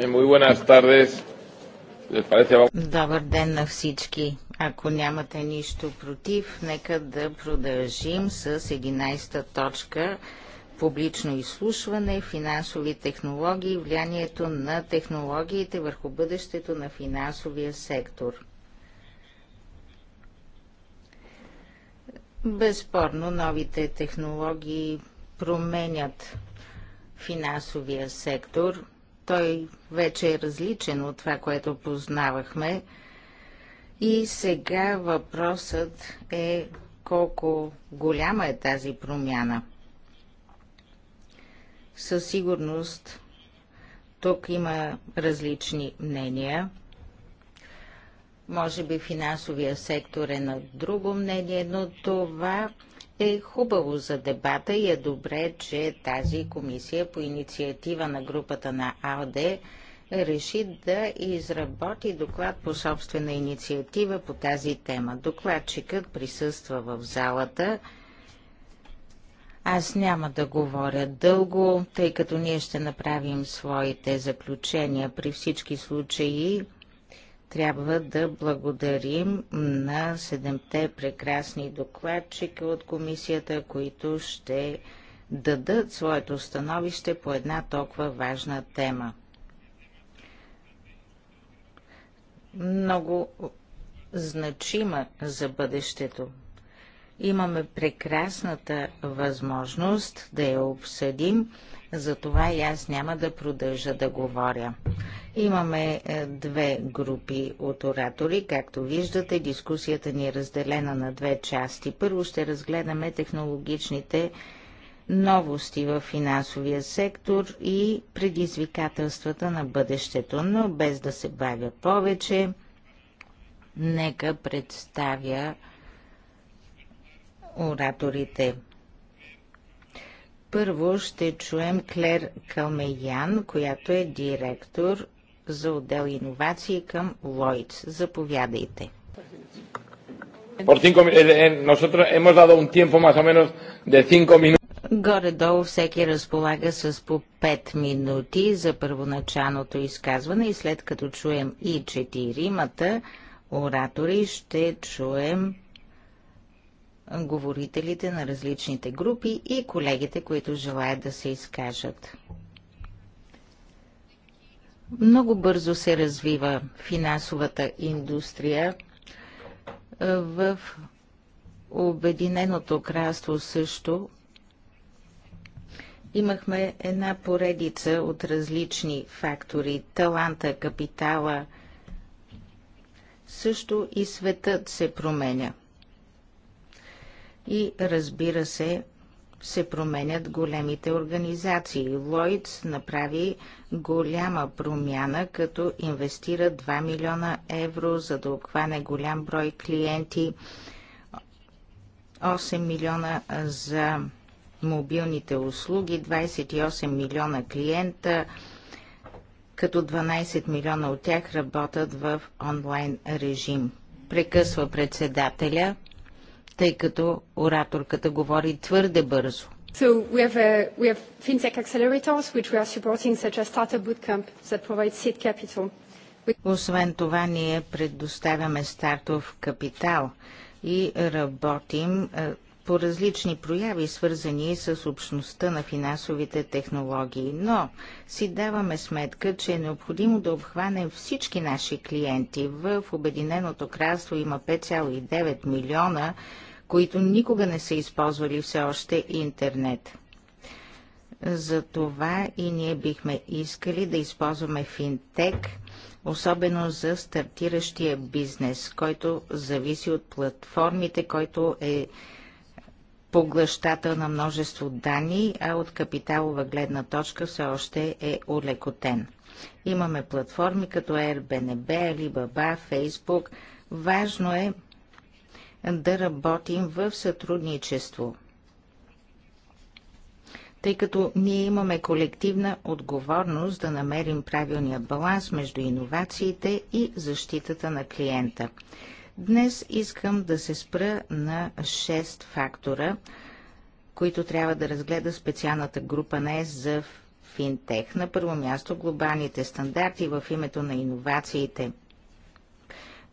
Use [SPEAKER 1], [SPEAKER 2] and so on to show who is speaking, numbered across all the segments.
[SPEAKER 1] Eh,
[SPEAKER 2] Добър ден на всички. Ако нямате нищо против, нека да продължим с 11-та точка публично изслушване, финансови технологии, влиянието на технологиите върху бъдещето на финансовия сектор. Безспорно, новите технологии променят финансовия сектор – той вече е различен от това, което познавахме. И сега въпросът е колко голяма е тази промяна. Със сигурност тук има различни мнения. Може би финансовия сектор е на друго мнение, но това е хубаво за дебата и е добре, че тази комисия по инициатива на групата на АОДЕ реши да изработи доклад по собствена инициатива по тази тема. Докладчикът присъства в залата. Аз няма да говоря дълго, тъй като ние ще направим своите заключения. При всички случаи трябва да благодарим на седемте прекрасни докладчика от комисията, които ще дадат своето становище по една толкова важна тема. Много значима за бъдещето. Имаме прекрасната възможност да я обсъдим затова и аз няма да продължа да говоря. Имаме е, две групи от оратори. Както виждате, дискусията ни е разделена на две части. Първо ще разгледаме технологичните новости в финансовия сектор и предизвикателствата на бъдещето, но без да се бавя повече, нека представя ораторите. Първо ще чуем Клер Калмеян, която е директор за отдел иновации към Лойдс. Заповядайте. Горе-долу всеки разполага с по 5 минути за първоначалното изказване и след като чуем и четиримата оратори, ще чуем говорителите на различните групи и колегите, които желаят да се изкажат. Много бързо се развива финансовата индустрия. В Обединеното кралство също имахме една поредица от различни фактори – таланта, капитала, също и светът се променя и разбира се, се променят големите организации. Лойдс направи голяма промяна, като инвестира 2 милиона евро, за да обхване голям брой клиенти, 8 милиона за мобилните услуги, 28 милиона клиента, като 12 милиона от тях работят в онлайн режим. Прекъсва председателя тъй като ораторката говори твърде бързо.
[SPEAKER 3] So we have, uh, we have fintech accelerators, which we are supporting, such as Startup Bootcamp, that provides seed capital.
[SPEAKER 2] Освен това, ние предоставяме стартов капитал и работим е, по различни прояви, свързани с общността на финансовите технологии, но си даваме сметка, че е необходимо да обхванем всички наши клиенти. В Обединеното кралство има 5,9 милиона които никога не са използвали все още интернет. Затова и ние бихме искали да използваме финтек, особено за стартиращия бизнес, който зависи от платформите, който е поглъщател на множество данни, а от капиталова гледна точка все още е улекотен. Имаме платформи като Airbnb, Alibaba, Facebook. Важно е да работим в сътрудничество, тъй като ние имаме колективна отговорност да намерим правилния баланс между иновациите и защитата на клиента. Днес искам да се спра на 6 фактора, които трябва да разгледа специалната група на ЕС за финтех. На първо място глобалните стандарти в името на иновациите –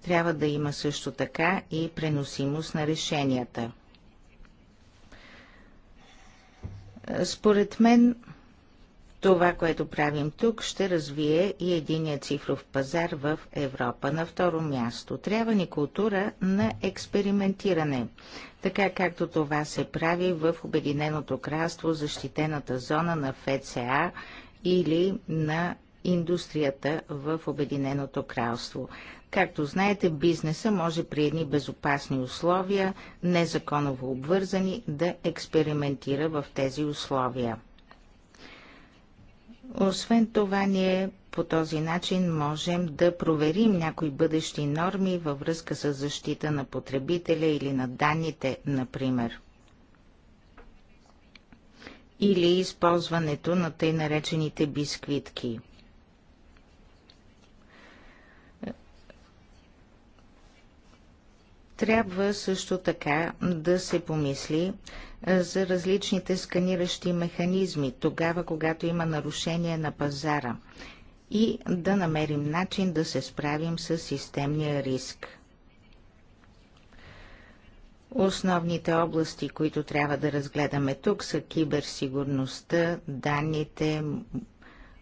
[SPEAKER 2] трябва да има също така и преносимост на решенията. Според мен, това, което правим тук, ще развие и единия цифров пазар в Европа. На второ място трябва ни култура на експериментиране, така както това се прави в Обединеното кралство, защитената зона на ФЦА или на индустрията в Обединеното кралство. Както знаете, бизнеса може при едни безопасни условия, незаконово обвързани, да експериментира в тези условия. Освен това, ние по този начин можем да проверим някои бъдещи норми във връзка с защита на потребителя или на данните, например. Или използването на тъй наречените бисквитки – Трябва също така да се помисли за различните сканиращи механизми, тогава когато има нарушение на пазара и да намерим начин да се справим с системния риск. Основните области, които трябва да разгледаме тук са киберсигурността, данните,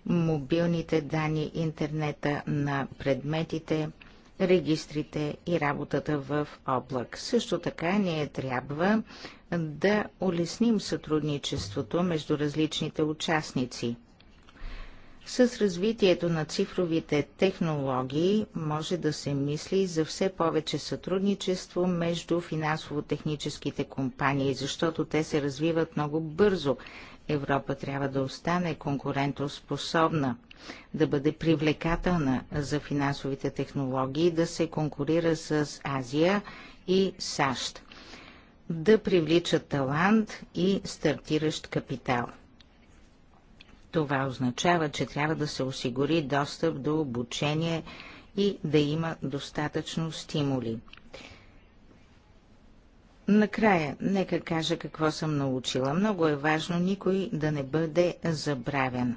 [SPEAKER 2] мобилните данни, интернета на предметите – регистрите и работата в облак. Също така ние трябва да улесним сътрудничеството между различните участници. С развитието на цифровите технологии може да се мисли за все повече сътрудничество между финансово-техническите компании, защото те се развиват много бързо. Европа трябва да остане конкурентоспособна да бъде привлекателна за финансовите технологии, да се конкурира с Азия и САЩ, да привлича талант и стартиращ капитал. Това означава, че трябва да се осигури достъп до обучение и да има достатъчно стимули. Накрая, нека кажа какво съм научила. Много е важно никой да не бъде забравен.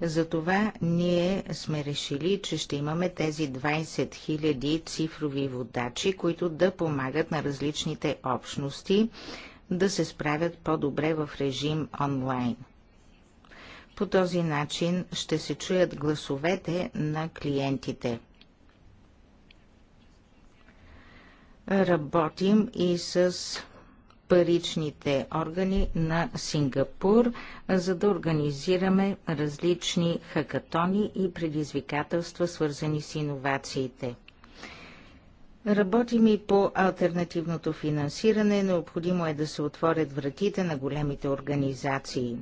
[SPEAKER 2] Затова ние сме решили, че ще имаме тези 20 000 цифрови водачи, които да помагат на различните общности да се справят по-добре в режим онлайн. По този начин ще се чуят гласовете на клиентите. Работим и с паричните органи на Сингапур, за да организираме различни хакатони и предизвикателства, свързани с иновациите. Работим и по альтернативното финансиране. Необходимо е да се отворят вратите на големите организации.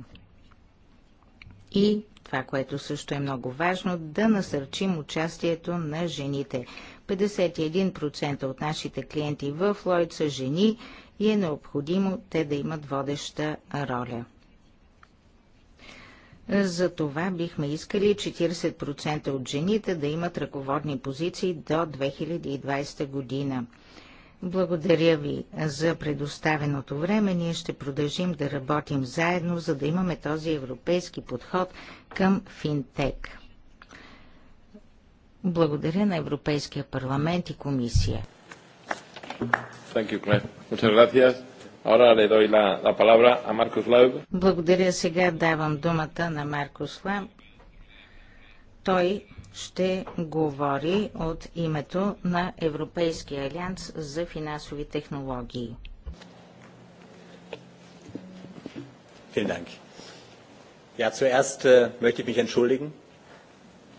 [SPEAKER 2] И това, което също е много важно, да насърчим участието на жените. 51% от нашите клиенти в Лойд са жени и е необходимо те да имат водеща роля. За това бихме искали 40% от жените да имат ръководни позиции до 2020 година. Благодаря ви за предоставеното време. Ние ще продължим да работим заедно, за да имаме този европейски подход към финтек. Благодаря на Европейския парламент и комисия.
[SPEAKER 1] Thank you, Claire. Muchas gracias. Ahora le doy la, la palabra a Маркус Лайб.
[SPEAKER 2] Благодаря. Сега давам думата на Маркус Лайб. Той ще говори от името на Европейския алианс за финансови технологии.
[SPEAKER 4] Vielen Dank. Ja, zuerst äh, möchte ich mich entschuldigen.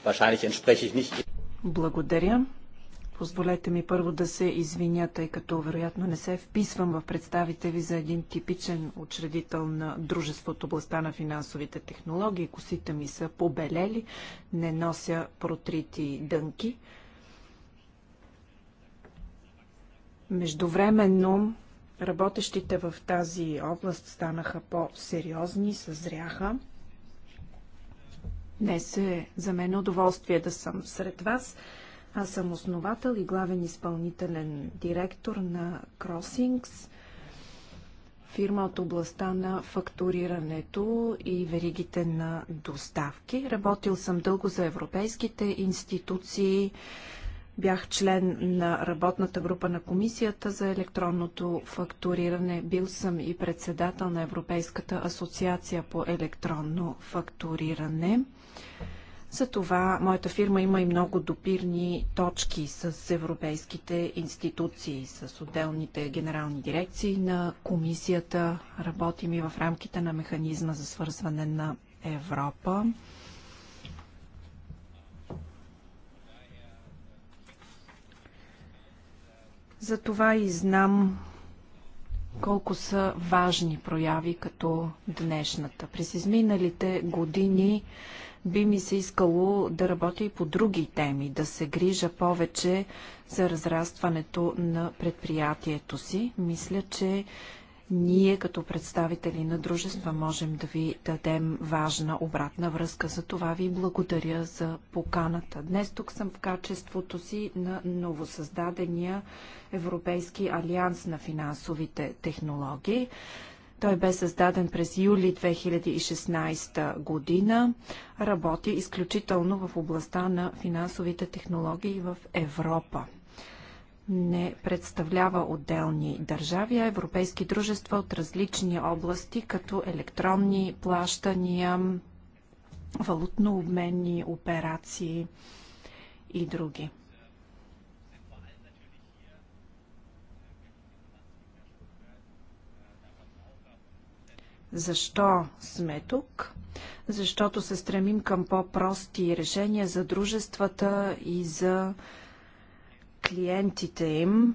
[SPEAKER 4] Wahrscheinlich entspreche ich nicht.
[SPEAKER 3] Благодаря. Позволете ми първо да се извиня, тъй като вероятно не се вписвам в представите ви за един типичен учредител на дружество от областта на финансовите технологии. Косите ми са побелели, не нося протрити дънки. Междувременно работещите в тази област станаха по-сериозни, съзряха. Днес е за мен удоволствие да съм сред вас. Аз съм основател и главен изпълнителен директор на Crossings, фирма от областта на фактурирането и веригите на доставки. Работил съм дълго за европейските институции, бях член на работната група на Комисията за електронното фактуриране. Бил съм и председател на Европейската асоциация по електронно фактуриране. Затова моята фирма има и много допирни точки с европейските институции, с отделните генерални дирекции на комисията. Работим и в рамките на механизма за свързване на Европа. За това и знам колко са важни прояви като днешната. През изминалите години би ми се искало да работя и по други теми, да се грижа повече за разрастването на предприятието си. Мисля, че ние като представители на дружества можем да ви дадем важна обратна връзка. За това ви благодаря за поканата. Днес тук съм в качеството си на новосъздадения Европейски алианс на финансовите технологии. Той бе създаден през юли 2016 година. Работи изключително в областта на финансовите технологии в Европа. Не представлява отделни държави, а европейски дружества от различни области, като електронни плащания, валутно-обменни операции и други. Защо сме тук? Защото се стремим към по-прости решения за дружествата и за клиентите им.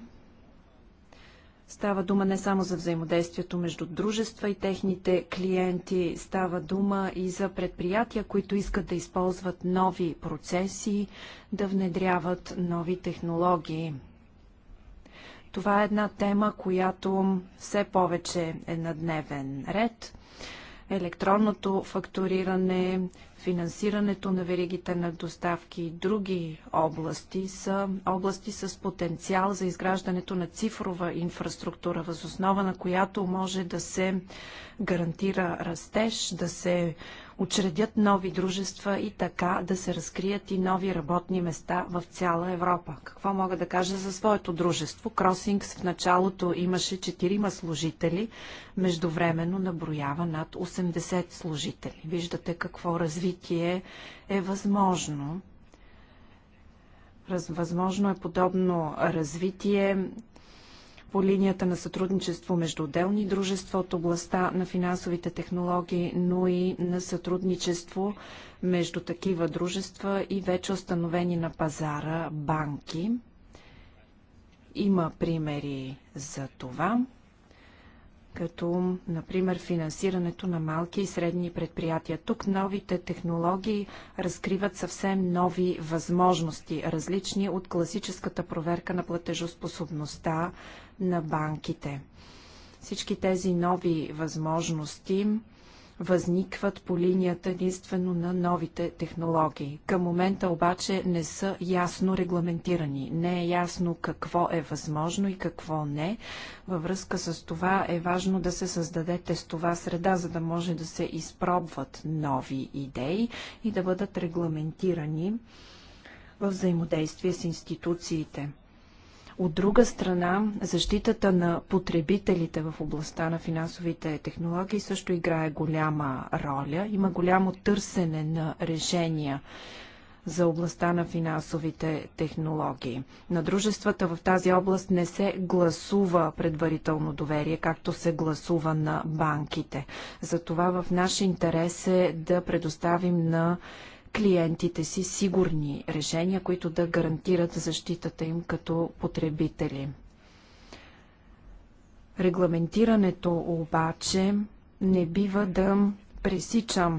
[SPEAKER 3] Става дума не само за взаимодействието между дружества и техните клиенти, става дума и за предприятия, които искат да използват нови процеси, да внедряват нови технологии. Това е една тема, която все повече е на дневен ред. Електронното факториране, финансирането на веригите на доставки и други области са области с потенциал за изграждането на цифрова инфраструктура, възоснова на която може да се гарантира растеж, да се учредят нови дружества и така да се разкрият и нови работни места в цяла Европа. Какво мога да кажа за своето дружество? Кросингс в началото имаше 4 служители, междувременно наброява над 80 служители. Виждате какво развитие е възможно. Раз, възможно е подобно развитие по линията на сътрудничество между отделни дружества от областта на финансовите технологии, но и на сътрудничество между такива дружества и вече установени на пазара банки. Има примери за това като, например, финансирането на малки и средни предприятия. Тук новите технологии разкриват съвсем нови възможности, различни от класическата проверка на платежоспособността на банките. Всички тези нови възможности възникват по линията единствено на новите технологии. Към момента обаче не са ясно регламентирани. Не е ясно какво е възможно и какво не. Във връзка с това е важно да се създаде тестова среда, за да може да се изпробват нови идеи и да бъдат регламентирани в взаимодействие с институциите. От друга страна, защитата на потребителите в областта на финансовите технологии също играе голяма роля. Има голямо търсене на решения за областта на финансовите технологии. На дружествата в тази област не се гласува предварително доверие, както се гласува на банките. Затова в наш интерес е да предоставим на клиентите си сигурни решения, които да гарантират защитата им като потребители. Регламентирането обаче не бива да пресича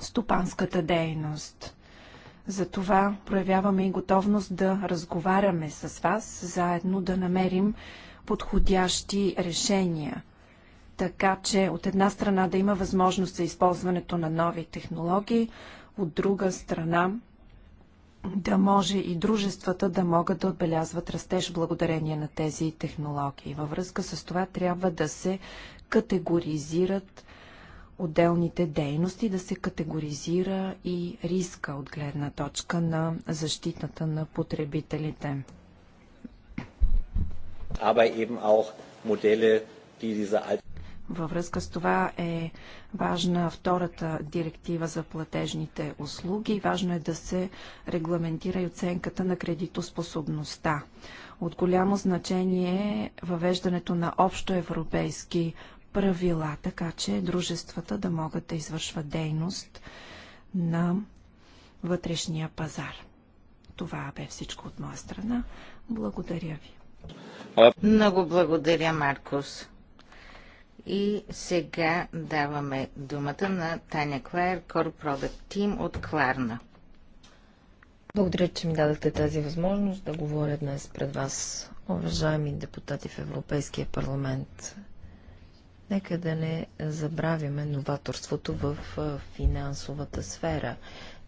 [SPEAKER 3] стопанската дейност. Затова проявяваме и готовност да разговаряме с вас, заедно да намерим подходящи решения. Така че от една страна да има възможност за използването на нови технологии, от друга страна, да може и дружествата да могат да отбелязват растеж благодарение на тези технологии. Във връзка с това трябва да се категоризират отделните дейности, да се категоризира и риска от гледна точка на защитата на потребителите.
[SPEAKER 4] Aber eben auch Modelle, die diese
[SPEAKER 3] във връзка с това е важна втората директива за платежните услуги. Важно е да се регламентира и оценката на кредитоспособността. От голямо значение е въвеждането на общоевропейски правила, така че дружествата да могат да извършват дейност на вътрешния пазар. Това бе
[SPEAKER 2] всичко от моя страна. Благодаря ви. Много благодаря, Маркус. И сега даваме думата на Таня Клайер, Core Product Team от Кларна.
[SPEAKER 5] Благодаря, че ми дадахте тази възможност да говоря днес пред вас, уважаеми депутати в Европейския парламент. Нека да не забравяме новаторството в финансовата сфера.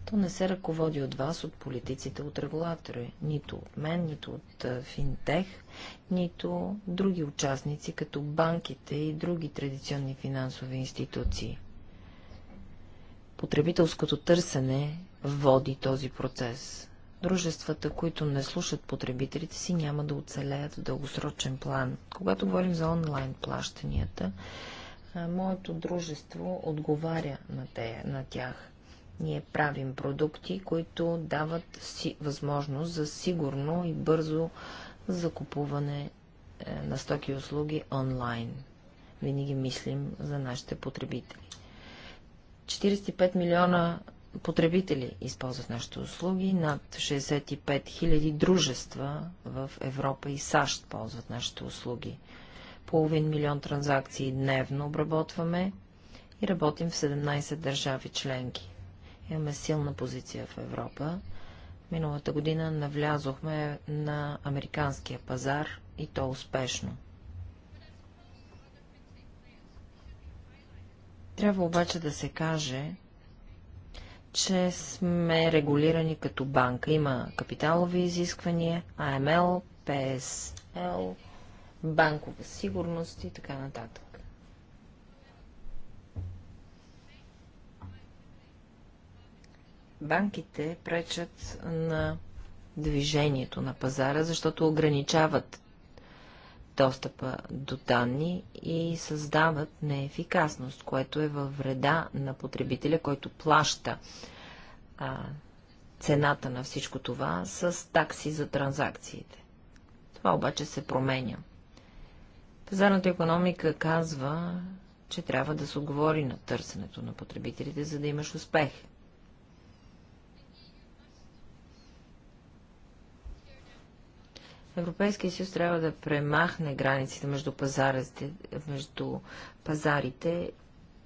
[SPEAKER 5] То не се ръководи от вас, от политиците, от регулатори, нито от мен, нито от финтех, нито други участници, като банките и други традиционни финансови институции. Потребителското търсене води този процес. Дружествата, които не слушат потребителите си, няма да оцелеят в дългосрочен план. Когато говорим за онлайн плащанията, моето дружество отговаря на, те, на тях. Ние правим продукти, които дават си, възможност за сигурно и бързо за купуване е, на стоки и услуги онлайн. Винаги мислим за нашите потребители. 45 милиона потребители използват нашите услуги, над 65 хиляди дружества в Европа и САЩ ползват нашите услуги. Половин милион транзакции дневно обработваме и работим в 17 държави членки. Имаме силна позиция в Европа Миналата година навлязохме на американския пазар и то успешно. Трябва обаче да се каже, че сме регулирани като банка. Има капиталови изисквания, АМЛ, ПСЛ, банкова сигурност и така нататък. банките пречат на движението на пазара, защото ограничават достъпа до данни и създават неефикасност, което е във вреда на потребителя, който плаща а, цената на всичко това с такси за транзакциите. Това обаче се променя. Пазарната економика казва, че трябва да се отговори на търсенето на потребителите, за да имаш успех – Европейския съюз трябва да премахне границите между пазарите, между пазарите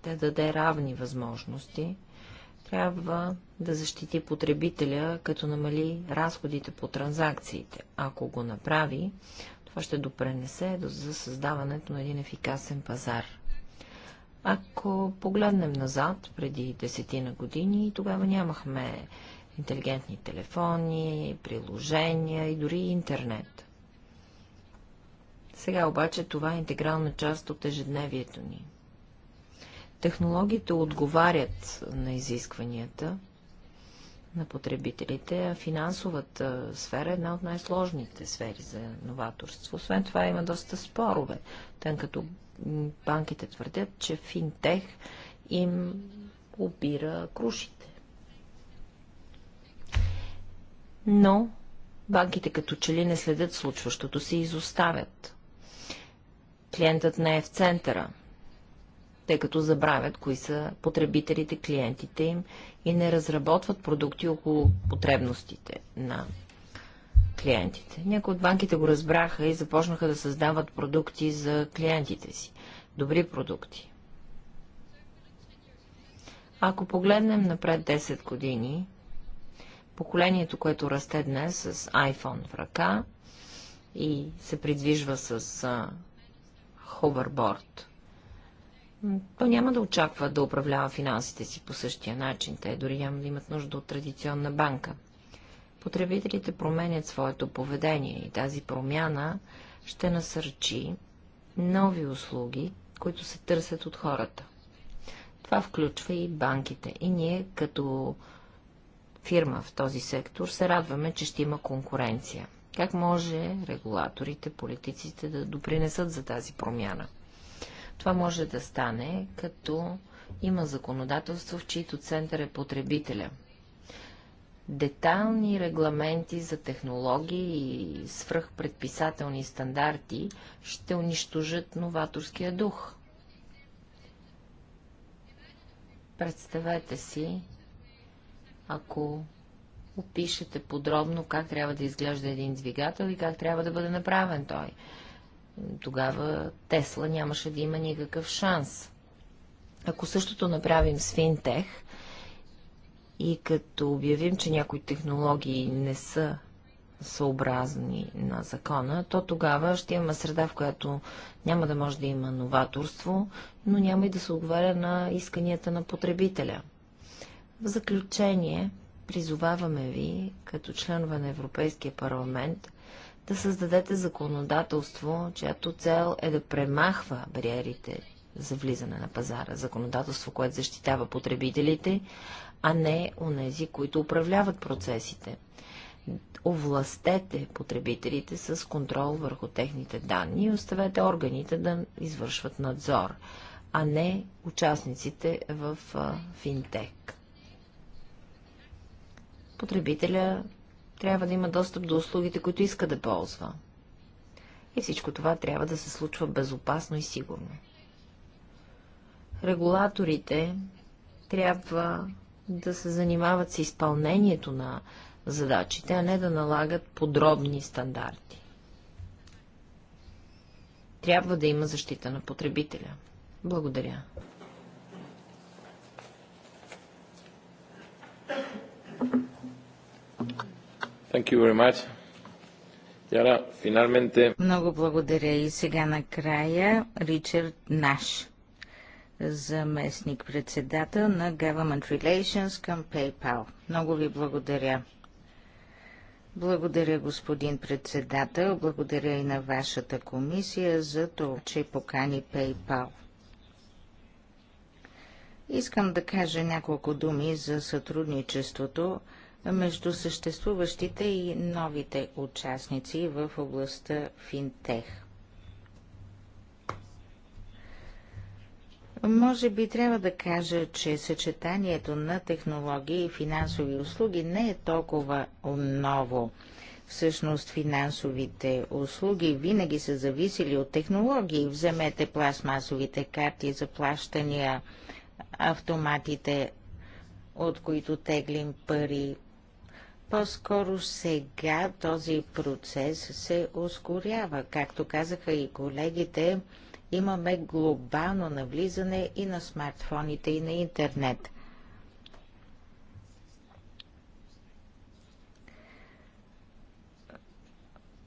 [SPEAKER 5] да даде равни възможности. Трябва да защити потребителя, като намали разходите по транзакциите. Ако го направи, това ще допренесе за създаването на един ефикасен пазар. Ако погледнем назад, преди десетина години, тогава нямахме интелигентни телефони, приложения и дори интернет. Сега обаче това е интегрална част от ежедневието ни. Технологиите отговарят на изискванията на потребителите, а финансовата сфера е една от най-сложните сфери за новаторство. Освен това има доста спорове, тъй като банките твърдят, че финтех им обира крушите. Но банките като че ли не следят случващото се и изоставят клиентът не е в центъра, тъй като забравят кои са потребителите, клиентите им и не разработват продукти около потребностите на клиентите. Някои от банките го разбраха и започнаха да създават продукти за клиентите си. Добри продукти. Ако погледнем напред 10 години, поколението, което расте днес с iPhone в ръка и се придвижва с ховерборд. То няма да очаква да управлява финансите си по същия начин. Те дори няма да имат нужда от традиционна банка. Потребителите променят своето поведение и тази промяна ще насърчи нови услуги, които се търсят от хората. Това включва и банките. И ние като фирма в този сектор се радваме, че ще има конкуренция. Как може регулаторите, политиците да допринесат за тази промяна? Това може да стане, като има законодателство, в чието център е потребителя. Детайлни регламенти за технологии и свръхпредписателни стандарти ще унищожат новаторския дух. Представете си, ако опишете подробно как трябва да изглежда един двигател и как трябва да бъде направен той. Тогава Тесла нямаше да има никакъв шанс. Ако същото направим с финтех и като обявим, че някои технологии не са съобразни на закона, то тогава ще имаме среда, в която няма да може да има новаторство, но няма и да се отговаря на исканията на потребителя. В заключение, Призоваваме ви, като членове на Европейския парламент, да създадете законодателство, чиято цел е да премахва бариерите за влизане на пазара. Законодателство, което защитава потребителите, а не онези, които управляват процесите. Овластете потребителите с контрол върху техните данни и оставете органите да извършват надзор, а не участниците в финтек потребителя трябва да има достъп до услугите, които иска да ползва. И всичко това трябва да се случва безопасно и сигурно. Регулаторите трябва да се занимават с изпълнението на задачите, а не да налагат подробни стандарти. Трябва да има защита на потребителя. Благодаря.
[SPEAKER 1] Thank you. Thank you very much. Яра, финалменте...
[SPEAKER 2] Много благодаря и сега накрая Ричард Наш, заместник председател на Government Relations към PayPal. Много ви благодаря. Благодаря, господин председател. Благодаря и на вашата комисия за това, че покани PayPal. Искам да кажа няколко думи за сътрудничеството, между съществуващите и новите участници в областта финтех. Може би трябва да кажа, че съчетанието на технологии и финансови услуги не е толкова ново. Всъщност финансовите услуги винаги са зависели от технологии. Вземете пластмасовите карти за плащания, автоматите, от които теглим пари, по-скоро сега този процес се ускорява. Както казаха и колегите, имаме глобално навлизане и на смартфоните, и на интернет.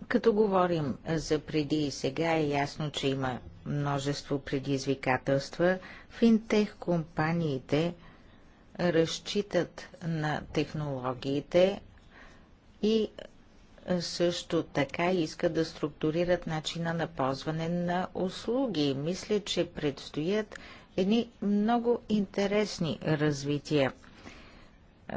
[SPEAKER 2] Като говорим за преди и сега, е ясно, че има множество предизвикателства. Финтех компаниите – разчитат на технологиите и също така искат да структурират начина на ползване на услуги. Мисля, че предстоят едни много интересни развития е,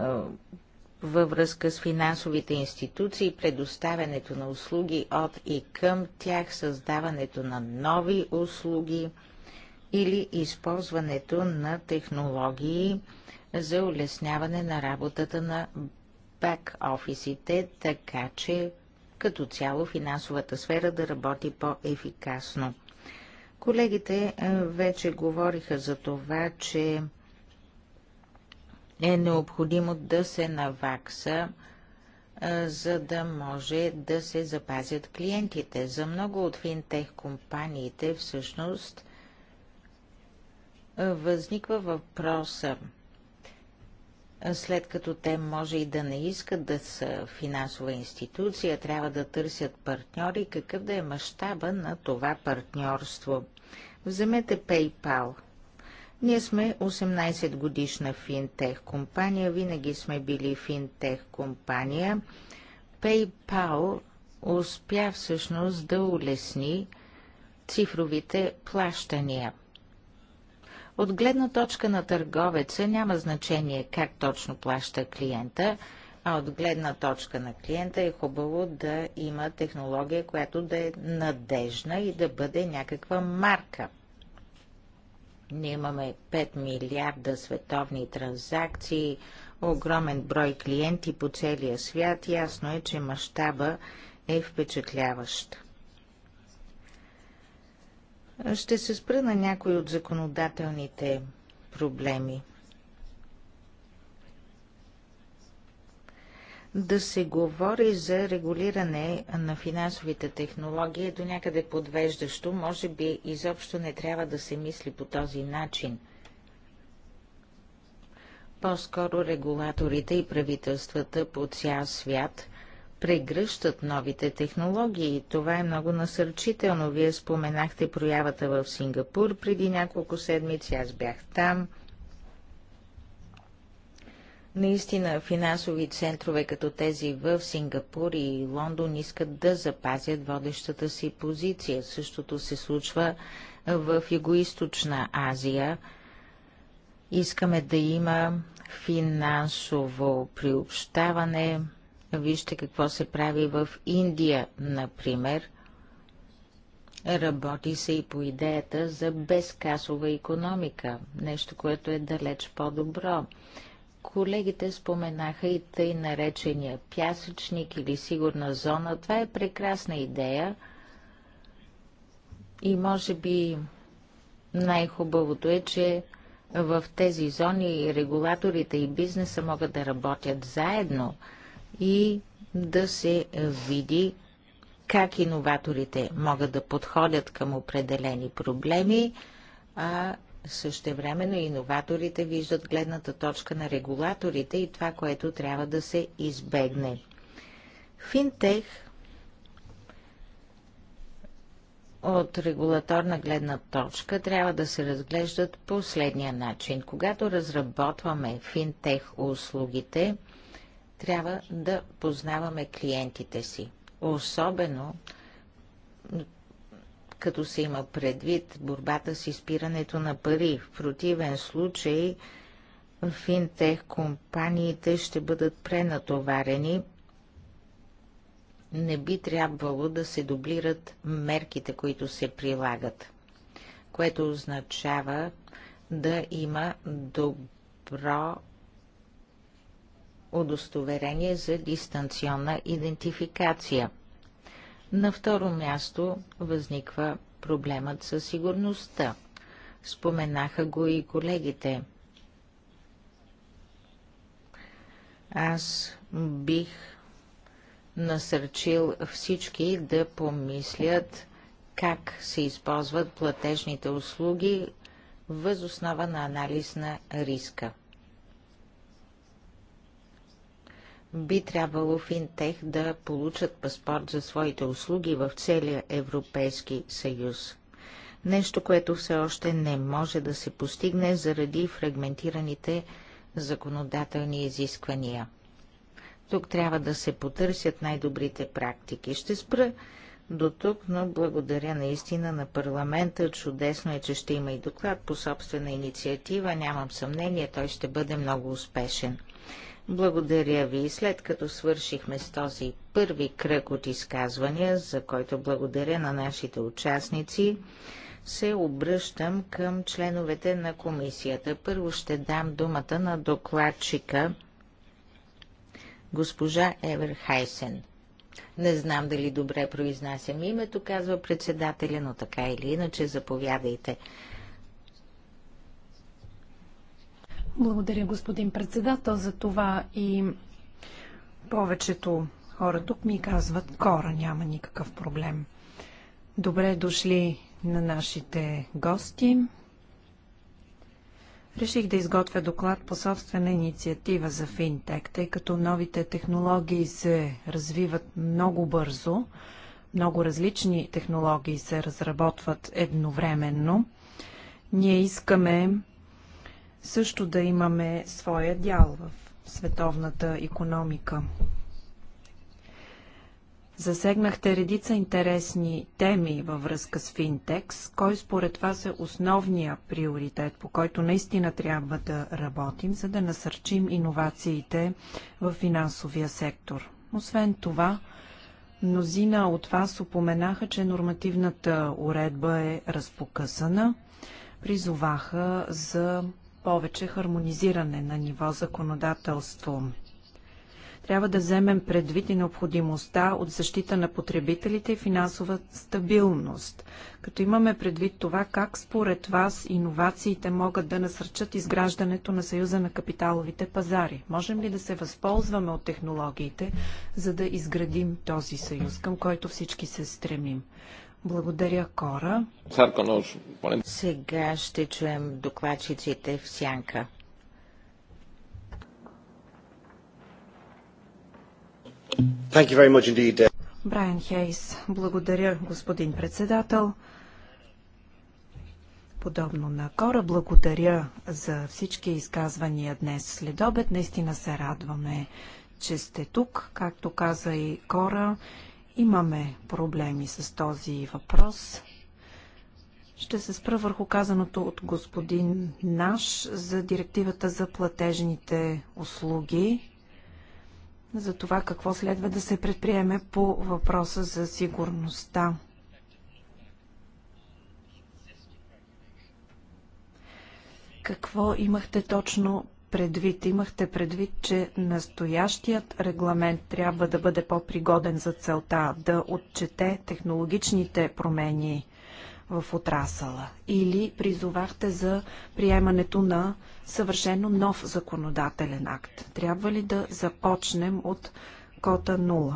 [SPEAKER 2] във връзка с финансовите институции, предоставянето на услуги от и към тях, създаването на нови услуги или използването на технологии – за улесняване на работата на бек-офисите, така че като цяло финансовата сфера да работи по-ефикасно. Колегите е, вече говориха за това, че е необходимо да се навакса, е, за да може да се запазят клиентите. За много от финтех компаниите всъщност е, възниква въпроса – след като те може и да не искат да са финансова институция, трябва да търсят партньори, какъв да е мащаба на това партньорство. Вземете PayPal. Ние сме 18 годишна финтех компания, винаги сме били финтех компания. PayPal успя всъщност да улесни цифровите плащания. От гледна точка на търговеца няма значение как точно плаща клиента, а от гледна точка на клиента е хубаво да има технология, която да е надежна и да бъде някаква марка. Ние имаме 5 милиарда световни транзакции, огромен брой клиенти по целия свят. Ясно е, че мащаба е впечатляващ. Ще се спра на някои от законодателните проблеми. Да се говори за регулиране на финансовите технологии е до някъде подвеждащо, може би изобщо не трябва да се мисли по този начин. По-скоро регулаторите и правителствата по цял свят – прегръщат новите технологии. Това е много насърчително. Вие споменахте проявата в Сингапур преди няколко седмици. Аз бях там. Наистина финансови центрове като тези в Сингапур и Лондон искат да запазят водещата си позиция. Същото се случва в Юго-Источна Азия. Искаме да има финансово приобщаване, Вижте какво се прави в Индия, например. Работи се и по идеята за безкасова економика, нещо, което е далеч по-добро. Колегите споменаха и тъй наречения пясъчник или сигурна зона. Това е прекрасна идея и може би най-хубавото е, че в тези зони регулаторите и бизнеса могат да работят заедно – и да се види как иноваторите могат да подходят към определени проблеми, а същевременно иноваторите виждат гледната точка на регулаторите и това, което трябва да се избегне. Финтех от регулаторна гледна точка трябва да се разглеждат последния начин. Когато разработваме финтех услугите, трябва да познаваме клиентите си, особено като се има предвид борбата с изпирането на пари. В противен случай финтех компаниите ще бъдат пренатоварени. Не би трябвало да се дублират мерките, които се прилагат, което означава да има добро удостоверение за дистанционна идентификация. На второ място възниква проблемът със сигурността. Споменаха го и колегите. Аз бих насърчил всички да помислят как се използват платежните услуги въз основа на анализ на риска. би трябвало финтех да получат паспорт за своите услуги в целия Европейски съюз. Нещо, което все още не може да се постигне заради фрагментираните законодателни изисквания. Тук трябва да се потърсят най-добрите практики. Ще спра до тук, но благодаря наистина на парламента. Чудесно е, че ще има и доклад по собствена инициатива. Нямам съмнение, той ще бъде много успешен. Благодаря ви. След като свършихме с този първи кръг от изказвания, за който благодаря на нашите участници, се обръщам към членовете на комисията. Първо ще дам думата на докладчика госпожа Евер Хайсен. Не знам дали добре произнасям името, казва председателя, но така или иначе заповядайте.
[SPEAKER 3] Благодаря, господин председател, за това и повечето хора тук ми казват, кора няма никакъв проблем. Добре дошли на нашите гости. Реших да изготвя доклад по собствена инициатива за финтек, тъй като новите технологии се развиват много бързо, много различни технологии се разработват едновременно. Ние искаме също да имаме своя дял в световната економика. Засегнахте редица интересни теми във връзка с Финтекс. Кой според вас е основния приоритет, по който наистина трябва да работим, за да насърчим иновациите в финансовия сектор? Освен това, мнозина от вас упоменаха, че нормативната уредба е разпокъсана. Призоваха за повече хармонизиране на ниво законодателство. Трябва да вземем предвид и необходимостта от защита на потребителите и финансова стабилност, като имаме предвид това как според вас иновациите могат да насърчат изграждането на Съюза на капиталовите пазари. Можем ли да се възползваме от технологиите, за да изградим този съюз,
[SPEAKER 2] към който всички се стремим? Благодаря, Кора. Сега ще чуем докладчиците в сянка.
[SPEAKER 3] Uh, Брайан Хейс, благодаря, господин председател. Подобно на Кора, благодаря за всички изказвания днес след обед. Наистина се радваме, че сте тук. Както каза и Кора, Имаме проблеми с този въпрос. Ще се спра върху казаното от господин Наш за директивата за платежните услуги, за това какво следва да се предприеме по въпроса за сигурността. Какво имахте точно предвид? Имахте предвид, че настоящият регламент трябва да бъде по-пригоден за целта, да отчете технологичните промени в отрасала, Или призовахте за приемането на съвършено нов законодателен акт? Трябва ли да започнем от кота 0?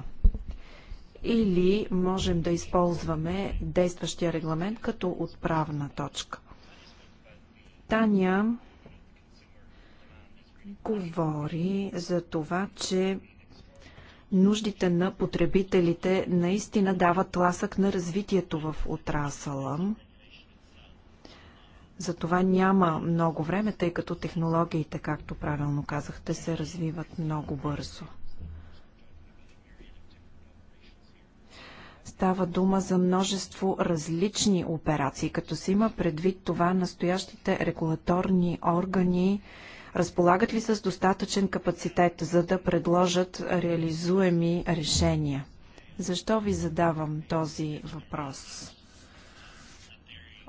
[SPEAKER 3] Или можем да използваме действащия регламент като отправна точка? Таня говори за това, че нуждите на потребителите наистина дават тласък на развитието в отрасъла. За това няма много време, тъй като технологиите, както правилно казахте, се развиват много бързо. Става дума за множество различни операции, като се има предвид това настоящите регулаторни органи разполагат ли с достатъчен капацитет, за да предложат реализуеми решения? Защо ви задавам този въпрос?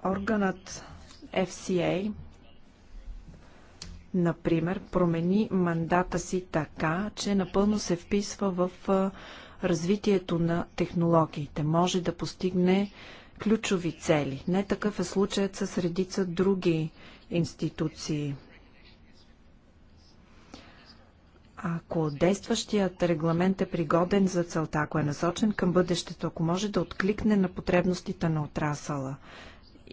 [SPEAKER 3] Органът FCA, например, промени мандата си така, че напълно се вписва в развитието на технологиите. Може да постигне ключови цели. Не такъв е случаят с редица други институции. Ако действащият регламент е пригоден за целта, ако е насочен към бъдещето, ако може да откликне на потребностите на отрасала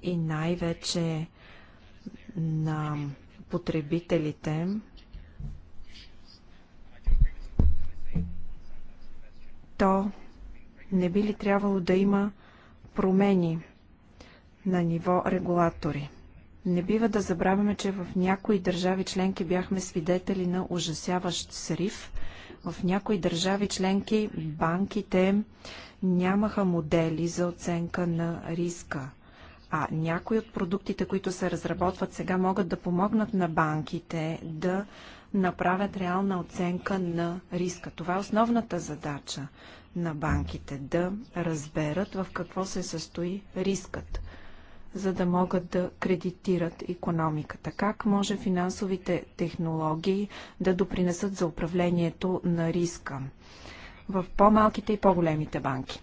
[SPEAKER 3] и най-вече на потребителите, то не би ли трябвало да има промени на ниво регулатори? Не бива да забравяме, че в някои държави членки бяхме свидетели на ужасяващ срив. В някои държави членки банките нямаха модели за оценка на риска. А някои от продуктите, които се разработват сега, могат да помогнат на банките да направят реална оценка на риска. Това е основната задача на банките да разберат в какво се състои рискът за да могат да кредитират економиката? Как може финансовите технологии да допринесат за управлението на риска в по-малките и по-големите банки?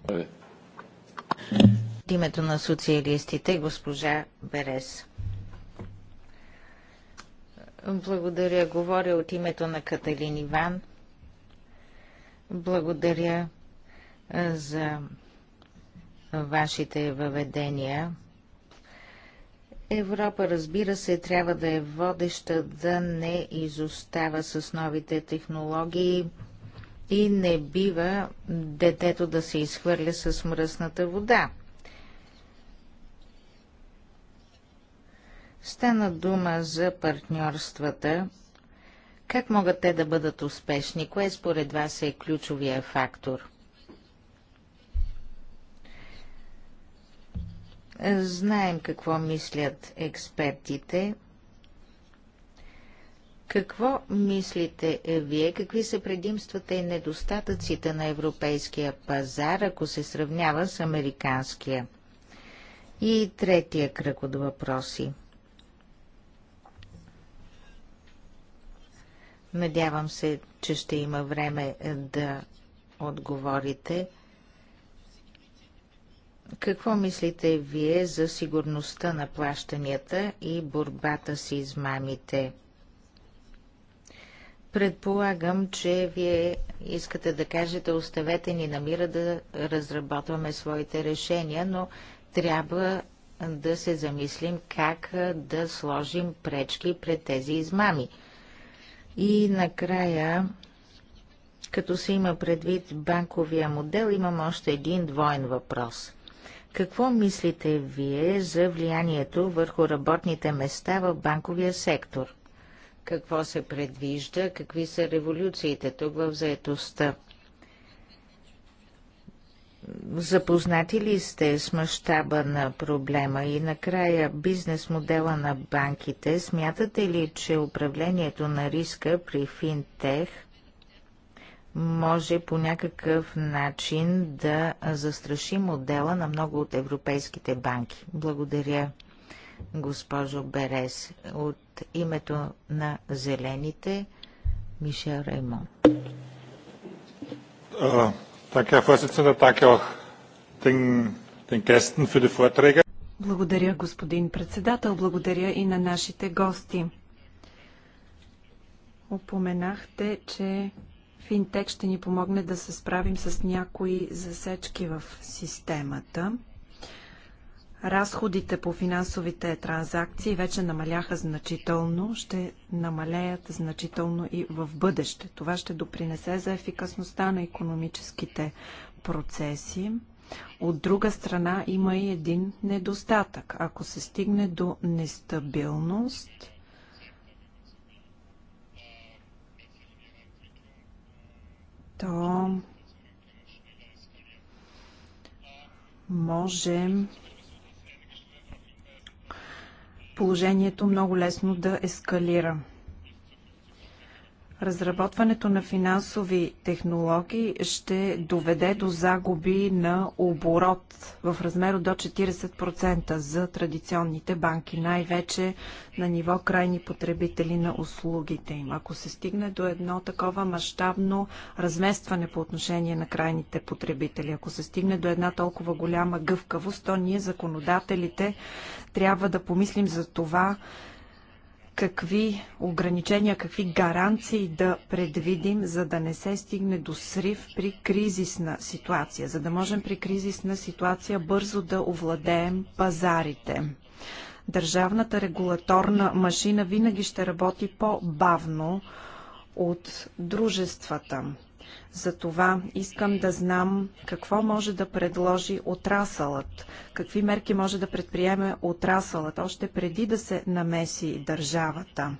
[SPEAKER 2] От името на социалистите, госпожа Берес. Благодаря. Говоря от името на Каталин Иван. Благодаря за вашите въведения. Европа, разбира се, трябва да е водеща, да не изостава с новите технологии и не бива детето да се изхвърля с мръсната вода. Стана дума за партньорствата. Как могат те да бъдат успешни? Кое според вас е ключовия фактор? Знаем какво мислят експертите. Какво мислите вие? Какви са предимствата и недостатъците на европейския пазар, ако се сравнява с американския? И третия кръг от въпроси. Надявам се, че ще има време да отговорите. Какво мислите вие за сигурността на плащанията и борбата с измамите? Предполагам, че вие искате да кажете, оставете ни на мира да разработваме своите решения, но трябва да се замислим как да сложим пречки пред тези измами. И накрая, като се има предвид банковия модел, имам още един двоен въпрос – какво мислите вие за влиянието върху работните места в банковия сектор? Какво се предвижда? Какви са революциите тук в заетостта? Запознати ли сте с мащаба на проблема и накрая бизнес модела на банките? Смятате ли, че управлението на риска при финтех – може по някакъв начин да застраши модела на много от европейските банки. Благодаря, госпожо Берес. От името на Зелените, Мишел Реймон.
[SPEAKER 4] Е,
[SPEAKER 3] Благодаря, господин председател. Благодаря и на нашите гости. Упоменахте, че Финтек ще ни помогне да се справим с някои засечки в системата. Разходите по финансовите транзакции вече намаляха значително, ще намалеят значително и в бъдеще. Това ще допринесе за ефикасността на економическите процеси. От друга страна има и един недостатък. Ако се стигне до нестабилност, то може положението много лесно да ескалира. Разработването на финансови технологии ще доведе до загуби на оборот в размер до 40% за традиционните банки, най-вече на ниво крайни потребители на услугите им. Ако се стигне до едно такова мащабно разместване по отношение на крайните потребители, ако се стигне до една толкова голяма гъвкавост, то ние, законодателите, трябва да помислим за това, какви ограничения, какви гаранции да предвидим, за да не се стигне до срив при кризисна ситуация, за да можем при кризисна ситуация бързо да овладеем пазарите. Държавната регулаторна машина винаги ще работи по-бавно от дружествата. Затова искам да знам какво може да предложи отрасълът, какви мерки може да предприеме отрасълът, още преди да се намеси държавата,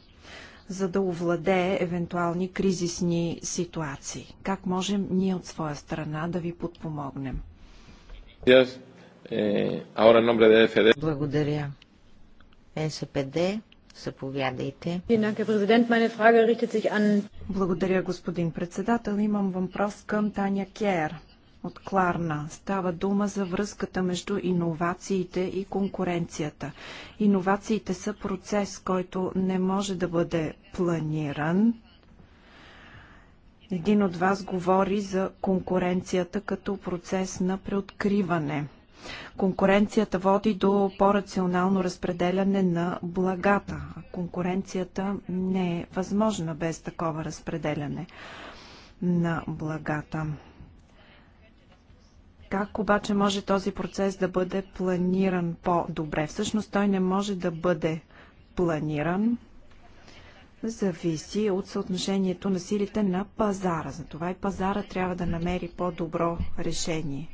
[SPEAKER 3] за да овладее евентуални кризисни ситуации. Как можем ние от своя страна да ви подпомогнем?
[SPEAKER 1] Е, е
[SPEAKER 2] Благодаря. СПД Заповядайте.
[SPEAKER 3] Благодаря, господин председател. Имам въпрос към Таня Кер от Кларна. Става дума за връзката между иновациите и конкуренцията. Иновациите са процес, който не може да бъде планиран. Един от вас говори за конкуренцията като процес на преоткриване – Конкуренцията води до по-рационално разпределяне на благата. Конкуренцията не е възможна без такова разпределяне на благата. Как обаче може този процес да бъде планиран по-добре? Всъщност той не може да бъде планиран, зависи от съотношението на силите на пазара. Затова и пазара трябва да намери по-добро решение.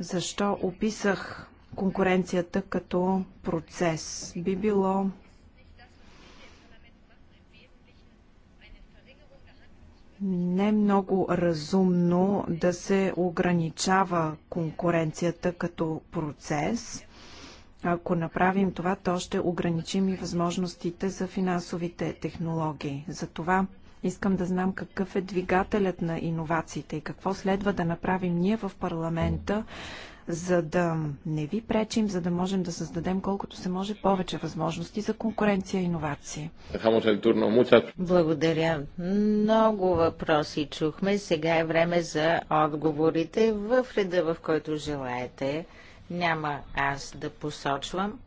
[SPEAKER 3] защо описах конкуренцията като процес. Би било не много разумно да се ограничава конкуренцията като процес. Ако направим това, то ще ограничим и възможностите за финансовите технологии. Затова Искам да знам какъв е двигателят на иновациите и какво следва да направим ние в парламента, за да не ви пречим, за да можем да създадем колкото се може повече възможности
[SPEAKER 2] за конкуренция и иновации. Благодаря. Много въпроси чухме. Сега е време за отговорите в реда, в който желаете. Няма аз да посочвам.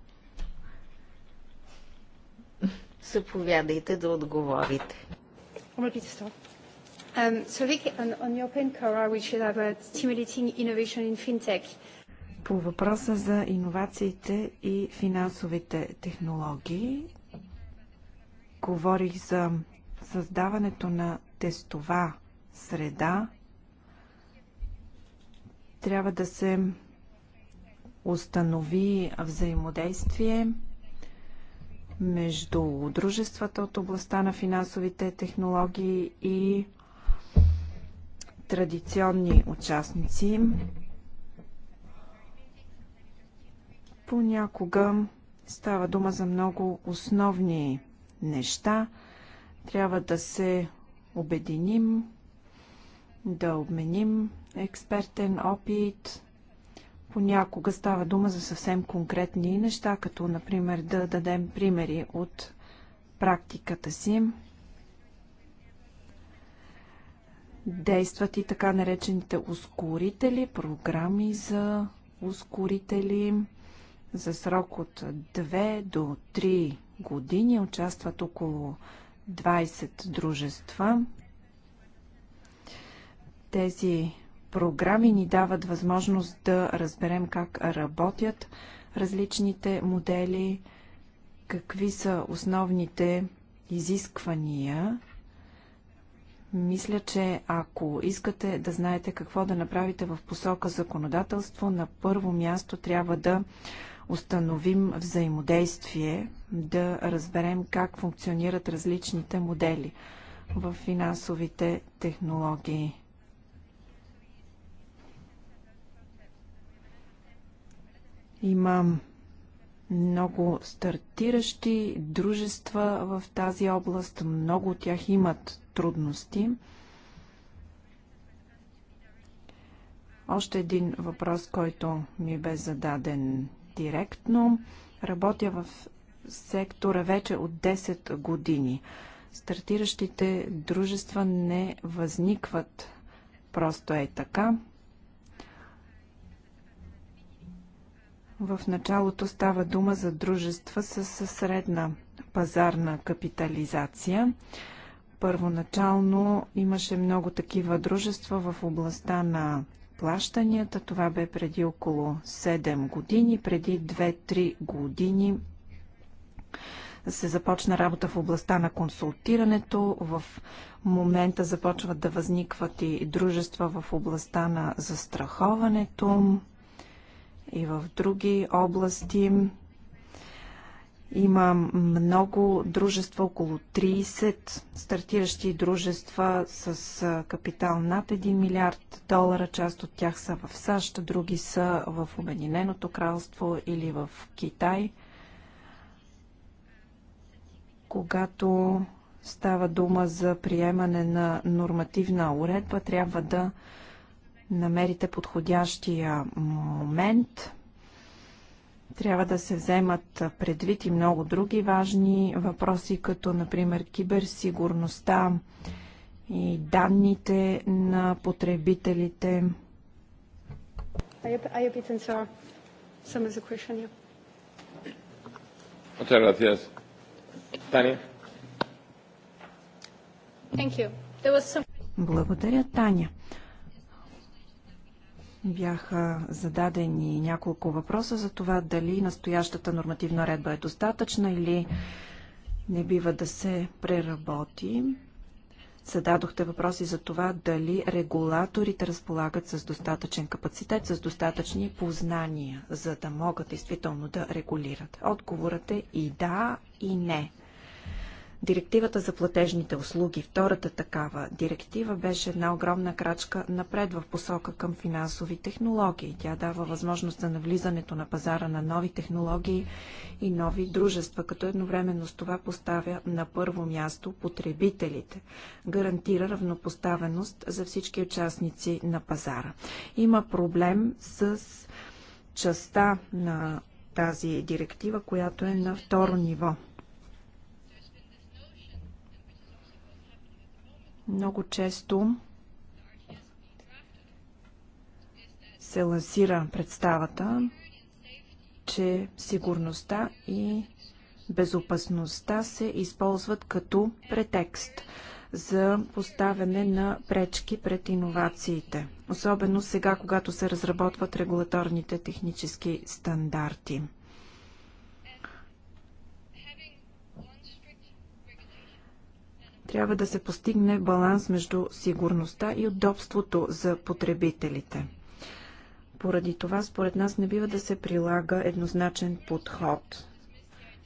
[SPEAKER 2] Заповядайте да отговорите.
[SPEAKER 3] I'm happy to start. Um, so Vic, on, on your point, Cora, we should have a stimulating innovation in fintech. По въпроса за иновациите и финансовите технологии, говорих за създаването на тестова среда. Трябва да се установи взаимодействие между дружествата от областта на финансовите технологии и традиционни участници. Понякога става дума за много основни неща. Трябва да се обединим, да обменим експертен опит, Понякога става дума за съвсем конкретни неща, като например да дадем примери от практиката си. Действат и така наречените ускорители, програми за ускорители за срок от 2 до 3 години. Участват около 20 дружества. Тези програми ни дават възможност да разберем как работят различните модели, какви са основните изисквания. Мисля, че ако искате да знаете какво да направите в посока законодателство, на първо място трябва да установим взаимодействие, да разберем как функционират различните модели в финансовите технологии. Има много стартиращи дружества в тази област. Много от тях имат трудности. Още един въпрос, който ми бе зададен директно. Работя в сектора вече от 10 години. Стартиращите дружества не възникват просто е така. В началото става дума за дружества с средна пазарна капитализация. Първоначално имаше много такива дружества в областта на плащанията. Това бе преди около 7 години. Преди 2-3 години се започна работа в областта на консултирането. В момента започват да възникват и дружества в областта на застраховането и в други области. Има много дружества, около 30 стартиращи дружества с капитал над 1 милиард долара. Част от тях са в САЩ, други са в Обединеното кралство или в Китай. Когато става дума за приемане на нормативна уредба, трябва да намерите подходящия момент. Трябва да се вземат предвид и много други важни въпроси, като например киберсигурността и данните на потребителите. Благодаря, Таня. Бяха зададени няколко въпроса за това дали настоящата нормативна редба е достатъчна или не бива да се преработи. Зададохте въпроси за това дали регулаторите разполагат с достатъчен капацитет, с достатъчни познания, за да могат действително да регулират. Отговорът е и да, и не. Директивата за платежните услуги, втората такава директива, беше една огромна крачка напред в посока към финансови технологии. Тя дава възможност за навлизането на пазара на нови технологии и нови дружества, като едновременно с това поставя на първо място потребителите. Гарантира равнопоставеност за всички участници на пазара. Има проблем с частта на тази директива, която е на второ ниво Много често се лансира представата, че сигурността и безопасността се използват като претекст за поставяне на пречки пред иновациите. Особено сега, когато се разработват регулаторните технически стандарти. Трябва да се постигне баланс между сигурността и удобството за потребителите. Поради това, според нас, не бива да се прилага еднозначен подход.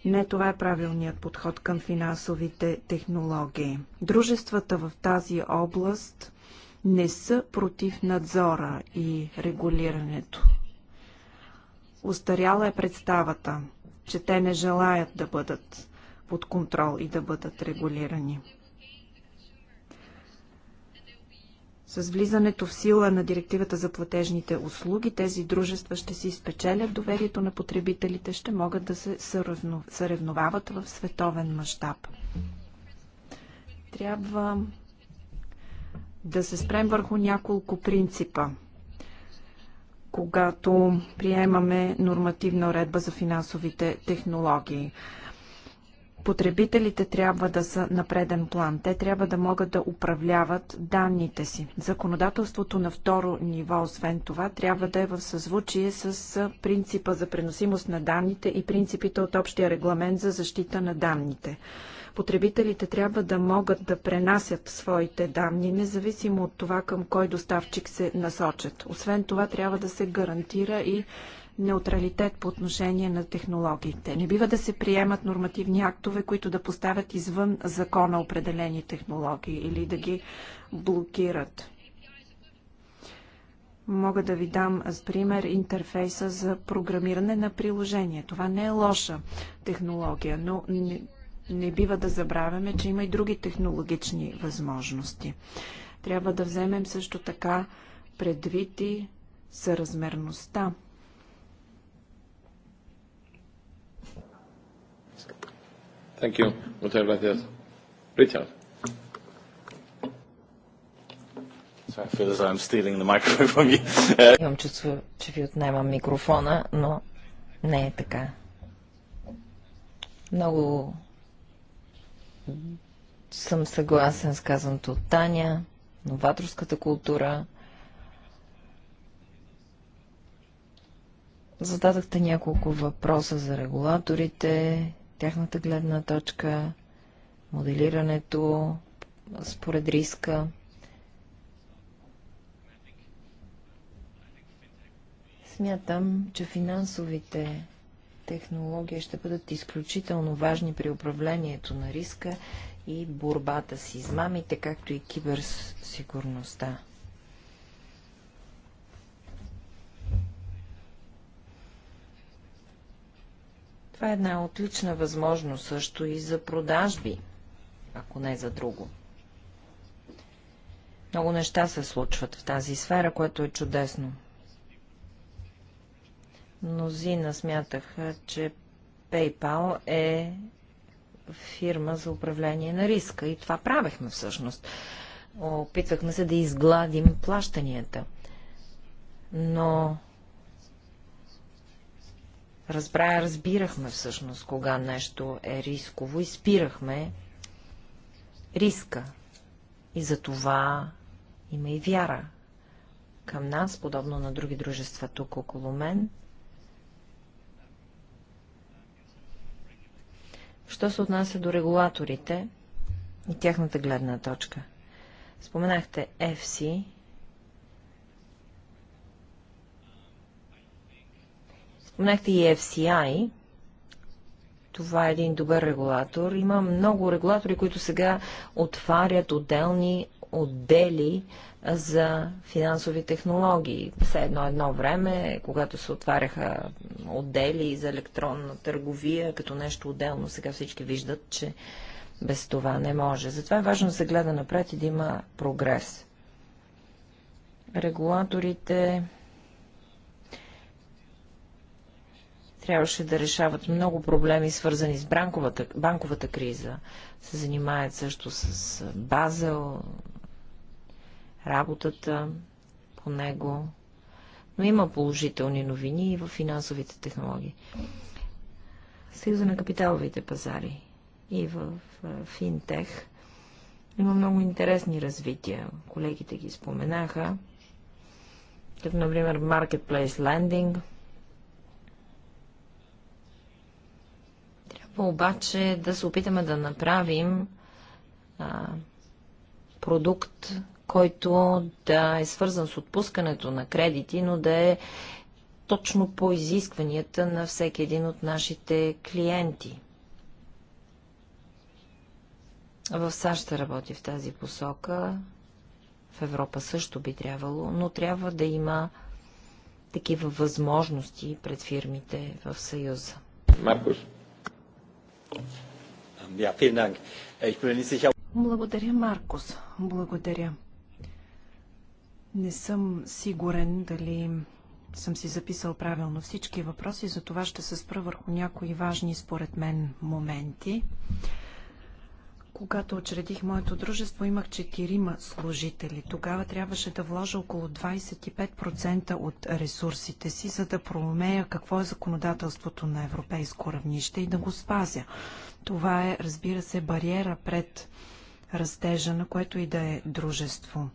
[SPEAKER 3] Не това е правилният подход към финансовите технологии. Дружествата в тази област не са против надзора и регулирането. Остаряла е представата, че те не желаят да бъдат под контрол и да бъдат регулирани. С влизането в сила на директивата за платежните услуги, тези дружества ще си спечелят доверието на потребителите, ще могат да се съревновават в световен мащаб. Трябва да се спрем върху няколко принципа, когато приемаме нормативна уредба за финансовите технологии потребителите трябва да са на преден план. Те трябва да могат да управляват данните си. Законодателството на второ ниво, освен това, трябва да е в съзвучие с принципа за преносимост на данните и принципите от общия регламент за защита на данните. Потребителите трябва да могат да пренасят своите данни, независимо от това към кой доставчик се насочат. Освен това, трябва да се гарантира и неутралитет по отношение на технологиите. Не бива да се приемат нормативни актове, които да поставят извън закона определени технологии или да ги блокират. Мога да ви дам с пример интерфейса за програмиране на приложение. Това не е лоша технология, но не, не бива да забравяме, че има и други технологични възможности. Трябва да вземем също така предвид и съразмерността
[SPEAKER 1] Thank you. Muchas gracias. Richard.
[SPEAKER 2] Sorry, I feel as I'm stealing the microphone from you. Uh, Имам
[SPEAKER 5] чувство, че ви отнемам микрофона, но не е така. Много съм съгласен с казаното от Таня, новаторската култура. Зададахте няколко въпроса за регулаторите, тяхната гледна точка, моделирането според риска. Смятам, че финансовите технологии ще бъдат изключително важни при управлението на риска и борбата с измамите, както и киберсигурността. Това е една отлична възможност също и за продажби, ако не за друго. Много неща се случват в тази сфера, което е чудесно. Мнозина смятаха, че PayPal е фирма за управление на риска и това правехме всъщност. Опитвахме се да изгладим плащанията. Но разбра, разбирахме всъщност кога нещо е рисково и спирахме риска. И за това има и вяра към нас, подобно на други дружества тук около мен. Що се отнася до регулаторите и тяхната гледна точка? Споменахте FC Споменахте и FCI. Това е един добър регулатор. Има много регулатори, които сега отварят отделни отдели за финансови технологии. Все едно едно време, когато се отваряха отдели за електронна търговия, като нещо отделно, сега всички виждат, че без това не може. Затова е важно да се гледа напред и да има прогрес. Регулаторите трябваше да решават много проблеми, свързани с банковата, банковата криза. Се занимаят също с Базел, работата по него. Но има положителни новини и в финансовите технологии. Съюза на капиталовите пазари и в финтех има много интересни развития. Колегите ги споменаха, като например Marketplace Lending – обаче да се опитаме да направим а, продукт, който да е свързан с отпускането на кредити, но да е точно по изискванията на всеки един от нашите клиенти. В САЩ работи в тази посока, в Европа също би трябвало, но трябва да има такива възможности пред фирмите в Съюза.
[SPEAKER 1] Маркус.
[SPEAKER 3] Благодаря, Маркос. Благодаря. Не съм сигурен дали съм си записал правилно всички въпроси, за това ще се спра върху някои важни според мен моменти. Когато учредих моето дружество, имах четирима служители. Тогава трябваше да вложа около 25% от ресурсите си, за да проумея какво е законодателството на европейско равнище и да го спазя. Това е, разбира се, бариера пред растежа, на което и да е дружество.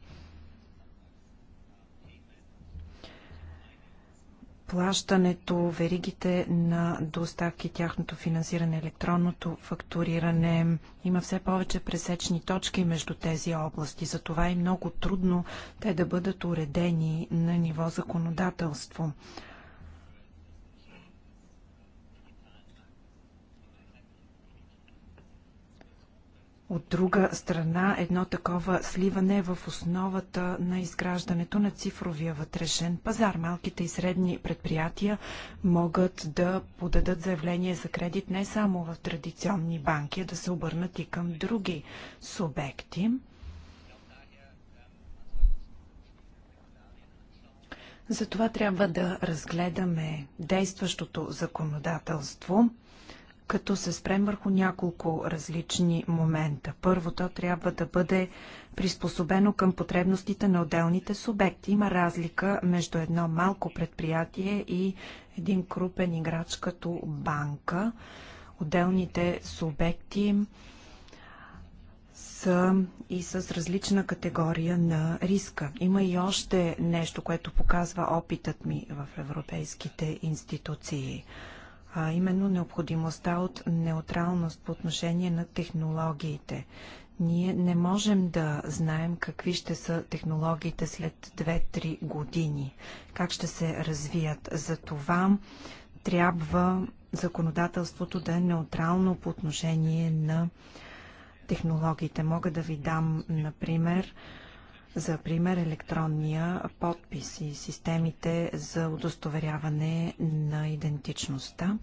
[SPEAKER 3] плащането, веригите на доставки, тяхното финансиране, електронното фактуриране. Има все повече пресечни точки между тези области. Затова е много трудно те да бъдат уредени на ниво законодателство. От друга страна, едно такова сливане е в основата на изграждането на цифровия вътрешен пазар. Малките и средни предприятия могат да подадат заявление за кредит не само в традиционни банки, а да се обърнат и към други субекти. Затова трябва да разгледаме действащото законодателство – като се спрем върху няколко различни момента. Първото трябва да бъде приспособено към потребностите на отделните субекти. Има разлика между едно малко предприятие и един крупен играч като банка. Отделните субекти са и с различна категория на риска. Има и още нещо, което показва опитът ми в европейските институции – а именно необходимостта от неутралност по отношение на технологиите. Ние не можем да знаем какви ще са технологиите след 2-3 години, как ще се развият. За това трябва законодателството да е неутрално по отношение на технологиите. Мога да ви дам, например, за пример, електронния подпис и системите за удостоверяване на идентичността.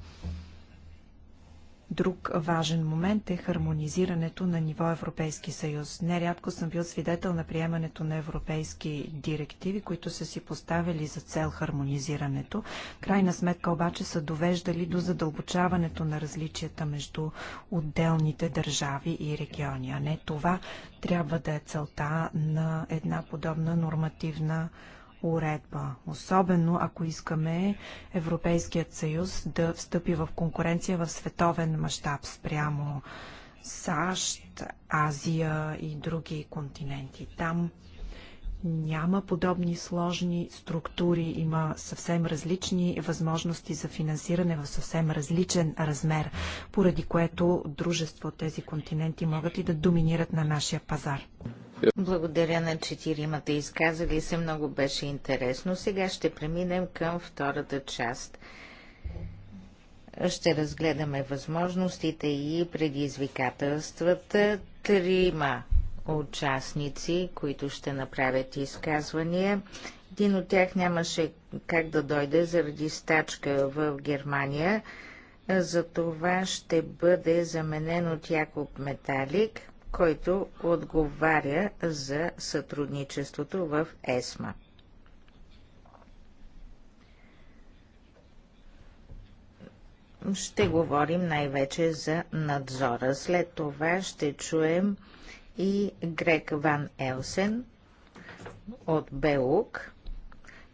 [SPEAKER 3] Друг важен момент е хармонизирането на ниво Европейски съюз. Нерядко съм бил свидетел на приемането на европейски директиви, които са си поставили за цел хармонизирането. Крайна сметка обаче са довеждали до задълбочаването на различията между отделните държави и региони. А не това трябва да е целта на една подобна нормативна уредба, особено ако искаме Европейският съюз да встъпи в конкуренция в световен мащаб спрямо САЩ, Азия и други континенти. Там няма подобни сложни структури, има съвсем различни възможности за финансиране в съвсем различен размер, поради което дружества от тези континенти могат и да доминират на нашия пазар.
[SPEAKER 2] Благодаря на четиримата изказали се, много беше интересно. Сега ще преминем към втората част. Ще разгледаме възможностите и предизвикателствата. Трима участници, които ще направят изказвания. Един от тях нямаше как да дойде заради стачка в Германия. За това ще бъде заменен от Якоб Металик който отговаря за сътрудничеството в ЕСМА. Ще говорим най-вече за надзора. След това ще чуем и Грег Ван Елсен от БЕУК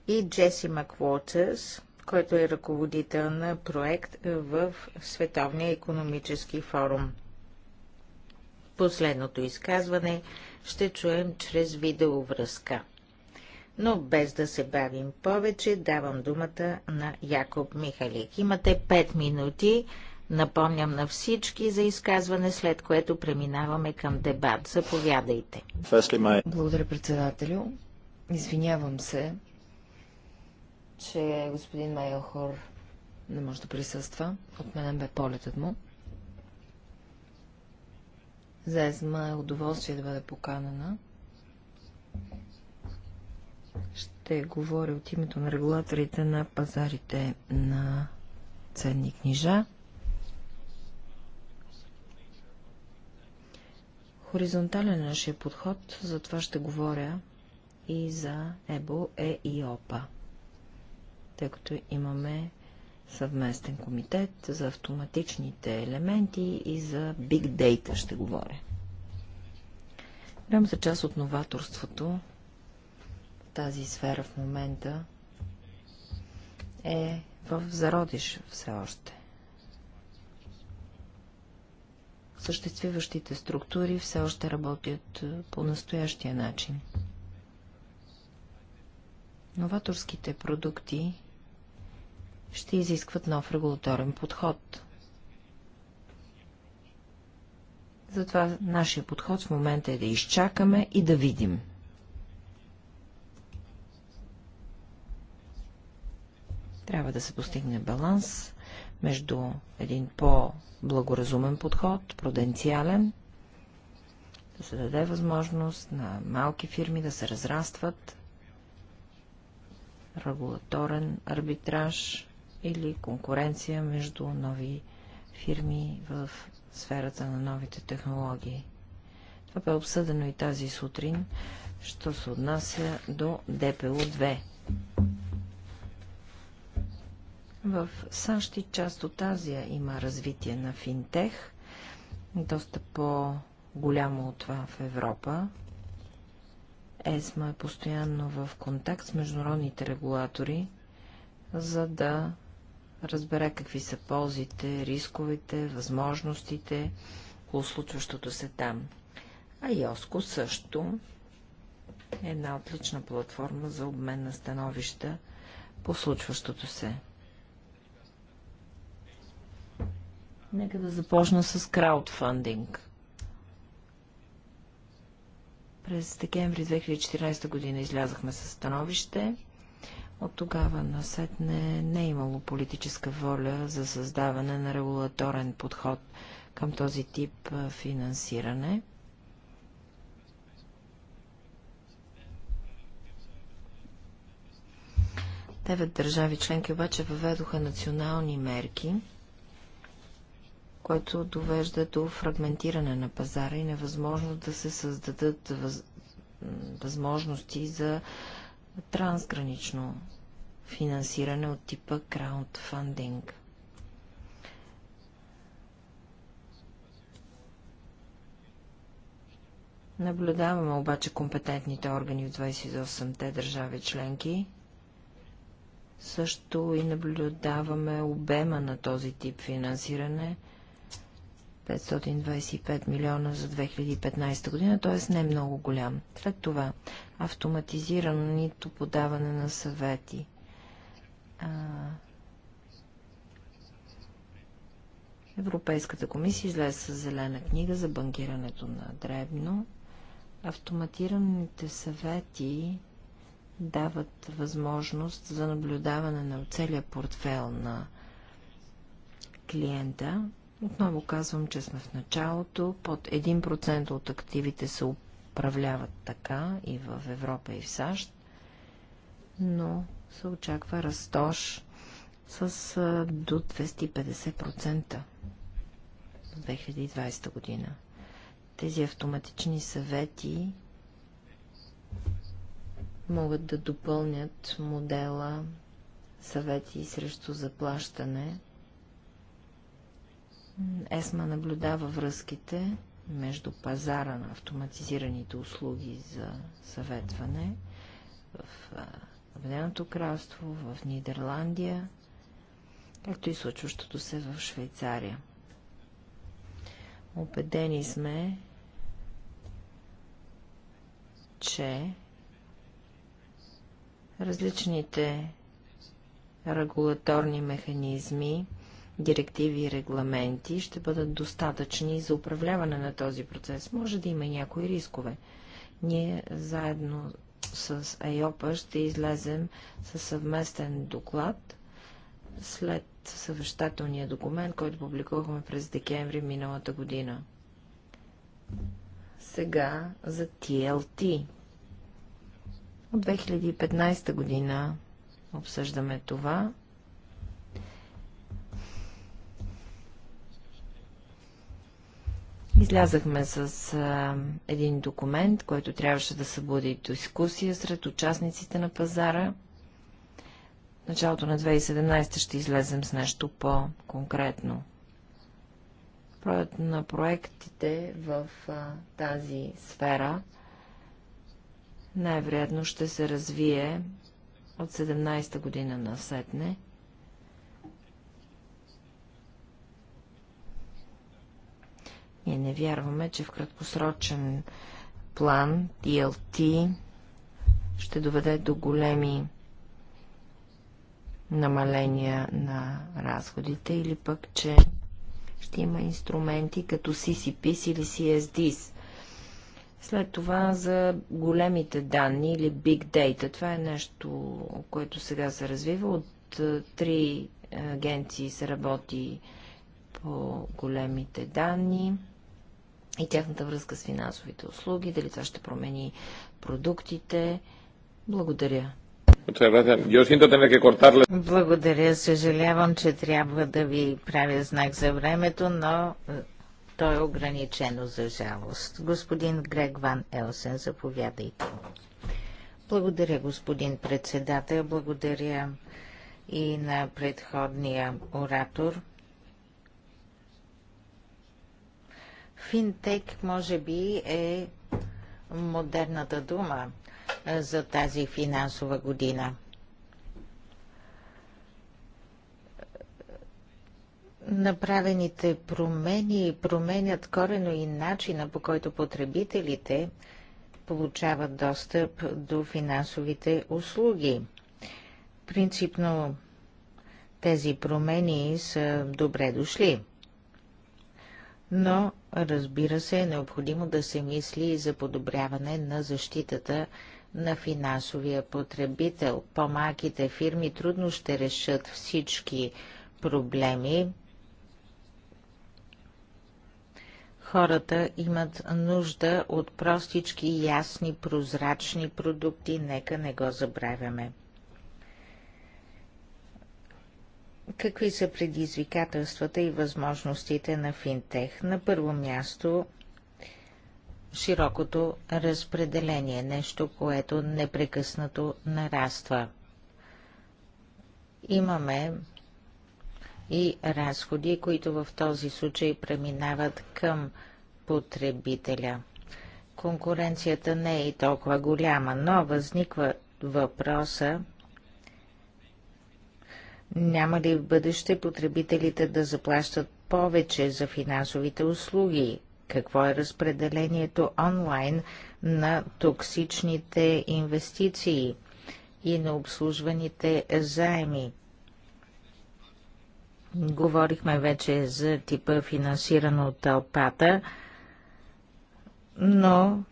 [SPEAKER 2] и Джеси Маквотърс, който е ръководител на проект в Световния економически форум. Последното изказване ще чуем чрез видеовръзка. Но без да се бавим повече, давам думата на Якоб Михалик. Имате 5 минути. Напомням на всички за изказване, след което преминаваме към дебат. Заповядайте. Благодаря, председателю.
[SPEAKER 5] Извинявам се, че господин Майохор не може да присъства. Отменен бе полетът му. За ЕСМА е удоволствие да бъде поканена. Ще говоря от името на регулаторите на пазарите на ценни книжа. Хоризонтален е нашия подход, затова ще говоря и за ЕБО, Е и ОПА, тъй като имаме съвместен комитет за автоматичните елементи и за биг дейта ще говоря. за част от новаторството в тази сфера в момента е в зародиш все още. Съществуващите структури все още работят е, по настоящия начин. Новаторските продукти ще изискват нов регулаторен подход. Затова нашия подход в момента е да изчакаме и да видим. Трябва да се постигне баланс между един по-благоразумен подход, пруденциален, да се даде възможност на малки фирми да се разрастват, регулаторен арбитраж, или конкуренция между нови фирми в сферата на новите технологии. Това бе обсъдено и тази сутрин, що се отнася до ДПО-2. В САЩ и част от Азия има развитие на финтех, доста по-голямо от това в Европа. ЕСМА е постоянно в контакт с международните регулатори, за да разбере какви са ползите, рисковете, възможностите по случващото се там. А Йоско също е една отлична платформа за обмен на становища по случващото се. Нека да започна с краудфандинг. През декември 2014 година излязахме със становище. От тогава насетне не е имало политическа воля за създаване на регулаторен подход към този тип финансиране. Девет държави членки обаче въведоха национални мерки, което довежда до фрагментиране на пазара и невъзможност да се създадат възможности за трансгранично финансиране от типа краудфандинг. Наблюдаваме обаче компетентните органи от 28-те държави членки. Също и наблюдаваме обема на този тип финансиране – 525 милиона за 2015 година, т.е. не е много голям. След това автоматизираното подаване на съвети. А... Европейската комисия излезе с зелена книга за банкирането на дребно. Автоматираните съвети дават възможност за наблюдаване на целия портфел на клиента отново казвам, че сме в началото. Под 1% от активите се управляват така и в Европа, и в САЩ, но се очаква растож с до 250% в 2020 година. Тези автоматични съвети могат да допълнят модела съвети срещу заплащане – ЕСМА наблюдава връзките между пазара на автоматизираните услуги за съветване в Обединеното кралство, в Нидерландия, както и случващото се в Швейцария. Обедени сме, че различните регулаторни механизми директиви и регламенти ще бъдат достатъчни за управляване на този процес. Може да има и някои рискове. Ние заедно с АЙОПА ще излезем със съвместен доклад след съвещателния документ, който публикувахме през декември миналата година. Сега за TLT. От 2015 година обсъждаме това. Излязахме с а, един документ, който трябваше да събуди дискусия сред участниците на пазара. В началото на 2017 ще излезем с нещо по-конкретно. Проект на проектите в а, тази сфера най-вероятно ще се развие от 17-та година на сетне – Ние не вярваме, че в краткосрочен план DLT ще доведе до големи намаления на разходите или пък, че ще има инструменти като CCPs или CSDs. След това за големите данни или Big Data. Това е нещо, което сега се развива. От е, три агенции се работи по големите данни и тяхната връзка с финансовите услуги, дали това ще промени продуктите.
[SPEAKER 2] Благодаря. Благодаря. Съжалявам, че трябва да ви правя знак за времето, но е, то е ограничено за жалост. Господин Грег Ван Елсен, заповядайте. Благодаря, господин председател. Благодаря и на предходния оратор. Финтек може би е модерната дума за тази финансова година. Направените промени променят корено и начина по който потребителите получават достъп до финансовите услуги. Принципно тези промени са добре дошли но разбира се е необходимо да се мисли и за подобряване на защитата на финансовия потребител. По-малките фирми трудно ще решат всички проблеми. Хората имат нужда от простички, ясни, прозрачни продукти, нека не го забравяме. Какви са предизвикателствата и възможностите на финтех? На първо място широкото разпределение, нещо, което непрекъснато нараства. Имаме и разходи, които в този случай преминават към потребителя. Конкуренцията не е и толкова голяма, но възниква въпроса няма ли в бъдеще потребителите да заплащат повече за финансовите услуги? Какво е разпределението онлайн на токсичните инвестиции и на обслужваните заеми? Говорихме вече за типа финансирано от тълпата, но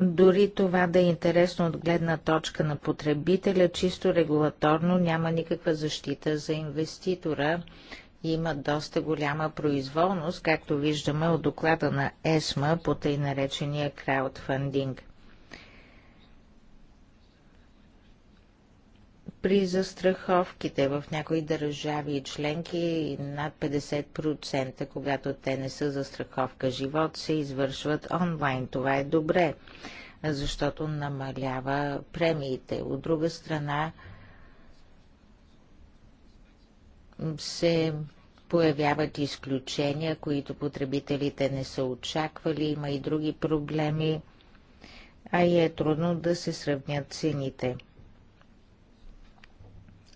[SPEAKER 2] Дори това да е интересно от гледна точка на потребителя, чисто регулаторно няма никаква защита за инвеститора. Има доста голяма произволност, както виждаме от доклада на ЕСМА по тъй наречения краудфандинг. при застраховките в някои държави и членки над 50%, когато те не са застраховка живот, се извършват онлайн. Това е добре, защото намалява премиите. От друга страна се появяват изключения, които потребителите не са очаквали. Има и други проблеми, а и е трудно да се сравнят цените.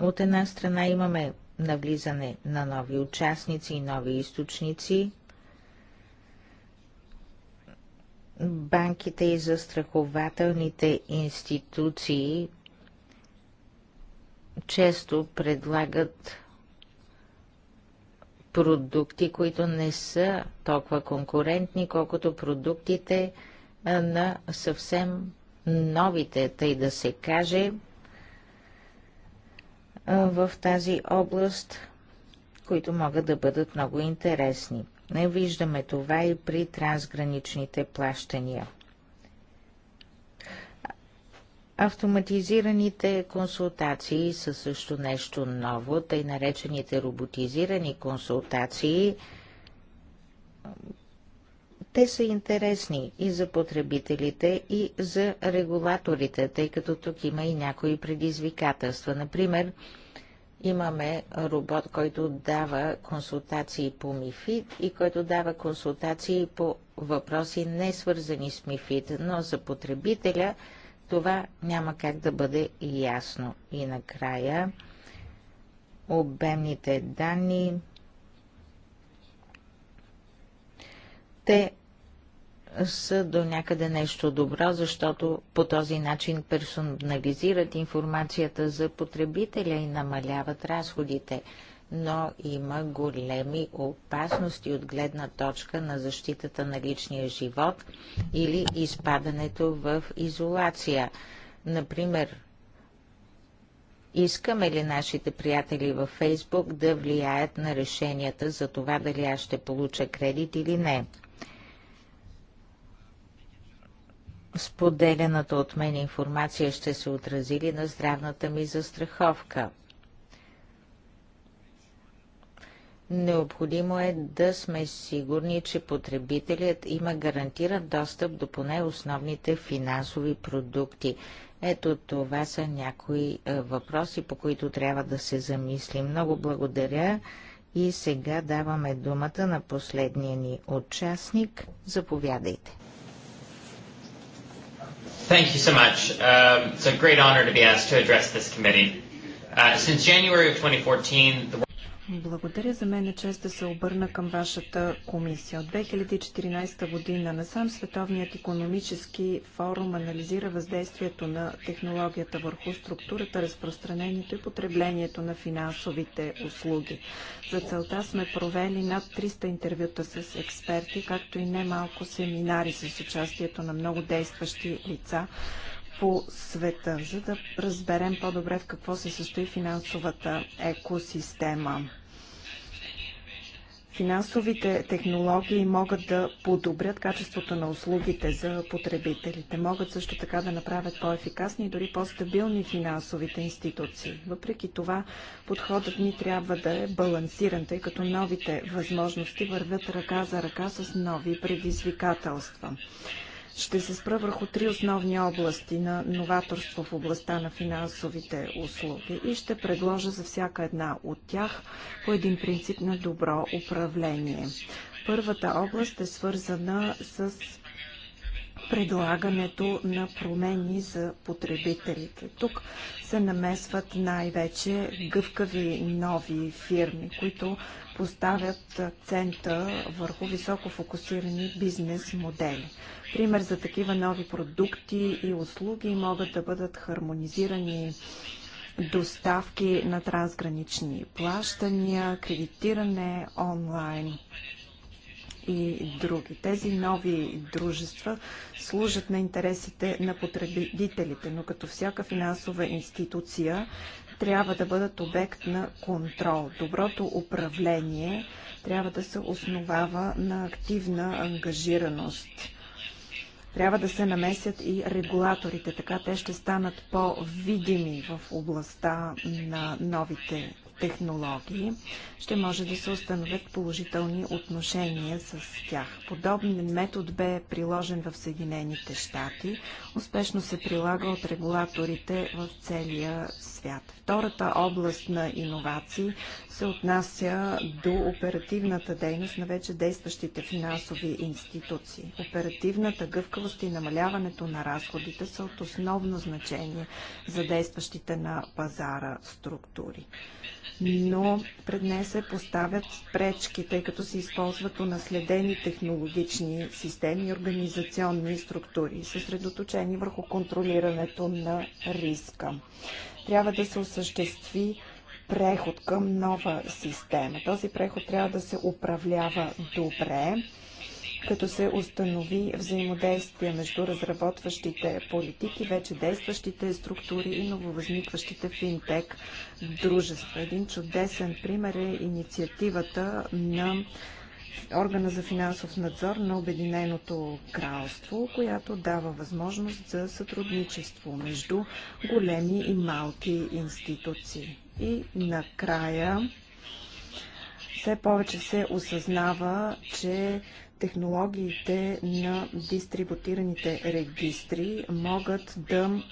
[SPEAKER 2] От една страна имаме навлизане на нови участници и нови източници. Банките и застрахователните институции често предлагат продукти, които не са толкова конкурентни, колкото продуктите на съвсем новите, тъй да се каже, в тази област, които могат да бъдат много интересни. Не виждаме това и при трансграничните плащания. Автоматизираните консултации са също нещо ново, тъй наречените роботизирани консултации те са интересни и за потребителите, и за регулаторите, тъй като тук има и някои предизвикателства. Например, имаме робот, който дава консултации по МИФИД и който дава консултации по въпроси не свързани с МИФИД, но за потребителя това няма как да бъде ясно. И накрая обемните данни, те са до някъде нещо добро, защото по този начин персонализират информацията за потребителя и намаляват разходите. Но има големи опасности от гледна точка на защитата на личния живот или изпадането в изолация. Например, Искаме ли нашите приятели във Фейсбук да влияят на решенията за това дали аз ще получа кредит или не? Споделената от мен информация ще се отрази ли на здравната ми застраховка? Необходимо е да сме сигурни, че потребителят има гарантиран достъп до поне основните финансови продукти. Ето това са някои е, въпроси, по които трябва да се замислим. Много благодаря и сега даваме думата на последния ни участник. Заповядайте.
[SPEAKER 4] Thank you so much. Um, it's a great honor to be asked to address this committee. Uh, since January of 2014, the
[SPEAKER 3] благодаря. За мен е чест да се обърна към вашата комисия. От 2014 година насам Световният економически форум анализира въздействието на технологията върху структурата, разпространението и потреблението на финансовите услуги. За целта сме провели над 300 интервюта с експерти, както и немалко семинари с участието на много действащи лица, по света, за да разберем по-добре в какво се състои финансовата екосистема. Финансовите технологии могат да подобрят качеството на услугите за потребителите. Могат също така да направят по-ефикасни и дори по-стабилни финансовите институции. Въпреки това, подходът ни трябва да е балансиран, тъй като новите възможности вървят ръка за ръка с нови предизвикателства. Ще се спра върху три основни области на новаторство в областта на финансовите услуги и ще предложа за всяка една от тях по един принцип на добро управление. Първата област е свързана с предлагането на промени за потребителите. Тук се намесват най-вече гъвкави нови фирми, които поставят акцента върху високо фокусирани бизнес модели. Пример за такива нови продукти и услуги могат да бъдат хармонизирани доставки на трансгранични плащания, кредитиране онлайн и други. Тези нови дружества служат на интересите на потребителите, но като всяка финансова институция трябва да бъдат обект на контрол. Доброто управление трябва да се основава на активна ангажираност трябва да се намесят и регулаторите, така те ще станат по-видими в областта на новите технологии, ще може да се установят положителни отношения с тях. Подобен метод бе приложен в Съединените щати. Успешно се прилага от регулаторите в целия свят. Втората област на иновации се отнася до оперативната дейност на вече действащите финансови институции. Оперативната гъвкавост и намаляването на разходите са от основно значение за действащите на пазара структури но пред нея се поставят пречки, тъй като се използват унаследени технологични системи и организационни структури, съсредоточени върху контролирането на риска. Трябва да се осъществи преход към нова система. Този преход трябва да се управлява добре като се установи взаимодействие между разработващите политики, вече действащите структури и нововъзникващите финтек дружества. Един чудесен пример е инициативата на органа за финансов надзор на Обединеното кралство, която дава възможност за сътрудничество между големи и малки институции. И накрая все повече се осъзнава, че технологиите на дистрибутираните регистри могат да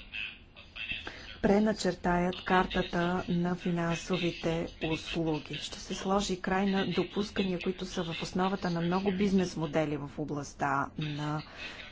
[SPEAKER 3] преначертаят картата на финансовите услуги. Ще се сложи край на допускания, които са в основата на много бизнес модели в областта на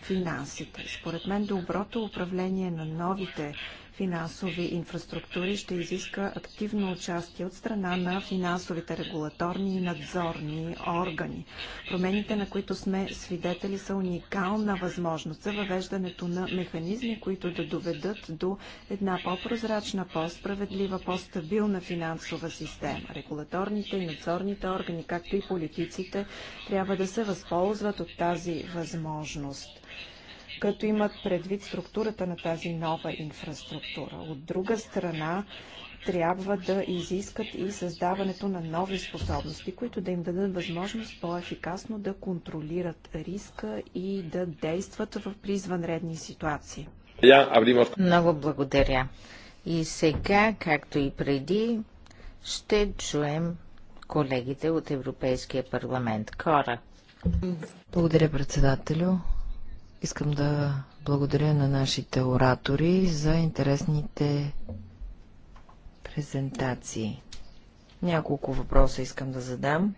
[SPEAKER 3] финансите. Според мен доброто управление на новите финансови инфраструктури ще изиска активно участие от страна на финансовите регулаторни и надзорни органи. Промените, на които сме свидетели, са уникална възможност за въвеждането на механизми, които да доведат до една по-прозрачна, по-справедлива, по-стабилна финансова система. Регулаторните и надзорните органи, както и политиците, трябва да се възползват от тази възможност като имат предвид структурата на тази нова инфраструктура. От друга страна, трябва да изискат и създаването на нови способности, които да им дадат възможност по-ефикасно да контролират риска и да действат в при извънредни
[SPEAKER 2] ситуации. Много благодаря. И сега, както и преди, ще чуем колегите от Европейския парламент. Кора.
[SPEAKER 5] Благодаря, председателю. Искам да благодаря на нашите оратори за интересните презентации. Няколко въпроса искам да задам.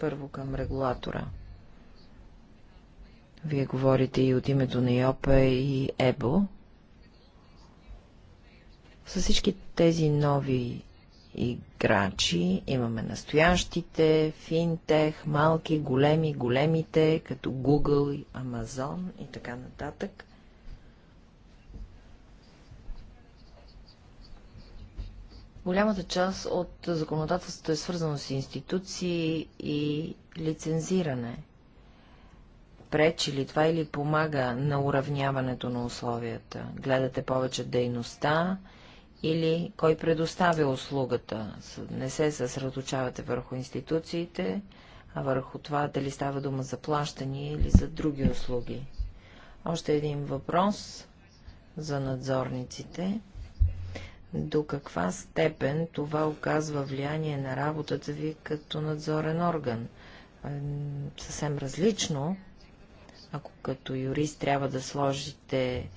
[SPEAKER 5] Първо към регулатора. Вие говорите и от името на ИОПА и ЕБО. С всички тези нови и играчи. Имаме настоящите, финтех, малки, големи, големите, като Google, Amazon и така нататък. Голямата част от законодателството е свързано с институции и лицензиране. Пречи ли това или помага на уравняването на условията? Гледате повече дейността, или кой предоставя услугата. Не се съсредоточавате върху институциите, а върху това дали става дума за плащания или за други услуги. Още един въпрос за надзорниците. До каква степен това оказва влияние на работата ви като надзорен орган? Съвсем различно, ако като юрист трябва да сложите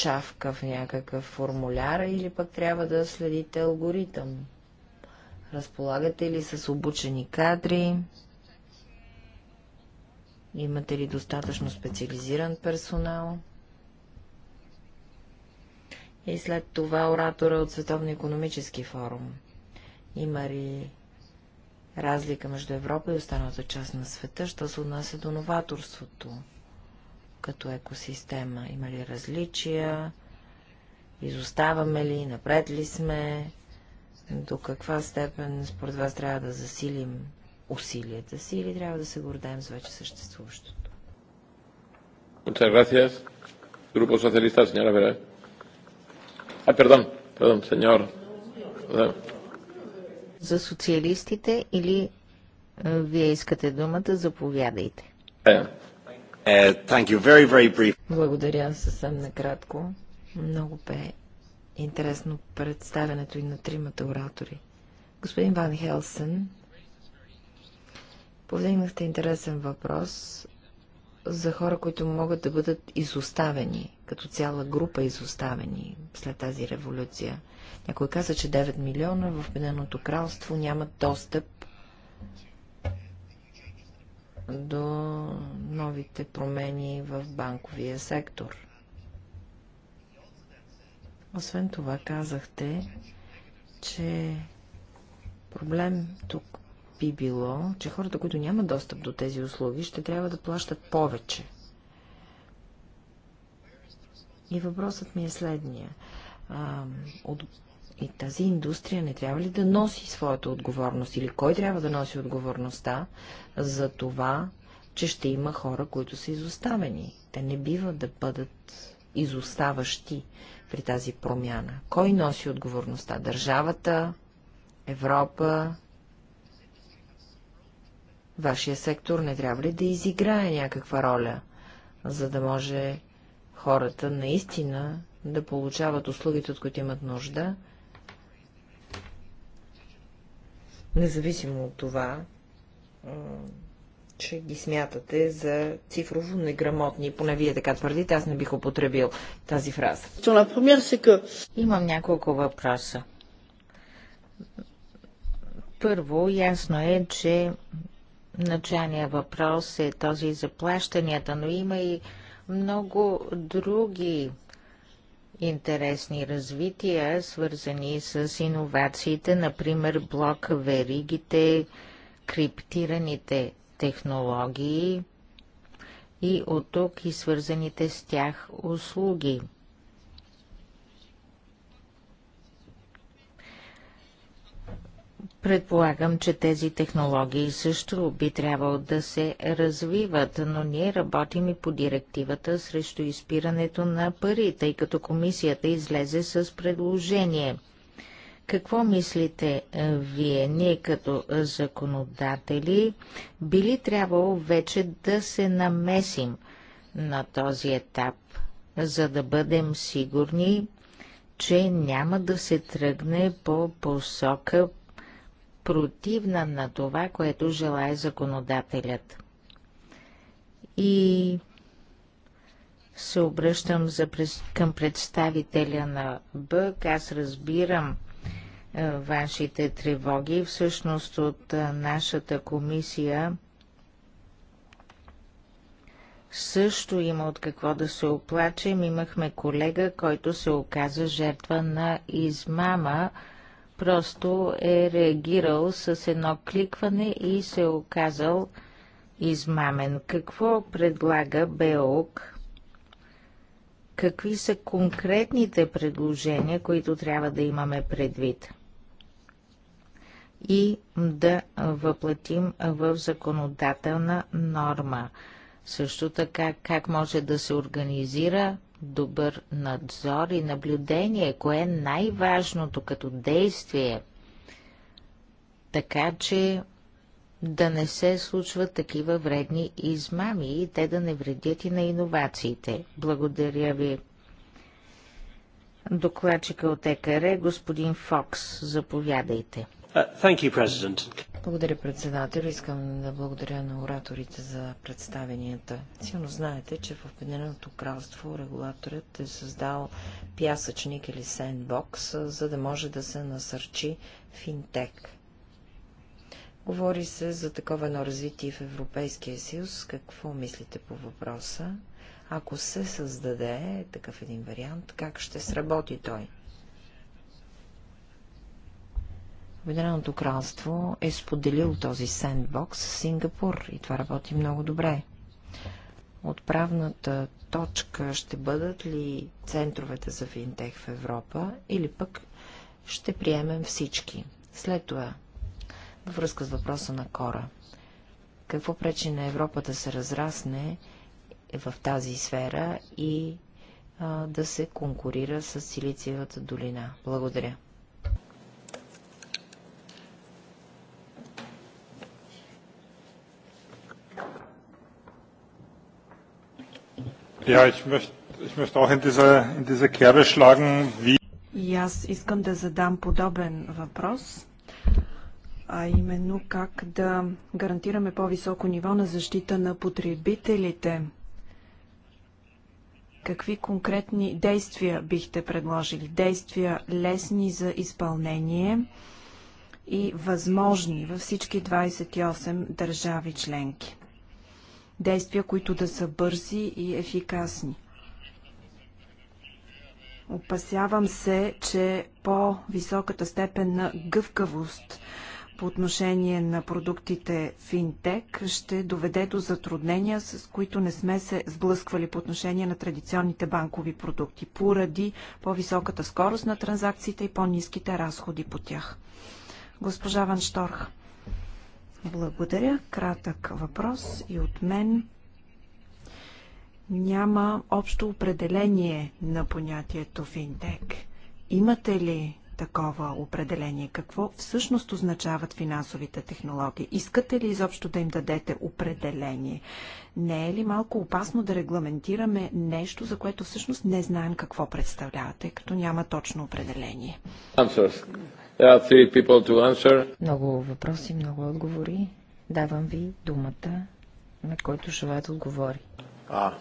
[SPEAKER 5] чавка в някакъв формуляр или пък трябва да следите алгоритъм? Разполагате ли с обучени кадри? Имате ли достатъчно специализиран персонал? И след това оратора от Световно економически форум. Има ли разлика между Европа и останалата част на света, що се отнася до новаторството? като екосистема? Има ли различия? Изоставаме ли? Напред ли сме? До каква степен според вас трябва да засилим усилията си или трябва да се гордеем с вече съществуващото?
[SPEAKER 1] Muchas gracias. Grupo Socialista, señora Vera. Ah, perdón, perdón, señor.
[SPEAKER 2] За социалистите или вие искате думата, заповядайте.
[SPEAKER 4] Yeah. Е, Uh,
[SPEAKER 2] Благодаря
[SPEAKER 5] съвсем накратко. Много бе интересно представянето и на тримата оратори. Господин Ван Хелсен, повдигнахте интересен въпрос за хора, които могат да бъдат изоставени, като цяла група изоставени след тази революция. Някой каза, че 9 милиона в Обединеното кралство нямат достъп до новите промени в банковия сектор. Освен това казахте, че проблем тук би било, че хората, които нямат достъп до тези услуги, ще трябва да плащат повече. И въпросът ми е следния. А, от и тази индустрия не трябва ли да носи своята отговорност или кой трябва да носи отговорността за това, че ще има хора, които са изоставени? Те не бива да бъдат изоставащи при тази промяна. Кой носи отговорността? Държавата, Европа, Вашия сектор не трябва ли да изиграе някаква роля, за да може хората наистина да получават услугите, от които имат нужда Независимо от това, че ги смятате за цифрово неграмотни, поне вие така твърдите, аз не бих
[SPEAKER 2] употребил тази фраза. Имам няколко въпроса. Първо, ясно е, че началният въпрос е този за плащанията, но има и много други интересни развития, свързани с иновациите, например блок веригите, криптираните технологии и от тук и свързаните с тях услуги – Предполагам, че тези технологии също би трябвало да се развиват, но ние работим и по директивата срещу изпирането на пари, тъй като комисията излезе с предложение. Какво мислите е, вие, ние като законодатели, били трябвало вече да се намесим на този етап, за да бъдем сигурни, че няма да се тръгне по посока противна на това, което желая законодателят. И се обръщам за, към представителя на БК. Аз разбирам е, вашите тревоги. Всъщност от е, нашата комисия също има от какво да се оплачем. Имахме колега, който се оказа жертва на измама просто е реагирал с едно кликване и се е оказал измамен. Какво предлага БЕОК? Какви са конкретните предложения, които трябва да имаме предвид? И да въплатим в законодателна норма. Също така, как може да се организира добър надзор и наблюдение, кое е най-важното като действие, така че да не се случват такива вредни измами и те да не вредят и на иновациите. Благодаря ви. Докладчика от ЕКР, господин Фокс, заповядайте. Uh, you, благодаря, председател. Искам да благодаря
[SPEAKER 5] на ораторите за представенията. Силно знаете, че в Обединеното кралство регулаторът е създал пясъчник или сендбокс, за да може да се насърчи финтек. Говори се за такова едно развитие в Европейския съюз. Какво мислите по въпроса? Ако се създаде такъв един вариант, как ще сработи той? Обединеното кралство е споделил този сендбокс с Сингапур и това работи много добре. Отправната точка ще бъдат ли центровете за финтех в Европа или пък ще приемем всички. След това, във връзка с въпроса на Кора, какво пречи на Европа да се разрасне в тази сфера и а, да се конкурира с Силициевата долина? Благодаря.
[SPEAKER 4] Ja, ich möchte, ich möchte auch in in Kerbe schlagen, wie...
[SPEAKER 3] И аз искам да задам подобен въпрос, а именно как да гарантираме по-високо ниво на защита на потребителите. Какви конкретни действия бихте предложили? Действия лесни за изпълнение и възможни във всички 28 държави членки действия, които да са бързи и ефикасни. Опасявам се, че по-високата степен на гъвкавост по отношение на продуктите финтек ще доведе до затруднения, с които не сме се сблъсквали по отношение на традиционните банкови продукти, поради по-високата скорост на транзакциите и по-низките разходи по тях. Госпожа Ван Шторх. Благодаря. Кратък въпрос и от мен. Няма общо определение на понятието финтек. Имате ли такова определение? Какво всъщност означават финансовите технологии? Искате ли изобщо да им дадете определение? Не е ли малко опасно да регламентираме нещо, за което всъщност не знаем какво представлявате, като няма точно определение?
[SPEAKER 5] Много въпроси, много отговори. Давам
[SPEAKER 3] ви думата,
[SPEAKER 5] на който желая да отговори. Ah,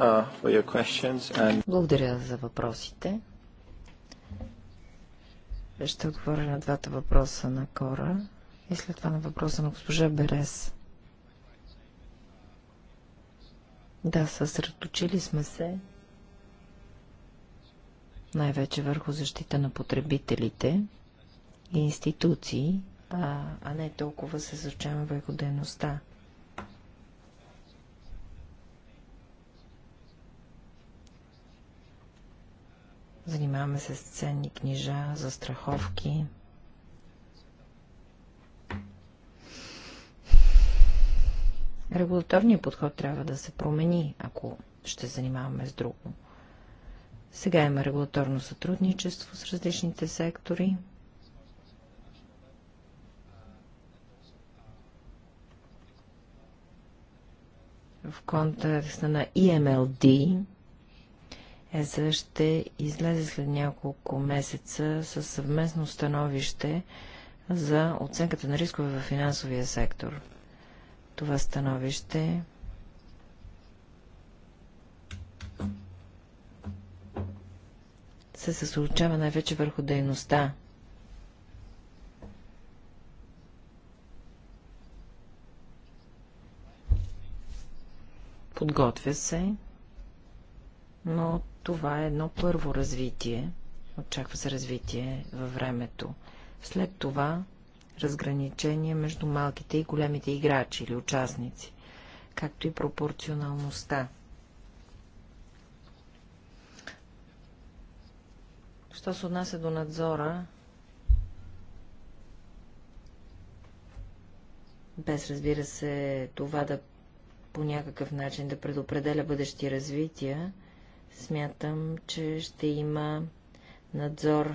[SPEAKER 5] uh, Благодаря за въпросите. Ще отговоря на двата въпроса на Кора и след това на въпроса на госпожа Берес. Да, съсредоточили сме се най-вече върху защита на потребителите и институции, а, а не толкова се изучаваме върху дейността. Занимаваме се с ценни книжа, за страховки. Регулаторният подход трябва да се промени, ако ще занимаваме с друго. Сега има регулаторно сътрудничество с различните сектори. В контекста на EMLD ЕСА ще излезе след няколко месеца със съвместно становище за оценката на рискове в финансовия сектор. Това становище се съсоучава най-вече върху дейността. Подготвя се, но това е едно първо развитие. Очаква се развитие във времето. След това разграничение между малките и големите играчи или участници, както и пропорционалността. Що се отнася до надзора, без разбира се това да по някакъв начин да предопределя бъдещи развития, смятам, че ще има надзор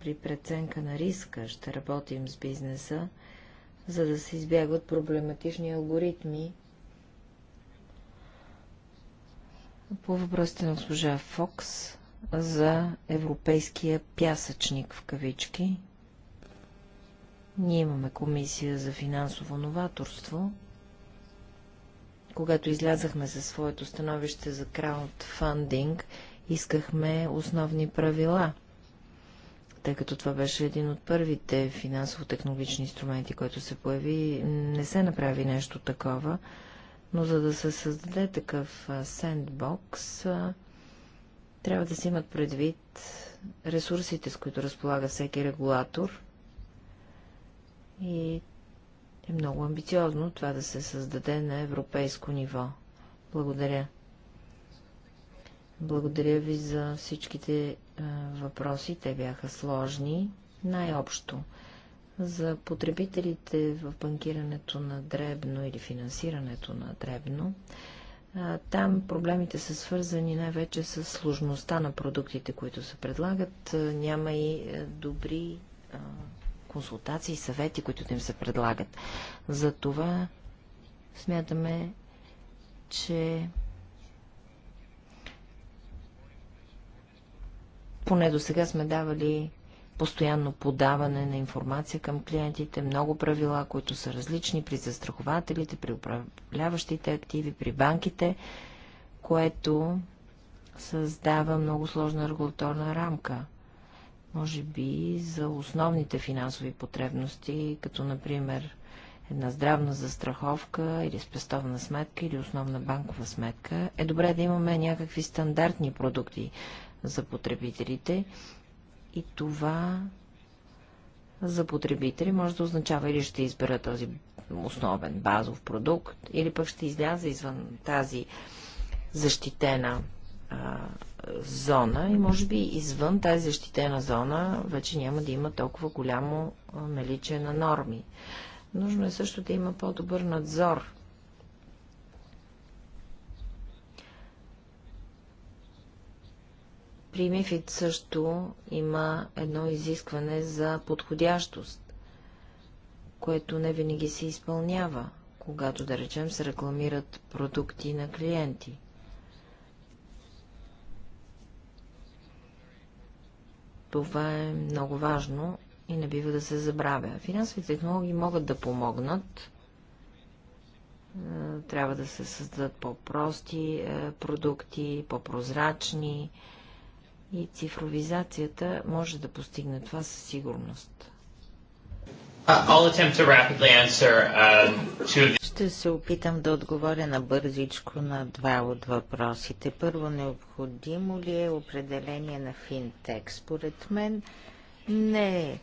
[SPEAKER 5] при преценка на риска. Ще работим с бизнеса, за да се избягват проблематични алгоритми. По въпросите на служа Фокс, за европейския пясъчник в кавички. Ние имаме комисия за финансово новаторство. Когато излязахме със своето становище за краудфандинг, искахме основни правила, тъй като това беше един от първите финансово-технологични инструменти, който се появи. Не се направи нещо такова, но за да се създаде такъв сендбокс, трябва да се имат предвид ресурсите, с които разполага всеки регулатор и е много амбициозно това да се създаде на европейско ниво. Благодаря. Благодаря ви за всичките е, въпроси. Те бяха сложни. Най-общо. За потребителите в банкирането на дребно или финансирането на дребно, там проблемите са свързани най-вече с сложността на продуктите, които се предлагат. Няма и добри консултации и съвети, които да им се предлагат. Затова смятаме, че поне до сега сме давали постоянно подаване на информация към клиентите, много правила, които са различни при застрахователите, при управляващите активи, при банките, което създава много сложна регулаторна рамка. Може би за основните финансови потребности, като например една здравна застраховка или спестовна сметка или основна банкова сметка, е добре да имаме някакви стандартни продукти за потребителите и това за потребители може да означава или ще избера този основен базов продукт, или пък ще изляза извън тази защитена а, зона и може би извън тази защитена зона вече няма да има толкова голямо наличие на норми. Нужно е също да има по-добър надзор При МИФИД също има едно изискване за подходящост, което не винаги се изпълнява, когато, да речем, се рекламират продукти на клиенти. Това е много важно и не бива да се забравя. Финансовите технологии могат да помогнат. Е, трябва да се създадат по-прости е, продукти, по-прозрачни продукти и цифровизацията може да постигне това със
[SPEAKER 4] сигурност. Uh,
[SPEAKER 2] Ще се опитам да отговоря на бързичко на два от въпросите. Първо, необходимо ли е определение на финтек? Според мен не е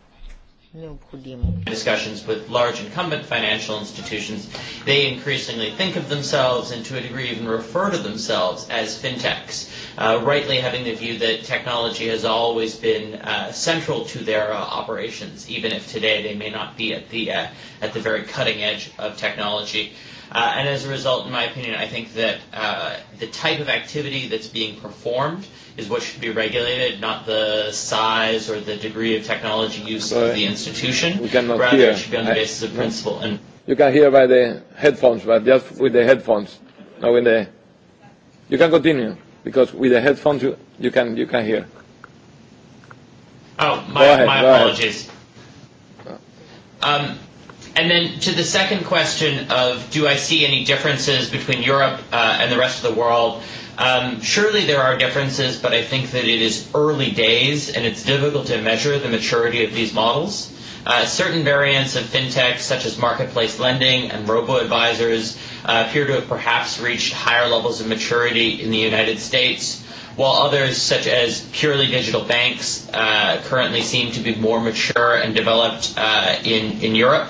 [SPEAKER 2] необходимо.
[SPEAKER 4] Discussions with large incumbent financial institutions, they increasingly think of themselves and to a degree even refer to themselves as fintechs, uh, rightly having the view that technology has always been uh, central to their uh, operations, even if today they may not be at the, uh, at the very cutting edge of technology. Uh, and as a result, in my opinion, I think that uh, the type of activity that's being performed is what should be regulated, not the size or the degree of technology use so of the institution. We cannot Rather, hear. it should be on the basis of principle. And
[SPEAKER 1] you can hear by the headphones, but just with the headphones, not with the. You can continue because with the headphones you, you can you can hear.
[SPEAKER 4] Oh, my, ahead, my apologies. Um, And then to the second question of do I see any differences between Europe uh, and the rest of the world? Um, surely there are differences, but I think that it is early days and it's difficult to measure the maturity of these models. Uh, certain variants of fintech, such as marketplace lending and robo-advisors, uh, appear to have perhaps reached higher levels of maturity in the United States, while others, such as purely digital banks, uh, currently seem to be more mature and developed uh, in, in Europe.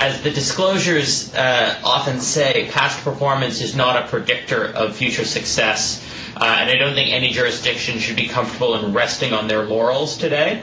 [SPEAKER 4] as the disclosures uh, often say, past performance is not a predictor of future success. Uh, and I don't think any jurisdiction should be comfortable in resting on their laurels today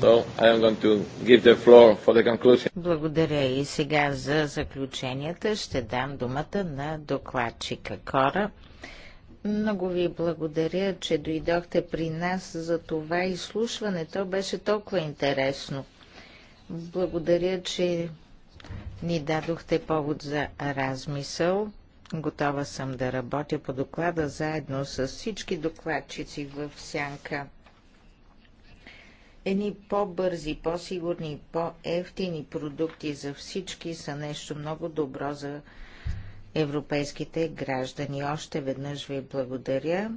[SPEAKER 1] So I am going to give the floor for the conclusion.
[SPEAKER 2] Благодаря и сега за заключенията ще дам думата на докладчика Кора. Много ви благодаря, че дойдохте при нас за това изслушване. То беше толкова интересно. Благодаря, че ни дадохте повод за размисъл. Готова съм да работя по доклада заедно с всички докладчици в Сянка. Едни по-бързи, по-сигурни, по-ефтини продукти за всички са нещо много добро за европейските граждани. Още веднъж ви благодаря.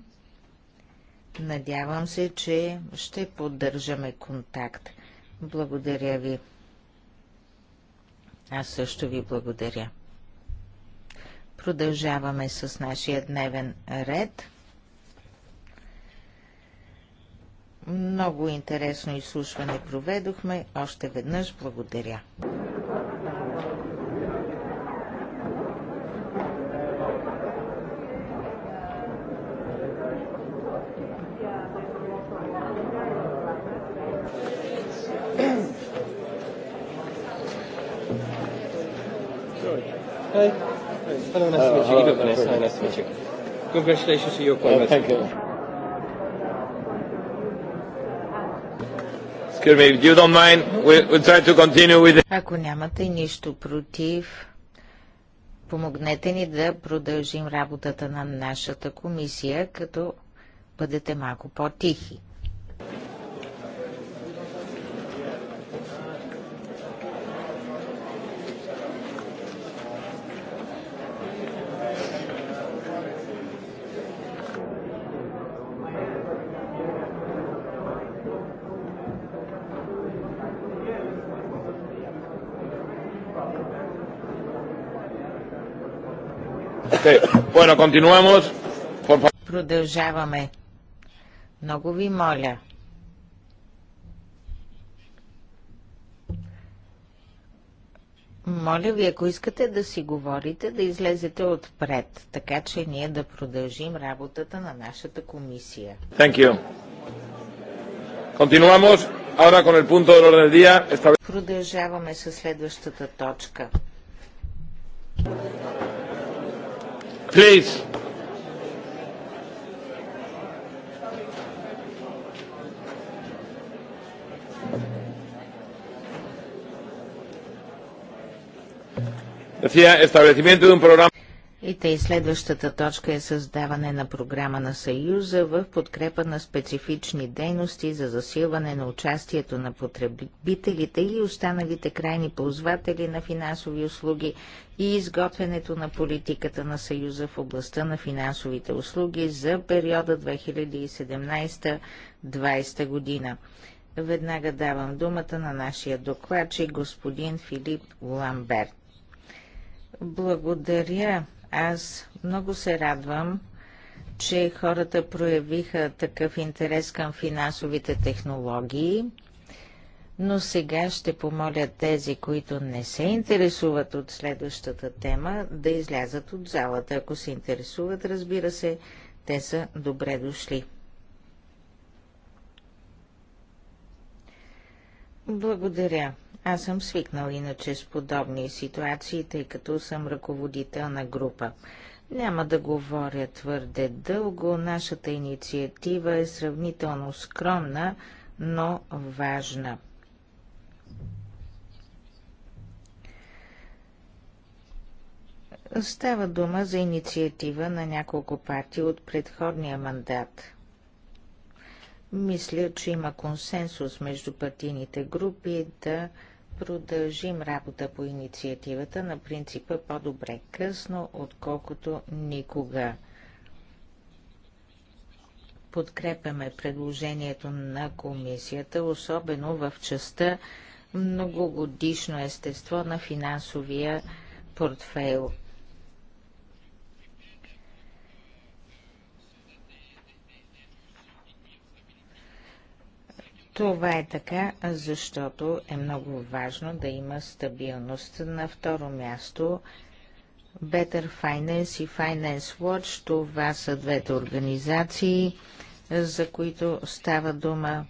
[SPEAKER 2] Надявам се, че ще поддържаме контакт. Благодаря ви. Аз също ви благодаря. Продължаваме с нашия дневен ред. Много интересно изслушване проведохме. Още веднъж благодаря.
[SPEAKER 4] Hi. Hello, nice to meet you. Hello, nice to meet you. Congratulations to your appointment. Oh, Thank
[SPEAKER 1] you.
[SPEAKER 2] Ако нямате нищо против, помогнете ни да продължим работата на нашата комисия, като бъдете малко по-тихи.
[SPEAKER 1] Bueno, continuamos. Por... favor.
[SPEAKER 2] Продължаваме. Много ви моля. Моля ви, ако искате да си говорите, да излезете отпред, така че ние да продължим работата на нашата комисия.
[SPEAKER 1] Thank you. Continuamos ahora con el punto del orden del día.
[SPEAKER 2] Продължаваме със следващата точка.
[SPEAKER 1] Please. Decía, establecimiento de un programa.
[SPEAKER 2] И тъй следващата точка е създаване на програма на Съюза в подкрепа на специфични дейности за засилване на участието на потребителите и останалите крайни ползватели на финансови услуги и изготвянето на политиката на Съюза в областта на финансовите услуги за периода 2017-2020 година. Веднага давам думата на нашия докладчик господин Филип Ламберт. Благодаря, аз много се радвам, че хората проявиха такъв интерес към финансовите технологии, но сега ще помоля тези, които не се интересуват от следващата тема, да излязат от залата. Ако се интересуват, разбира се, те са добре дошли. Благодаря аз съм свикнал иначе с подобни ситуации, тъй като съм ръководител на група. Няма да говоря твърде дълго. Нашата инициатива е сравнително скромна, но важна. Става дума за инициатива на няколко партии от предходния мандат. Мисля, че има консенсус между партийните групи да продължим работа по инициативата на принципа по-добре късно, отколкото никога. Подкрепяме предложението на комисията, особено в частта многогодишно естество на финансовия портфейл. Това е така, защото е много важно да има стабилност. На второ място Better Finance и Finance Watch, това са двете организации, за които става дума.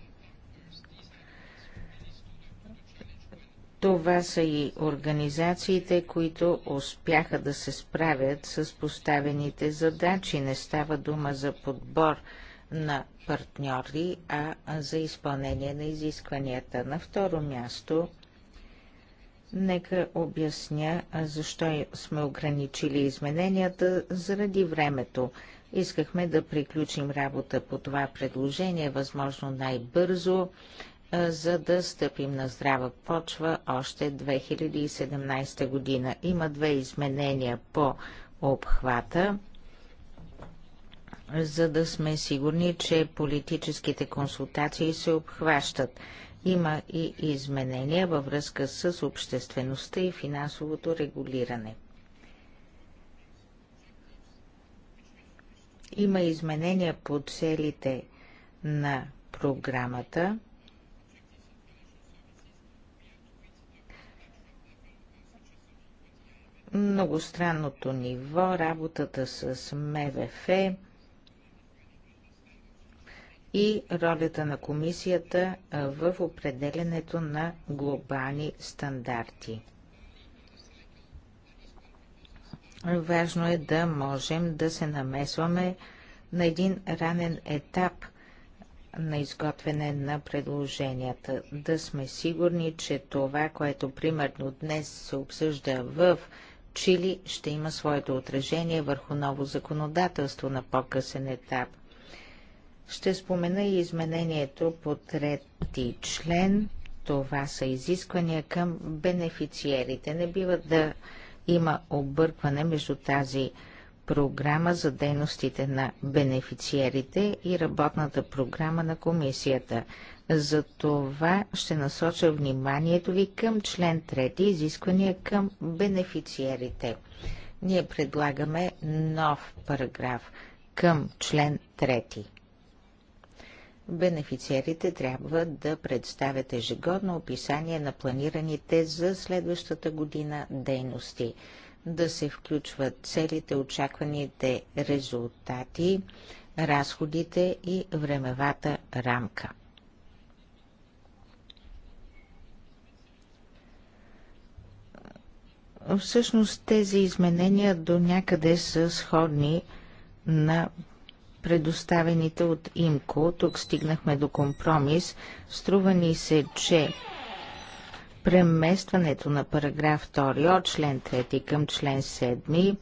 [SPEAKER 2] Това са и организациите, които успяха да се справят с поставените задачи. Не става дума за подбор на партньори, а за изпълнение на изискванията. На второ място, нека обясня защо сме ограничили измененията заради времето. Искахме да приключим работа по това предложение, възможно най-бързо, за да стъпим на здрава почва още 2017 година. Има две изменения по обхвата за да сме сигурни, че политическите консултации се обхващат. Има и изменения във връзка с обществеността и финансовото регулиране. Има изменения по целите на програмата. Многостранното ниво, работата с МВФ, и ролята на комисията в определенето на глобални стандарти. Важно е да можем да се намесваме на един ранен етап на изготвяне на предложенията. Да сме сигурни, че това, което примерно днес се обсъжда в Чили, ще има своето отражение върху ново законодателство на по-късен етап. Ще спомена и изменението по трети член. Това са изисквания към бенефициерите. Не бива да има объркване между тази програма за дейностите на бенефициерите и работната програма на комисията. За това ще насоча вниманието ви към член 3 изисквания към бенефициерите. Ние предлагаме нов параграф към член 3 бенефициерите трябва да представят ежегодно описание на планираните за следващата година дейности, да се включват целите, очакваните резултати, разходите и времевата рамка. Всъщност тези изменения до някъде са сходни на предоставените от ИМКО. Тук стигнахме до компромис. Струва ни се, че преместването на параграф 2 от член 3 към член 7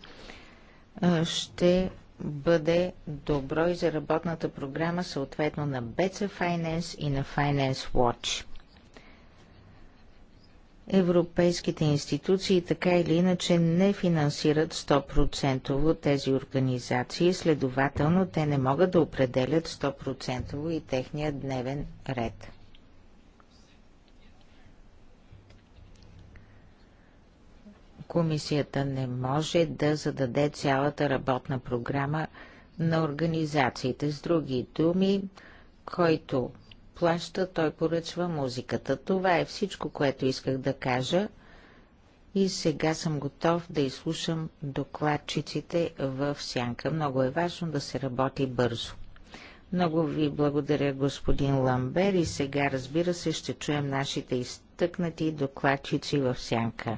[SPEAKER 2] ще бъде добро и за работната програма, съответно на BC Finance и на Finance Watch. Европейските институции така или иначе не финансират 100% тези организации, следователно те не могат да определят 100% и техния дневен ред. Комисията не може да зададе цялата работна програма на организациите. С други думи, който плаща, той поръчва музиката. Това е всичко, което исках да кажа. И сега съм готов да изслушам докладчиците в сянка. Много е важно да се работи бързо. Много ви благодаря, господин Ламбер, и сега, разбира се, ще чуем нашите изтъкнати докладчици в сянка.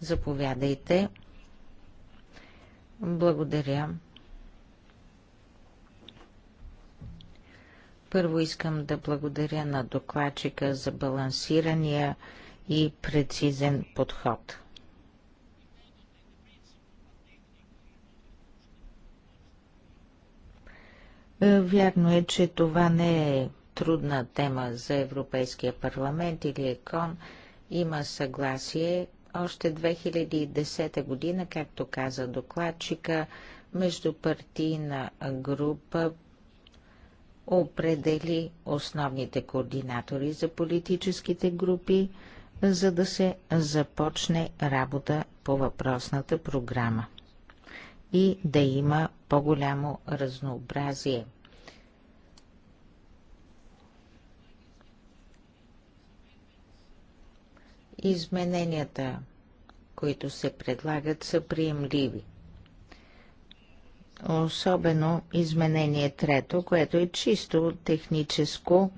[SPEAKER 2] Заповядайте. Благодаря. Първо искам да благодаря на докладчика за балансирания и прецизен подход. Е, вярно е, че това не е трудна тема за Европейския парламент или ЕКОН. Има съгласие още 2010 година, както каза докладчика, междупартийна група определи основните координатори за политическите групи, за да се започне работа по въпросната програма и да има по-голямо разнообразие. Измененията, които се предлагат, са приемливи – особено изменение трето, което е чисто техническо.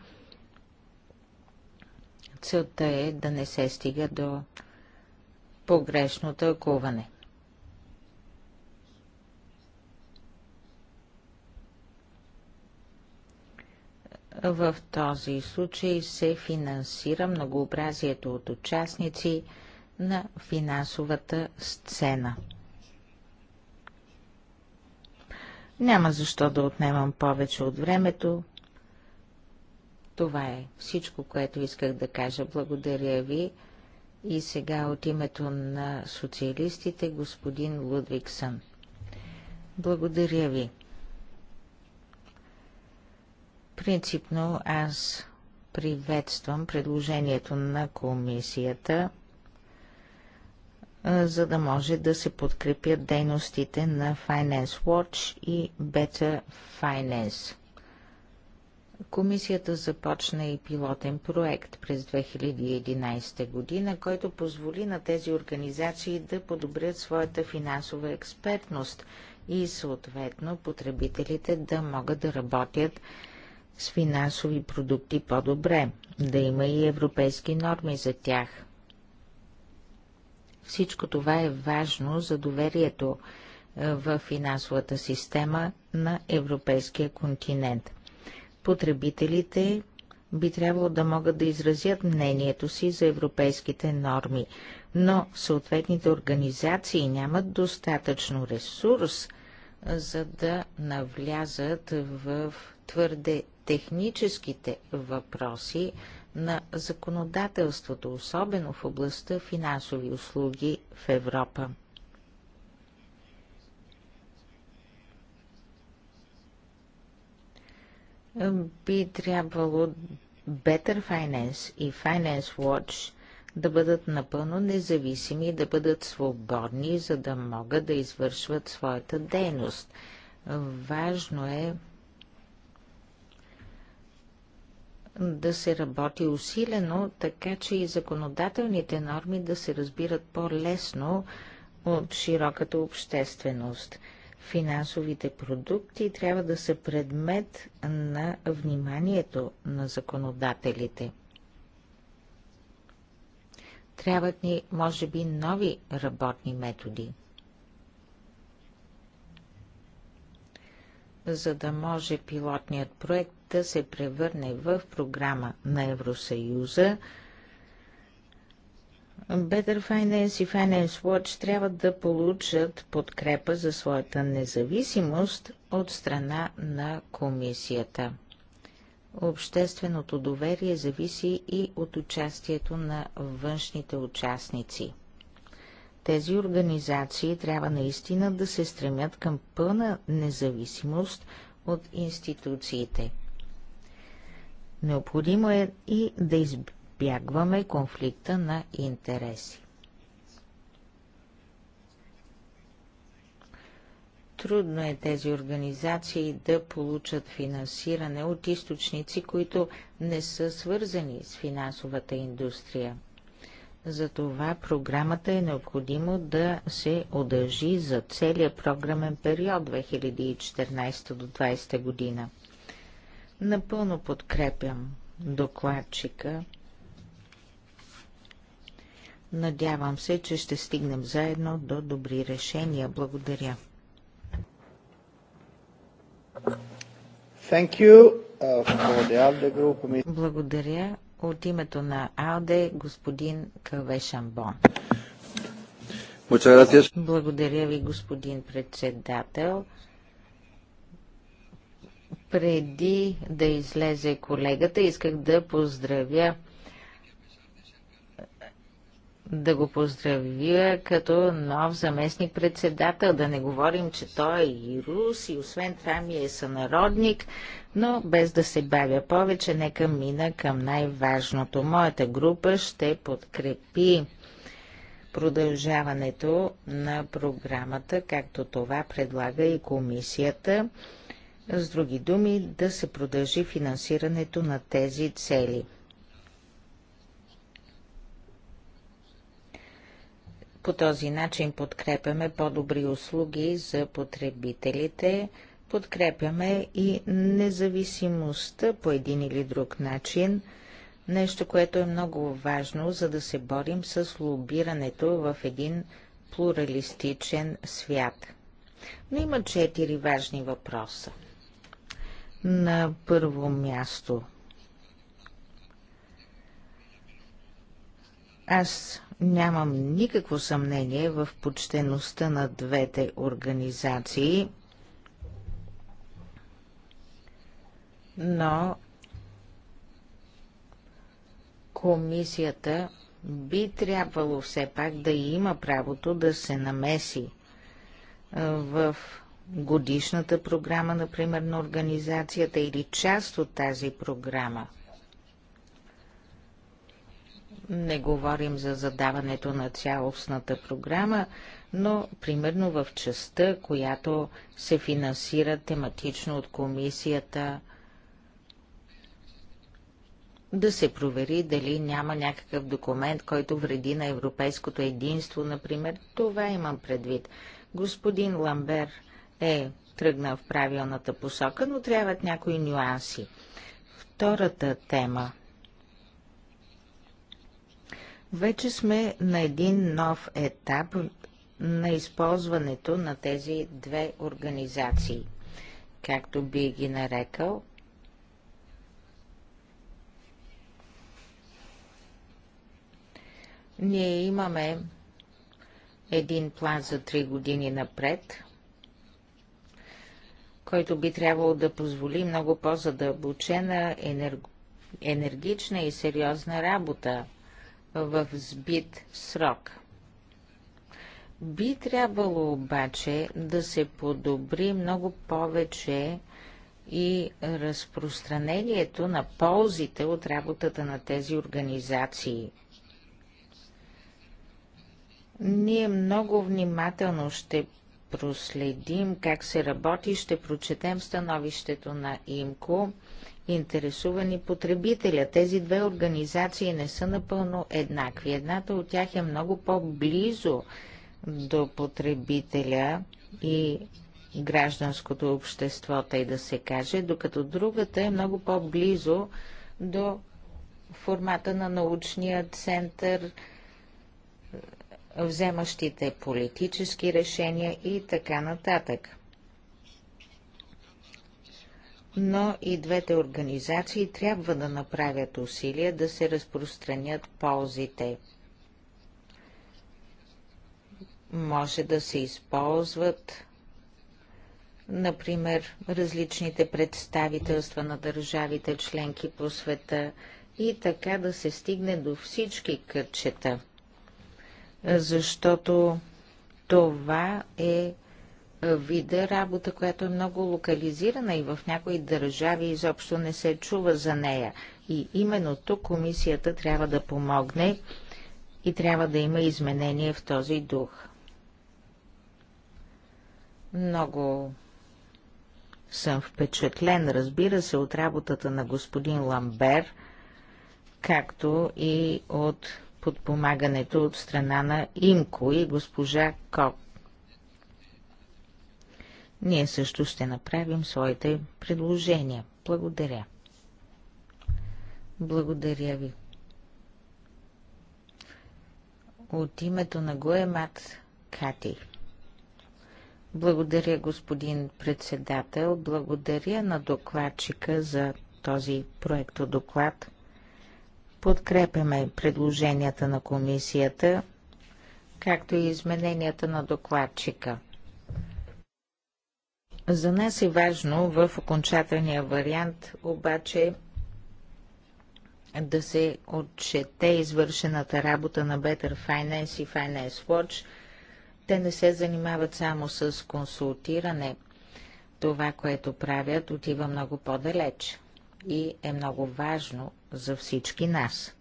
[SPEAKER 2] Целта е да не се стига до погрешно тълкуване. В този случай се финансира многообразието от участници на финансовата сцена. Няма защо да отнемам повече от времето. Това е всичко, което исках да кажа. Благодаря ви. И сега от името на социалистите господин Лудвиксън. Благодаря ви. Принципно аз приветствам предложението на комисията за да може да се подкрепят дейностите на Finance Watch и Better Finance. Комисията започна и пилотен проект през 2011 година, който позволи на тези организации да подобрят своята финансова експертност и съответно потребителите да могат да работят с финансови продукти по-добре, да има и европейски норми за тях – всичко това е важно за доверието е, в финансовата система на европейския континент. Потребителите би трябвало да могат да изразят мнението си за европейските норми, но съответните организации нямат достатъчно ресурс, е, за да навлязат в твърде техническите въпроси на законодателството, особено в областта финансови услуги в Европа. Би трябвало Better Finance и Finance Watch да бъдат напълно независими и да бъдат свободни, за да могат да извършват своята дейност. Важно е да се работи усилено, така че и законодателните норми да се разбират по-лесно от широката общественост. Финансовите продукти трябва да са предмет на вниманието на законодателите. Трябват ни, може би, нови работни методи. за да може пилотният проект да се превърне в програма на Евросъюза. Better Finance и Finance Watch трябва да получат подкрепа за своята независимост от страна на комисията. Общественото доверие зависи и от участието на външните участници. Тези организации трябва наистина да се стремят към пълна независимост от институциите. Необходимо е и да избягваме конфликта на интереси. Трудно е тези организации да получат финансиране от източници, които не са свързани с финансовата индустрия. Затова програмата е необходимо да се удържи за целия програмен период 2014 до 2020 година. Напълно подкрепям докладчика. Надявам се, че ще стигнем заедно до добри решения. Благодаря.
[SPEAKER 4] Thank you uh, for the ALDE group.
[SPEAKER 2] Благодаря. От името на АЛДЕ господин Кавешан Шамбон. Благодаря ви, господин председател. Преди да излезе колегата, исках да поздравя да го поздравя като нов заместник председател, да не говорим, че той е и рус и освен това ми е сънародник, но без да се бавя повече, нека мина към най-важното. Моята група ще подкрепи продължаването на програмата, както това предлага и комисията. С други думи, да се продължи финансирането на тези цели. По този начин подкрепяме по-добри услуги за потребителите, подкрепяме и независимостта по един или друг начин, нещо, което е много важно, за да се борим с лобирането в един плуралистичен свят. Но има четири важни въпроса. На първо място Аз нямам никакво съмнение в почтеността на двете организации, но комисията би трябвало все пак да има правото да се намеси в годишната програма, например, на организацията или част от тази програма. Не говорим за задаването на цялостната програма, но примерно в частта, която се финансира тематично от комисията, да се провери дали няма някакъв документ, който вреди на европейското единство, например. Това имам предвид. Господин Ламбер, е тръгнал в правилната посока, но трябват някои нюанси. Втората тема. Вече сме на един нов етап на използването на тези две организации, както би ги нарекал. Ние имаме един план за три години напред – който би трябвало да позволи много по-задълбочена, енергична и сериозна работа в сбит срок. Би трябвало обаче да се подобри много повече и разпространението на ползите от работата на тези организации. Ние много внимателно ще проследим как се работи, ще прочетем становището на ИМКО, интересувани потребителя. Тези две организации не са напълно еднакви. Едната от тях е много по-близо до потребителя и гражданското общество, тъй да се каже, докато другата е много по-близо до формата на научния център, вземащите политически решения и така нататък. Но и двете организации трябва да направят усилия да се разпространят ползите. Може да се използват например, различните представителства на държавите членки по света и така да се стигне до всички кътчета защото това е вида работа, която е много локализирана и в някои държави изобщо не се чува за нея. И именно тук комисията трябва да помогне и трябва да има изменение в този дух. Много съм впечатлен, разбира се, от работата на господин Ламбер, както и от подпомагането от страна на Инко и госпожа Ко. Ние също ще направим своите предложения. Благодаря. Благодаря ви. От името на Гоемат Кати. Благодаря, господин председател. Благодаря на докладчика за този проект доклад Подкрепяме предложенията на комисията, както и измененията на докладчика. За нас е важно в окончателния вариант обаче да се отчете извършената работа на Better Finance и Finance Watch. Те не се занимават само с консултиране. Това, което правят, отива много по-далеч и е много важно за всички нас.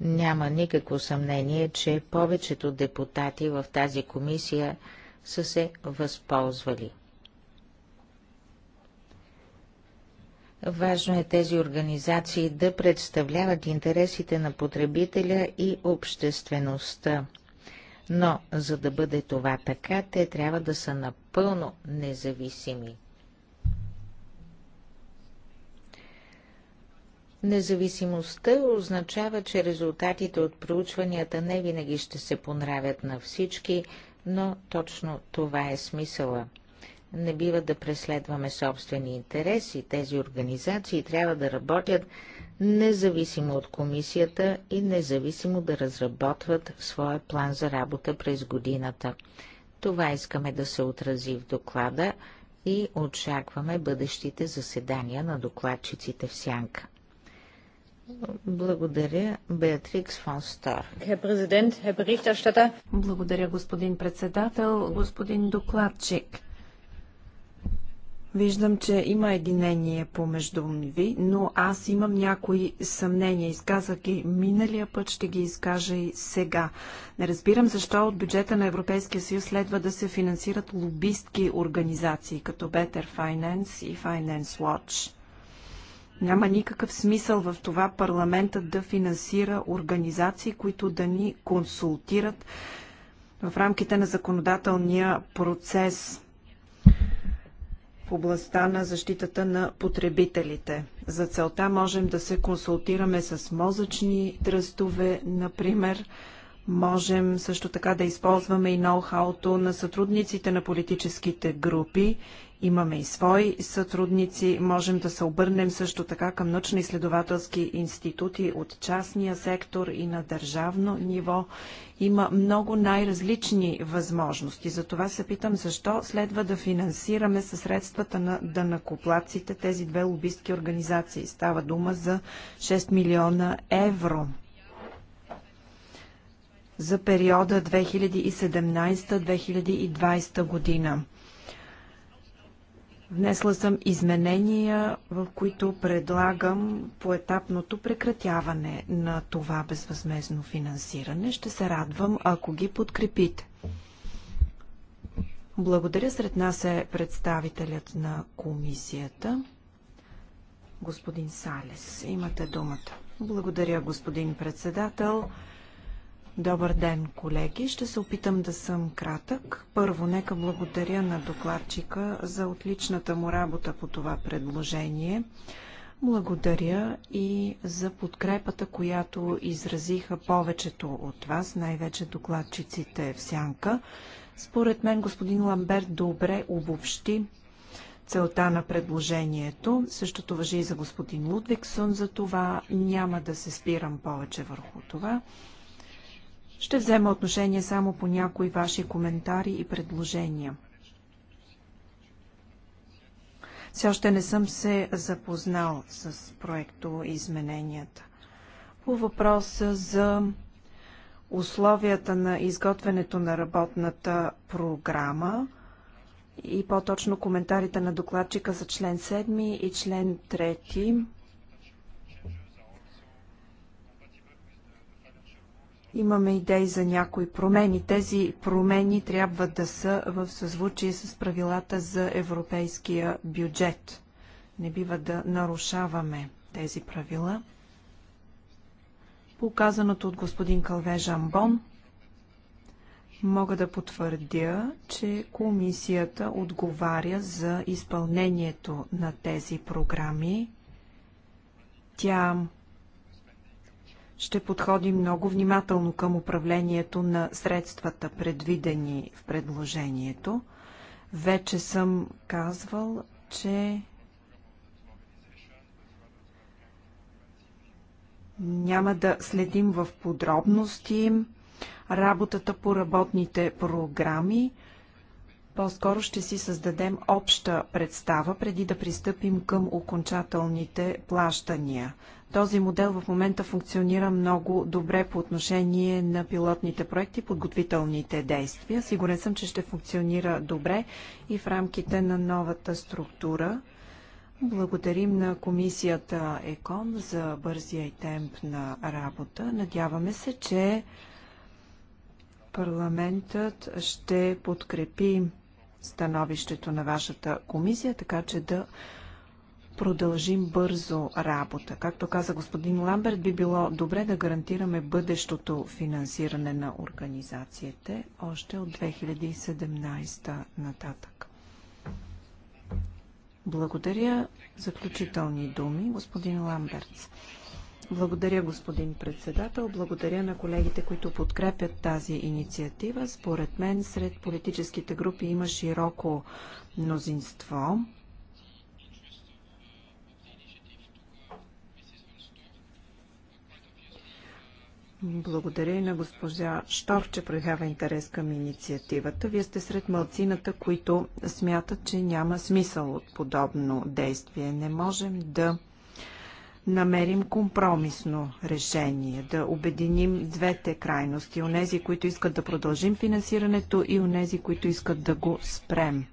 [SPEAKER 2] Няма никакво съмнение, че повечето депутати в тази комисия са се възползвали. Важно е тези организации да представляват интересите на потребителя и обществеността. Но, за да бъде това така, те трябва да са напълно независими. Независимостта означава, че резултатите от проучванията не винаги ще се понравят на всички, но точно това е смисъла. Не бива да преследваме собствени интереси, тези организации трябва да работят независимо от комисията и независимо да разработват своя план за работа през годината. Това искаме да се отрази в доклада и очакваме бъдещите заседания на докладчиците в Сянка. Благодаря, Беатрикс фон Стар.
[SPEAKER 3] Благодаря, господин председател, господин докладчик. Виждам, че има единение помежду ви, но аз имам някои съмнения. Изказах ги миналия път, ще ги изкажа и сега. Не разбирам защо от бюджета на Европейския съюз следва да се финансират лобистки организации, като Better Finance и Finance Watch. Няма никакъв смисъл в това парламентът да финансира организации, които да ни консултират в рамките на законодателния процес в областта на защитата на потребителите. За целта можем да се консултираме с мозъчни тръстове, например. Можем също така да използваме и ноу-хауто на сътрудниците на политическите групи Имаме и свои сътрудници. Можем да се обърнем също така към научно-изследователски институти от частния сектор и на държавно ниво. Има много най-различни възможности. Затова се питам защо следва да финансираме със средствата на дънакоплаците тези две лобистки организации. Става дума за 6 милиона евро за периода 2017-2020 година. Внесла съм изменения, в които предлагам поетапното прекратяване на това безвъзмезно финансиране. Ще се радвам, ако ги подкрепите. Благодаря. Сред нас е представителят на комисията, господин Салес. Имате думата. Благодаря, господин председател. Добър ден, колеги. Ще се опитам да съм кратък. Първо, нека благодаря на докладчика за отличната му работа по това предложение. Благодаря и за подкрепата, която изразиха повечето от вас, най-вече докладчиците в Сянка. Според мен господин Ламберт добре обобщи целта на предложението. Същото въжи и за господин Лудвиксон, за това няма да се спирам повече върху това. Ще взема отношение само по някои ваши коментари и предложения. Все още не съм се запознал с проекто измененията. По въпроса за условията на изготвянето на работната програма и по-точно коментарите на докладчика за член 7 и член 3, Имаме идеи за някои промени. Тези промени трябва да са в съзвучие с правилата за европейския бюджет. Не бива да нарушаваме тези правила. По казаното от господин Калве Жамбон, мога да потвърдя, че комисията отговаря за изпълнението на тези програми. Тя ще подходим много внимателно към управлението на средствата, предвидени в предложението. Вече съм казвал, че няма да следим в подробности работата по работните програми. По-скоро ще си създадем обща представа преди да пристъпим към окончателните плащания. Този модел в момента функционира много добре по отношение на пилотните проекти, подготвителните действия. Сигурен съм, че ще функционира добре и в рамките на новата структура. Благодарим на комисията ЕКОН за бързия и темп на работа. Надяваме се, че парламентът ще подкрепи становището на вашата комисия, така че да продължим бързо работа. Както каза господин Ламберт, би било добре да гарантираме бъдещото финансиране на организациите още от 2017 нататък. Благодаря. Заключителни думи, господин Ламберт. Благодаря, господин председател. Благодаря на колегите, които подкрепят тази инициатива. Според мен сред политическите групи има широко мнозинство. Благодаря и на госпожа Штор, че проявява интерес към инициативата. Вие сте сред мълцината, които смятат, че няма смисъл от подобно действие. Не можем да намерим компромисно решение, да обединим двете крайности, онези, които искат да продължим финансирането и онези, които искат да го спрем.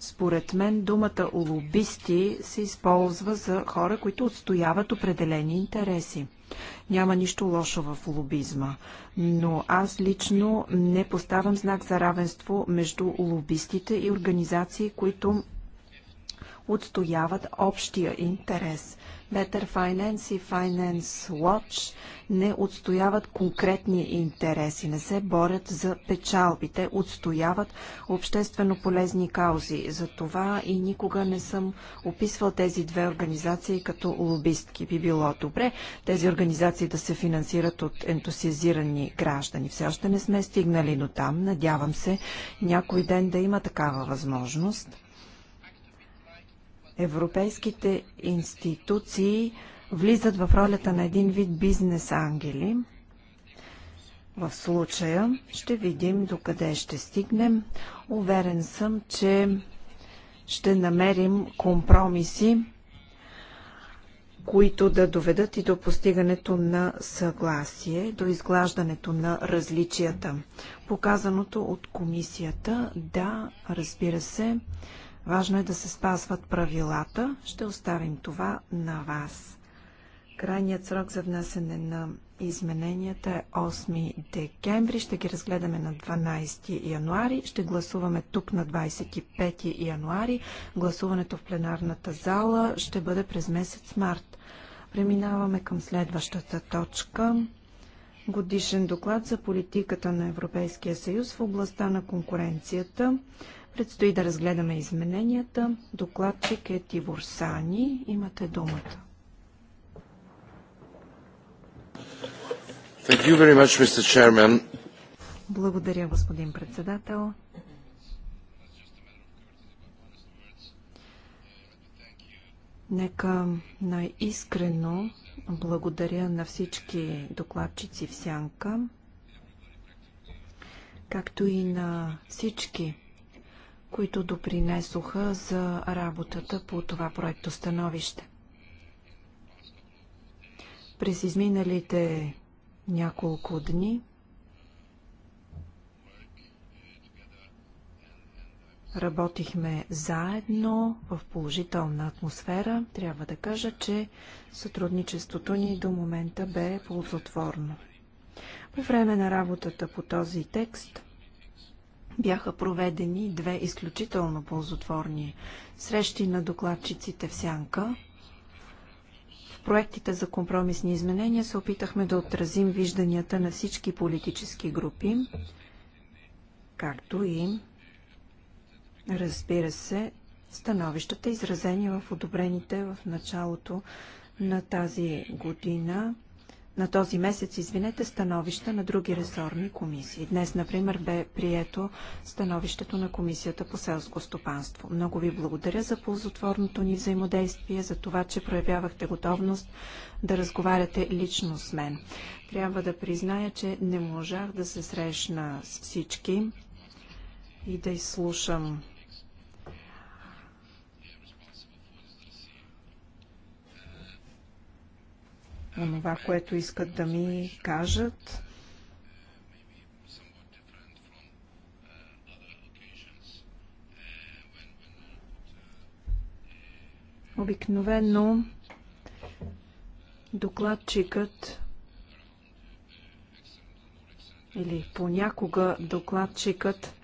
[SPEAKER 3] Според мен думата лобисти се използва за хора, които отстояват определени интереси. Няма нищо лошо в лобизма, но аз лично не поставям знак за равенство между лобистите и организации, които отстояват общия интерес. Better Finance и Finance Watch не отстояват конкретни интереси, не се борят за печалбите, отстояват обществено полезни каузи. За това и никога не съм описвал тези две организации като лобистки. Би било добре тези организации да се финансират от ентусиазирани граждани. Все още не сме стигнали до там. Надявам се някой ден да има такава възможност европейските институции влизат в ролята на един вид бизнес ангели. В случая ще видим докъде ще стигнем. Уверен съм, че ще намерим компромиси, които да доведат и до постигането на съгласие, до изглаждането на различията. Показаното от комисията, да, разбира се, Важно е да се спазват правилата. Ще оставим това на вас. Крайният срок за внасене на измененията е 8 декември. Ще ги разгледаме на 12 януари. Ще гласуваме тук на 25 януари. Гласуването в пленарната зала ще бъде през месец март. Преминаваме към следващата точка. Годишен доклад за политиката на Европейския съюз в областта на конкуренцията. Предстои да разгледаме измененията. Докладчик е Тивор Сани. Имате думата.
[SPEAKER 1] Much,
[SPEAKER 3] Благодаря, господин председател. Нека най-искрено благодаря на всички докладчици в Сянка, както и на всички които допринесоха за работата по това проекто становище. През изминалите няколко дни работихме заедно в положителна атмосфера. Трябва да кажа, че сътрудничеството ни до момента бе ползотворно. По време на работата по този текст – бяха проведени две изключително ползотворни срещи на докладчиците в Сянка. В проектите за компромисни изменения се опитахме да отразим вижданията на всички политически групи, както и, разбира се, становищата, изразени в одобрените в началото на тази година на този месец, извинете, становища на други ресорни комисии. Днес, например, бе прието становището на Комисията по селско стопанство. Много ви благодаря за ползотворното ни взаимодействие, за това, че проявявахте готовност да разговаряте лично с мен. Трябва да призная, че не можах да се срещна с всички и да изслушам Онова, което искат да ми кажат. Обикновено докладчикът или понякога докладчикът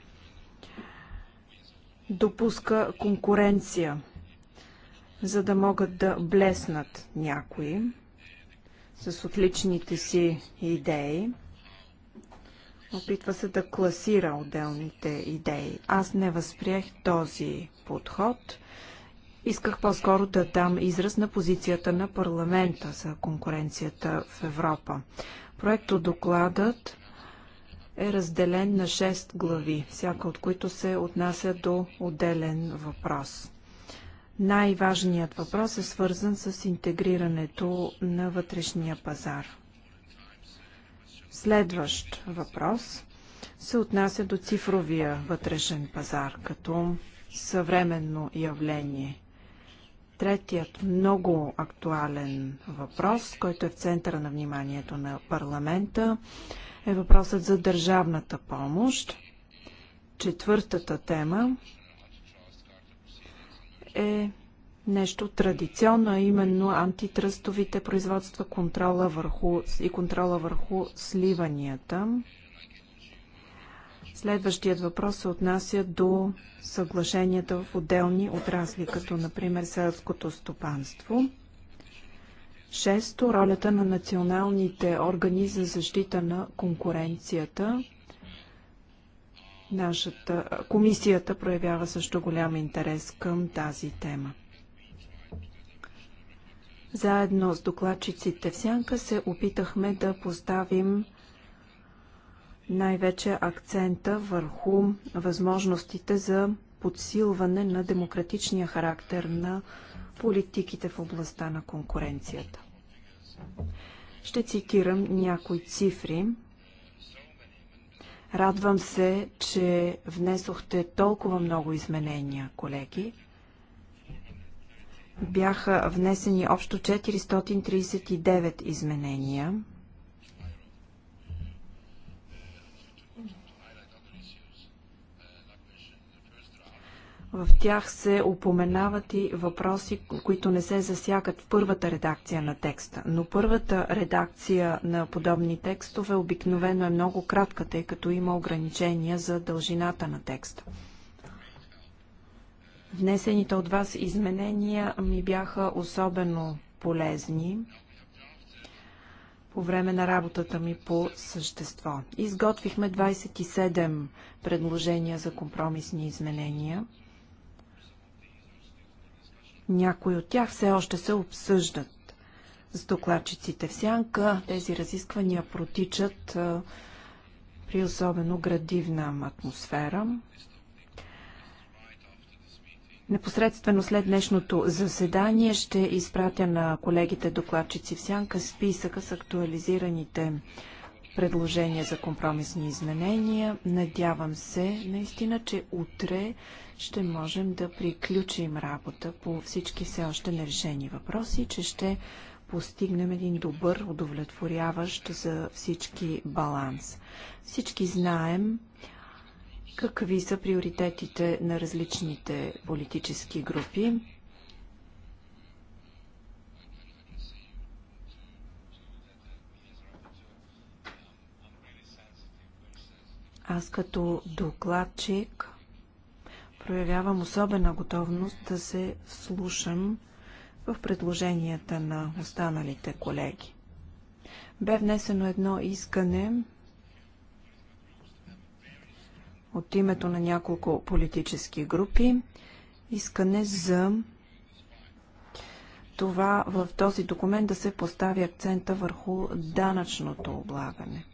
[SPEAKER 3] допуска конкуренция, за да могат да блеснат някои с отличните си идеи. Опитва се да класира отделните идеи. Аз не възприех този подход. Исках по-скоро да дам израз на позицията на парламента за конкуренцията в Европа. Проекто докладът е разделен на 6 глави, всяка от които се отнася до отделен въпрос. Най-важният въпрос е свързан с интегрирането на вътрешния пазар. Следващ въпрос се отнася до цифровия вътрешен пазар като съвременно явление. Третият много актуален въпрос, който е в центъра на вниманието на парламента, е въпросът за държавната помощ. Четвъртата тема е нещо традиционно, а именно антитръстовите производства контрола върху, и контрола върху сливанията. Следващият въпрос се отнася до съглашенията в отделни отрасли, като например селското стопанство. Шесто, ролята на националните органи за защита на конкуренцията Нашата комисията проявява също голям интерес към тази тема. Заедно с докладчиците в Сянка се опитахме да поставим най-вече акцента върху възможностите за подсилване на демократичния характер на политиките в областта на конкуренцията. Ще цитирам някои цифри, Радвам се, че внесохте толкова много изменения, колеги. Бяха внесени общо 439 изменения. В тях се упоменават и въпроси, които не се засягат в първата редакция на текста. Но първата редакция на подобни текстове обикновено е много кратка, тъй като има ограничения за дължината на текста. Внесените от вас изменения ми бяха особено полезни по време на работата ми по същество. Изготвихме 27 предложения за компромисни изменения. Някои от тях все още се обсъждат с докладчиците в сянка. Тези разисквания протичат при особено градивна атмосфера. Непосредствено след днешното заседание ще изпратя на колегите докладчици в сянка списъка с актуализираните предложения за компромисни изменения. Надявам се наистина, че утре ще можем да приключим работа по всички все още нерешени въпроси, че ще постигнем един добър, удовлетворяващ за всички баланс. Всички знаем какви са приоритетите на различните политически групи. Аз като докладчик проявявам особена готовност да се слушам в предложенията на останалите колеги. Бе внесено едно искане от името на няколко политически групи, искане за това в този документ да се постави акцента върху данъчното облагане.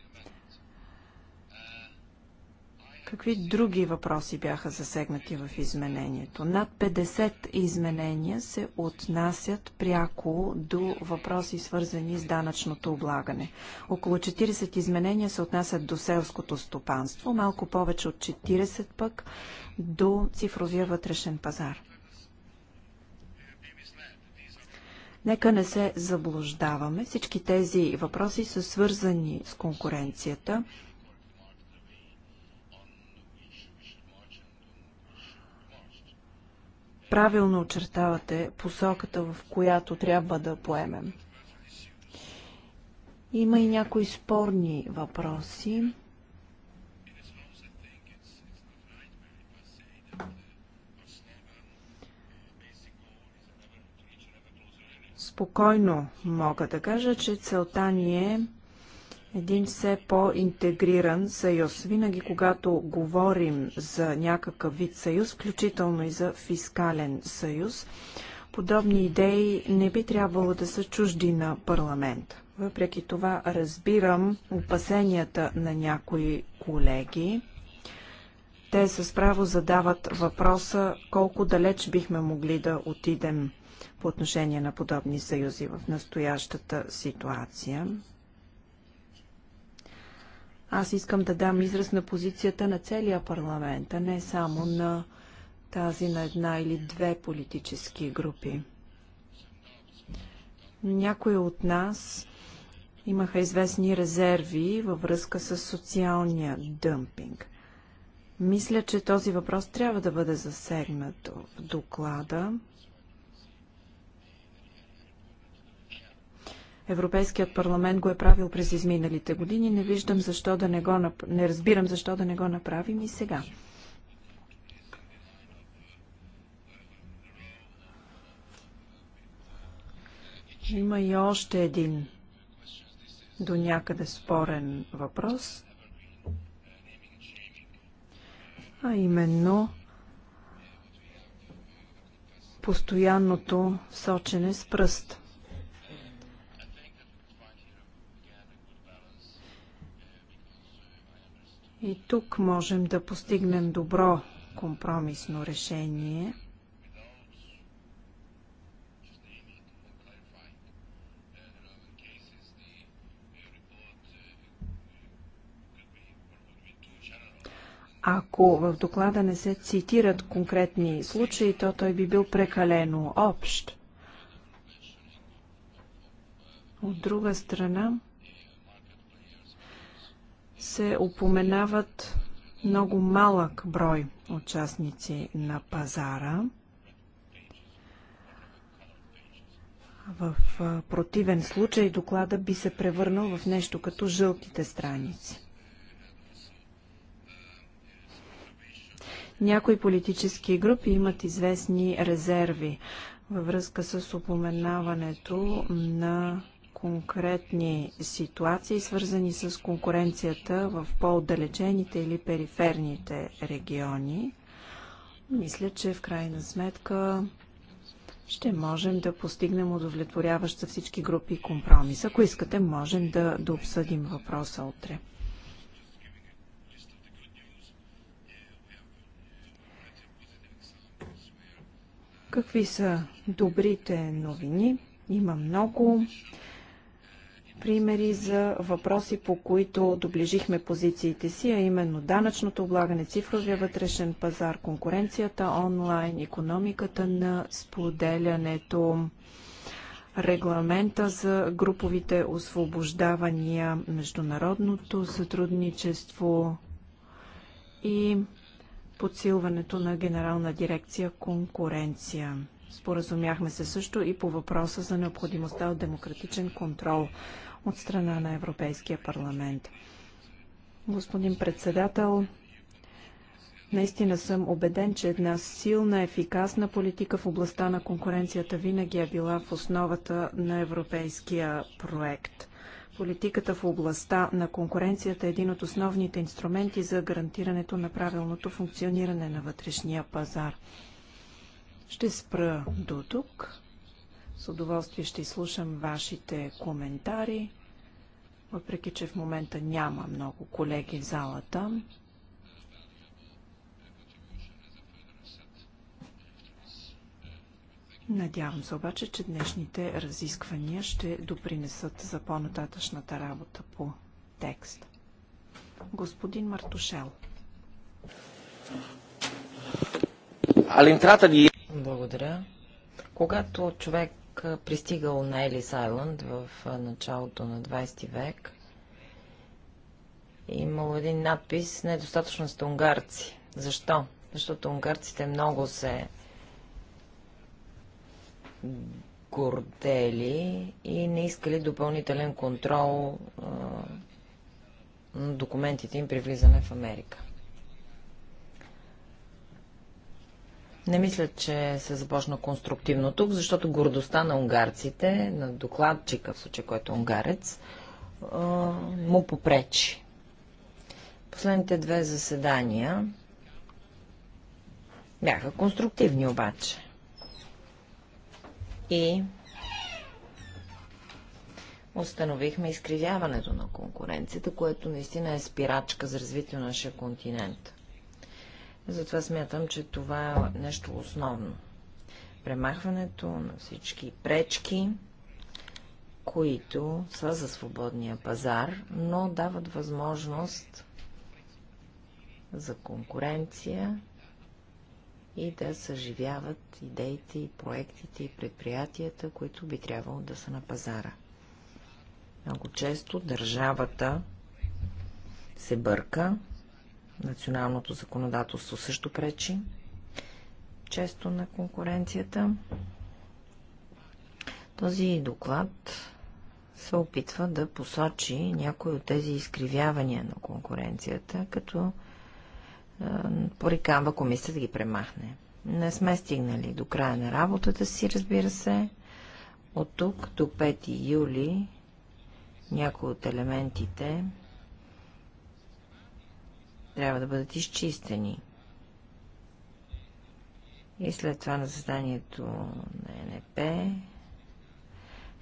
[SPEAKER 3] Какви други въпроси бяха засегнати в изменението? Над 50 изменения се отнасят пряко до въпроси свързани с данъчното облагане. Около 40 изменения се отнасят до селското стопанство, малко повече от 40 пък до цифровия вътрешен пазар. Нека не се заблуждаваме. Всички тези въпроси са свързани с конкуренцията правилно очертавате посоката, в която трябва да поемем. Има и някои спорни въпроси. Спокойно мога да кажа, че целта ни е един все по-интегриран съюз. Винаги, когато говорим за някакъв вид съюз, включително и за фискален съюз, подобни идеи не би трябвало да са чужди на парламента. Въпреки това разбирам опасенията на някои колеги. Те с право задават въпроса колко далеч бихме могли да отидем по отношение на подобни съюзи в настоящата ситуация. Аз искам да дам израз на позицията на целия парламент, а не само на тази на една или две политически групи. Някои от нас имаха известни резерви във връзка с социалния дъмпинг. Мисля, че този въпрос трябва да бъде засегнат в доклада. Европейският парламент го е правил през изминалите години. Не виждам защо да не го нап... не разбирам защо да не го направим и сега. Има и още един до някъде спорен въпрос, а именно постоянното сочене с пръст. И тук можем да постигнем добро компромисно решение. Ако в доклада не се цитират конкретни случаи, то той би бил прекалено общ. От друга страна, се упоменават много малък брой участници на пазара. В противен случай доклада би се превърнал в нещо като жълтите страници. Някои политически групи имат известни резерви във връзка с упоменаването на конкретни ситуации, свързани с конкуренцията в по-отдалечените или периферните региони. Мисля, че в крайна сметка ще можем да постигнем удовлетворяваща всички групи компромис. Ако искате, можем да, да обсъдим въпроса утре. Какви са добрите новини? Има много примери за въпроси, по които доближихме позициите си, а именно данъчното облагане, цифровия вътрешен пазар, конкуренцията онлайн, економиката на споделянето, регламента за груповите освобождавания, международното сътрудничество и подсилването на Генерална дирекция конкуренция. Споразумяхме се също и по въпроса за необходимостта от демократичен контрол от страна на Европейския парламент. Господин председател, Наистина съм убеден, че една силна, ефикасна политика в областта на конкуренцията винаги е била в основата на европейския проект. Политиката в областта на конкуренцията е един от основните инструменти за гарантирането на правилното функциониране на вътрешния пазар. Ще спра до тук. С удоволствие ще изслушам вашите коментари, въпреки че в момента няма много колеги в залата. Надявам се обаче, че днешните разисквания ще допринесат за по-нататъчната работа по текст. Господин Мартушел.
[SPEAKER 5] Е- Благодаря. Когато човек пристигал на Елис Айланд в началото на 20 век. Имало един надпис «Недостатъчно сте унгарци». Защо? Защото унгарците много се гордели и не искали допълнителен контрол на документите им при влизане в Америка. Не мисля, че се започна конструктивно тук, защото гордостта на унгарците, на докладчика, в случай, който е унгарец, му попречи. Последните две заседания бяха конструктивни обаче. И установихме изкривяването на конкуренцията, което наистина е спирачка за развитие на нашия континент. Затова смятам, че това е нещо основно. Премахването на всички пречки, които са за свободния пазар, но дават възможност за конкуренция и да съживяват идеите и проектите и предприятията, които би трябвало да са на пазара. Много често държавата се бърка Националното законодателство също пречи често на конкуренцията. Този доклад се опитва да посочи някои от тези изкривявания на конкуренцията, като е, порикава комисията да ги премахне. Не сме стигнали до края на работата си, разбира се. От тук до 5 юли някои от елементите трябва да бъдат изчистени. И след това на заседанието на НП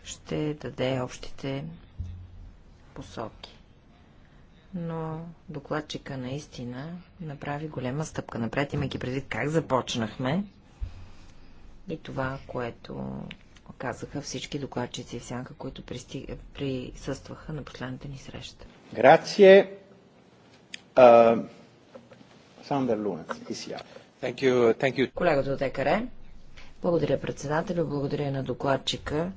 [SPEAKER 5] ще даде общите посоки. Но докладчика наистина направи голема стъпка напред, имайки предвид как започнахме и това, което казаха всички докладчици и сянка, които присъстваха на последната ни
[SPEAKER 4] среща. Грация. Сандър Лунец,
[SPEAKER 5] Колегата от ЕКР. Е, благодаря председателю, благодаря на докладчика.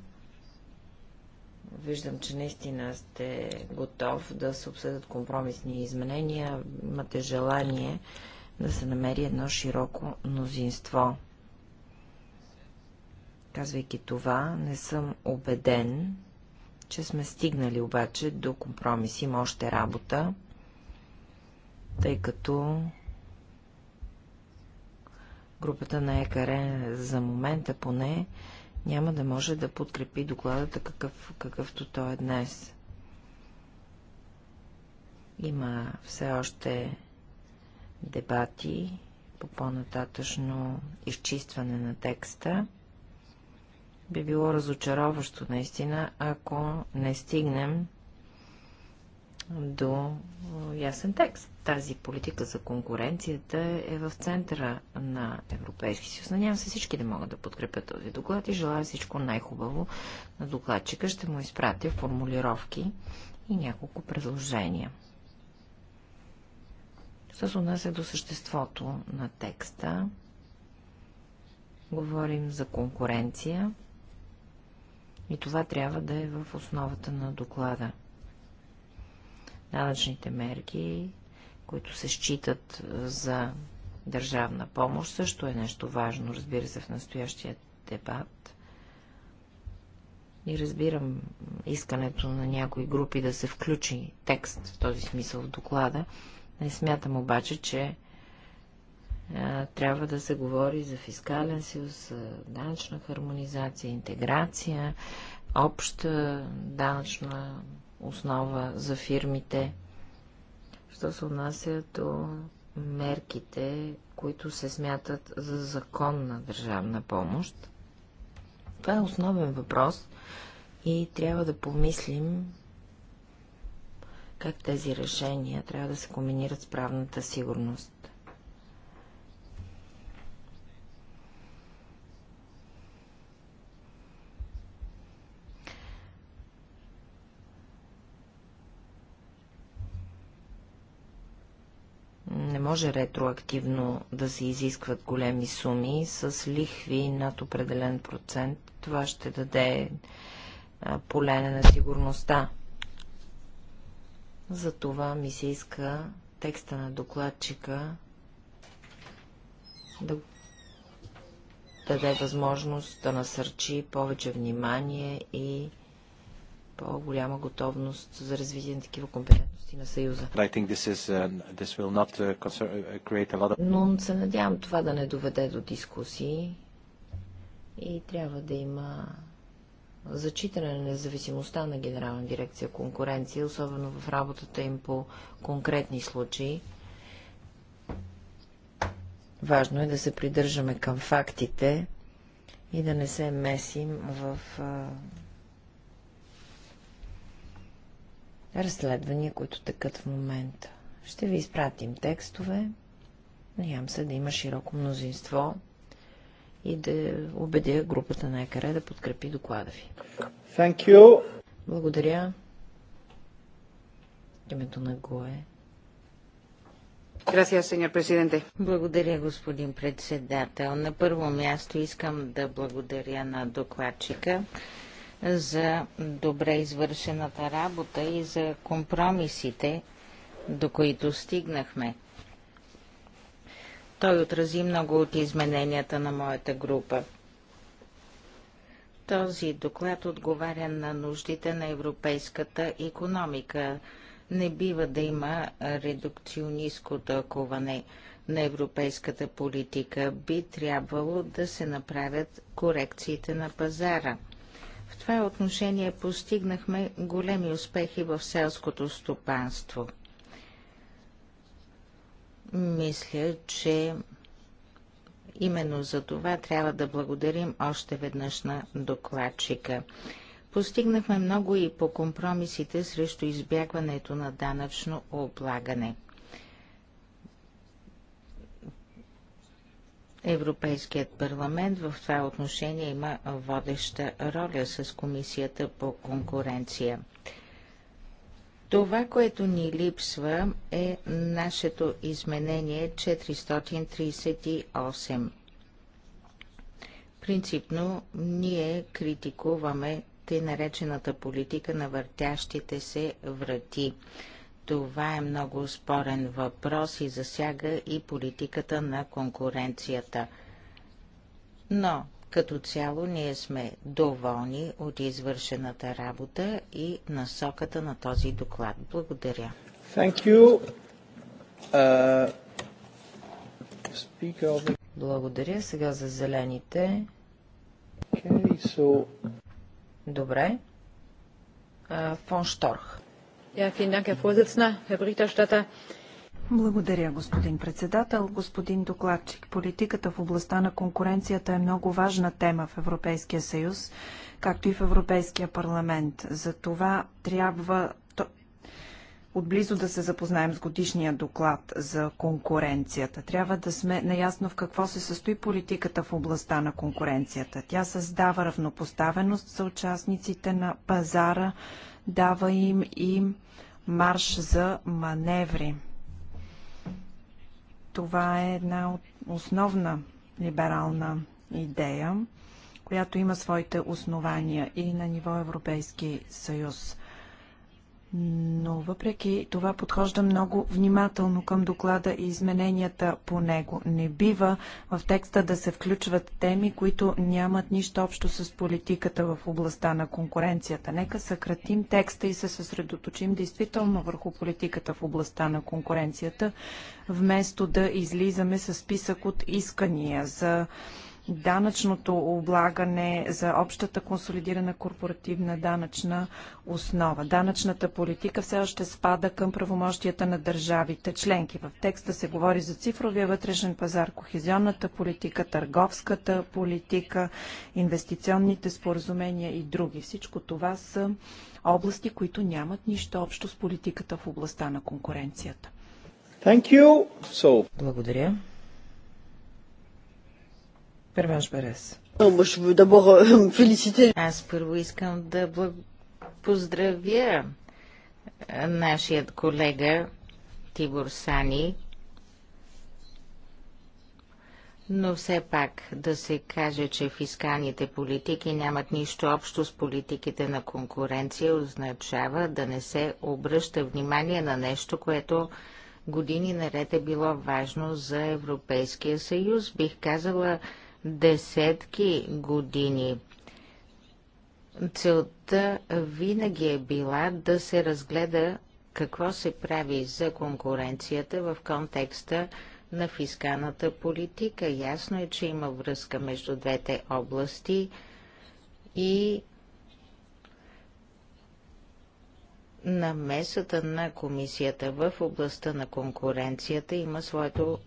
[SPEAKER 5] Виждам, че наистина сте готов да се обсъдят компромисни изменения. Имате желание да се намери едно широко мнозинство. Казвайки това, не съм убеден, че сме стигнали обаче до компромис. Има още работа тъй като групата на ЕКАРЕ за момента поне няма да може да подкрепи докладата какъв, какъвто той е днес. Има все още дебати по по-нататъчно изчистване на текста. Би било разочароващо наистина, ако не стигнем до ясен текст тази политика за конкуренцията е в центъра на Европейски съюз. Надявам се всички да могат да подкрепят този доклад и желая всичко най-хубаво на докладчика. Ще му изпратя формулировки и няколко предложения. Що се отнася до съществото на текста, говорим за конкуренция и това трябва да е в основата на доклада данъчните мерки които се считат е, за държавна помощ, също е нещо важно, разбира се, в настоящия дебат. И разбирам искането на някои групи да се включи текст в този смисъл в доклада. Не смятам обаче, че а, е, трябва да се говори за фискален съюз, данъчна хармонизация, интеграция, обща данъчна основа за фирмите що се отнася до мерките, които се смятат за законна държавна помощ. Това е основен въпрос и трябва да помислим как тези решения трябва да се комбинират с правната сигурност. Не може ретроактивно да се изискват големи суми с лихви над определен процент. Това ще даде полене на сигурността. Затова ми се иска текста на докладчика да даде възможност да насърчи повече внимание и по-голяма готовност за развитие на такива компетентности дейности на Съюза.
[SPEAKER 4] Uh, uh, uh, Но
[SPEAKER 5] се надявам това да не доведе до дискусии и трябва да има зачитане на независимостта на Генерална дирекция конкуренция, особено в работата им по конкретни случаи. Важно е да се придържаме към фактите и да не се месим в разследвания, които тъкат в момента. Ще ви изпратим текстове. Надявам се да има широко мнозинство и да убедя групата на ЕКАРЕ
[SPEAKER 2] да подкрепи доклада ви.
[SPEAKER 5] Thank you. Благодаря. Името на ГОЕ.
[SPEAKER 2] Благодаря, господин председател. На първо място искам да благодаря на докладчика за добре извършената работа и за компромисите, до които стигнахме. Той отрази много от измененията на моята група. Този доклад отговаря на нуждите на европейската економика. Не бива да има редукционистко тълкуване на европейската политика. Би трябвало да се направят корекциите на пазара – в това отношение постигнахме големи успехи в селското стопанство. Мисля, че именно за това трябва да благодарим още веднъж на докладчика. Постигнахме много и по компромисите срещу избягването на данъчно облагане – Европейският парламент в това отношение има водеща роля с Комисията по конкуренция. Това, което ни липсва е нашето изменение 438. Принципно ние критикуваме те наречената политика на въртящите се врати. Това е много спорен въпрос и засяга и политиката на конкуренцията. Но като цяло ние сме доволни от извършената работа и насоката на този доклад. Благодаря.
[SPEAKER 4] Thank you.
[SPEAKER 2] Uh,
[SPEAKER 5] of... Благодаря. Сега за зелените. Okay, so... Добре. Uh, фон Шторх.
[SPEAKER 3] Благодаря, господин председател. Господин докладчик, политиката в областта на конкуренцията е много важна тема в Европейския съюз, както и в Европейския парламент. За това трябва отблизо да се запознаем с годишния доклад за конкуренцията. Трябва да сме наясно в какво се състои политиката в областта на конкуренцията. Тя създава равнопоставеност за участниците на пазара, дава им и марш за маневри. Това е една основна либерална идея, която има своите основания и на ниво Европейски съюз но въпреки това подхожда много внимателно към доклада и измененията по него. Не бива в текста да се включват теми, които нямат нищо общо с политиката в областта на конкуренцията. Нека съкратим текста и се съсредоточим действително върху политиката в областта на конкуренцията, вместо да излизаме с списък от искания за данъчното облагане за общата консолидирана корпоративна данъчна основа. Данъчната политика все още спада към правомощията на държавите членки. В текста се говори за цифровия вътрешен пазар, кохезионната политика, търговската политика, инвестиционните споразумения и други. Всичко това са области, които нямат нищо общо с политиката в областта на конкуренцията.
[SPEAKER 2] Thank you. So... Благодаря. Берес. Аз първо искам да благ... поздравя нашият колега Тибор Сани, но все пак да се каже, че фискалните политики нямат нищо общо с политиките на конкуренция, означава да не се обръща внимание на нещо, което години наред е било важно за Европейския съюз. Бих казала, десетки години. Целта винаги е била да се разгледа какво се прави за конкуренцията в контекста на фискалната политика. Ясно е, че има връзка между двете области и намесата на комисията в областта на конкуренцията има своето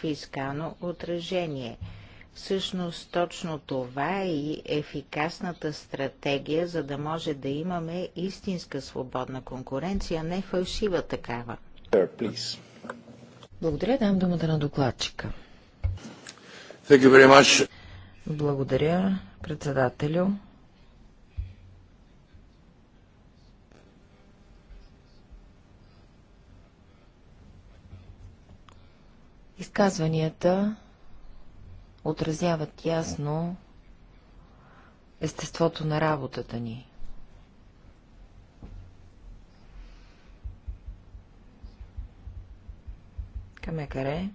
[SPEAKER 2] фискално отражение – Всъщност точно това е и ефикасната стратегия, за да може да имаме истинска свободна конкуренция, не фалшива такава.
[SPEAKER 5] Благодаря, дам думата на докладчика. Благодаря, председателю. Изказванията отразяват ясно естеството на работата ни. Камекаре.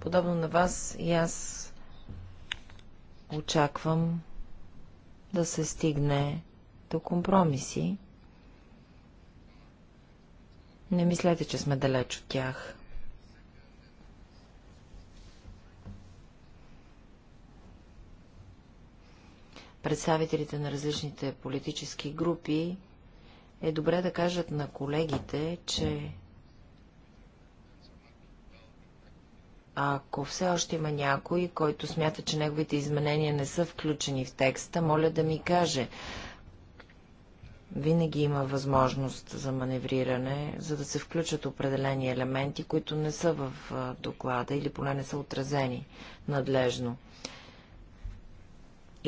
[SPEAKER 5] Подобно на вас и аз очаквам да се стигне до компромиси. Не мислете, че сме далеч от тях. представителите на различните политически групи, е добре да кажат на колегите, че ако все още има някой, който смята, че неговите изменения не са включени в текста, моля да ми каже. Винаги има възможност за маневриране, за да се включат определени елементи, които не са в доклада или поне не са отразени надлежно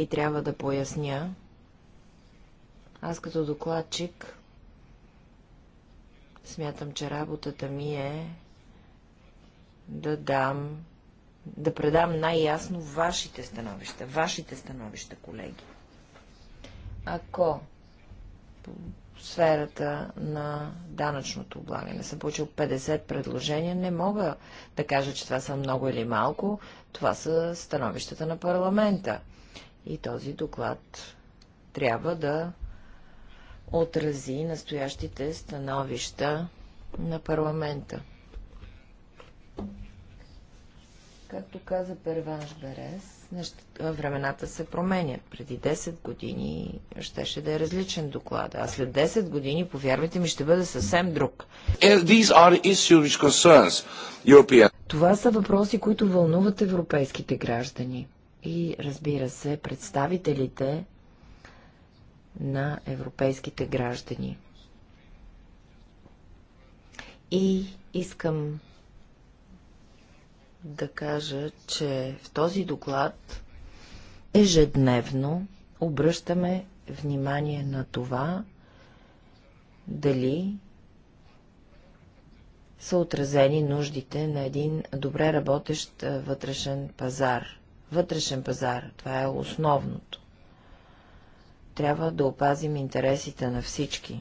[SPEAKER 5] и трябва да поясня. Аз като докладчик смятам, че работата ми е да дам, да предам най-ясно вашите становища, вашите становища, колеги. Ако в сферата на данъчното облагане съм получил 50 предложения, не мога да кажа, че това са много или малко, това са становищата на парламента. И този доклад трябва да отрази настоящите становища на парламента. Както каза Перванш Берес, неща, времената се променят. Преди 10 години щеше да е различен доклад, а след 10 години, повярвайте ми, ще бъде съвсем друг. Е, Това са въпроси, които вълнуват европейските граждани и, разбира се, представителите на европейските граждани. И искам да кажа, че в този доклад ежедневно обръщаме внимание на това, дали са отразени нуждите на един добре работещ вътрешен пазар – вътрешен пазар. Това е основното. Трябва да опазим интересите на всички.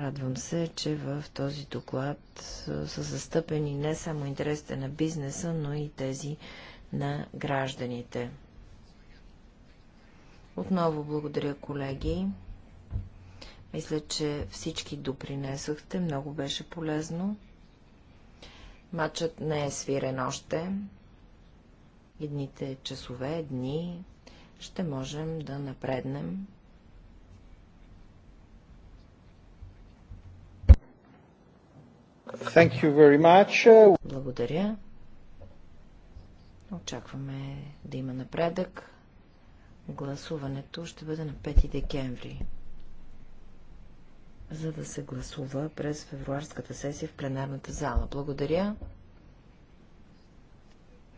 [SPEAKER 5] Радвам се, че в този доклад са застъпени не само интересите на бизнеса, но и тези на гражданите. Отново благодаря, колеги. Мисля, че всички допринесохте. Много беше полезно. Мачът не е свирен още едните часове, дни ще можем да напреднем
[SPEAKER 2] Thank you
[SPEAKER 5] very much. Благодаря. Очакваме да има напредък. Гласуването ще бъде на 5 декември, за да се гласува през февруарската сесия в пленарната зала. Благодаря.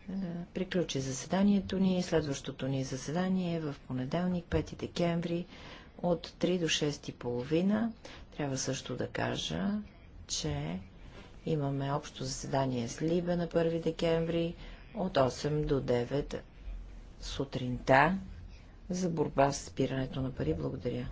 [SPEAKER 5] Е, приключи заседанието ни. Следващото ни заседание е в понеделник, 5 декември, от 3 до 6. половина. Трябва също да кажа, че имаме общо заседание с Либе на 1 декември от 8 до 9
[SPEAKER 2] сутринта за борба с спирането на пари. Благодаря.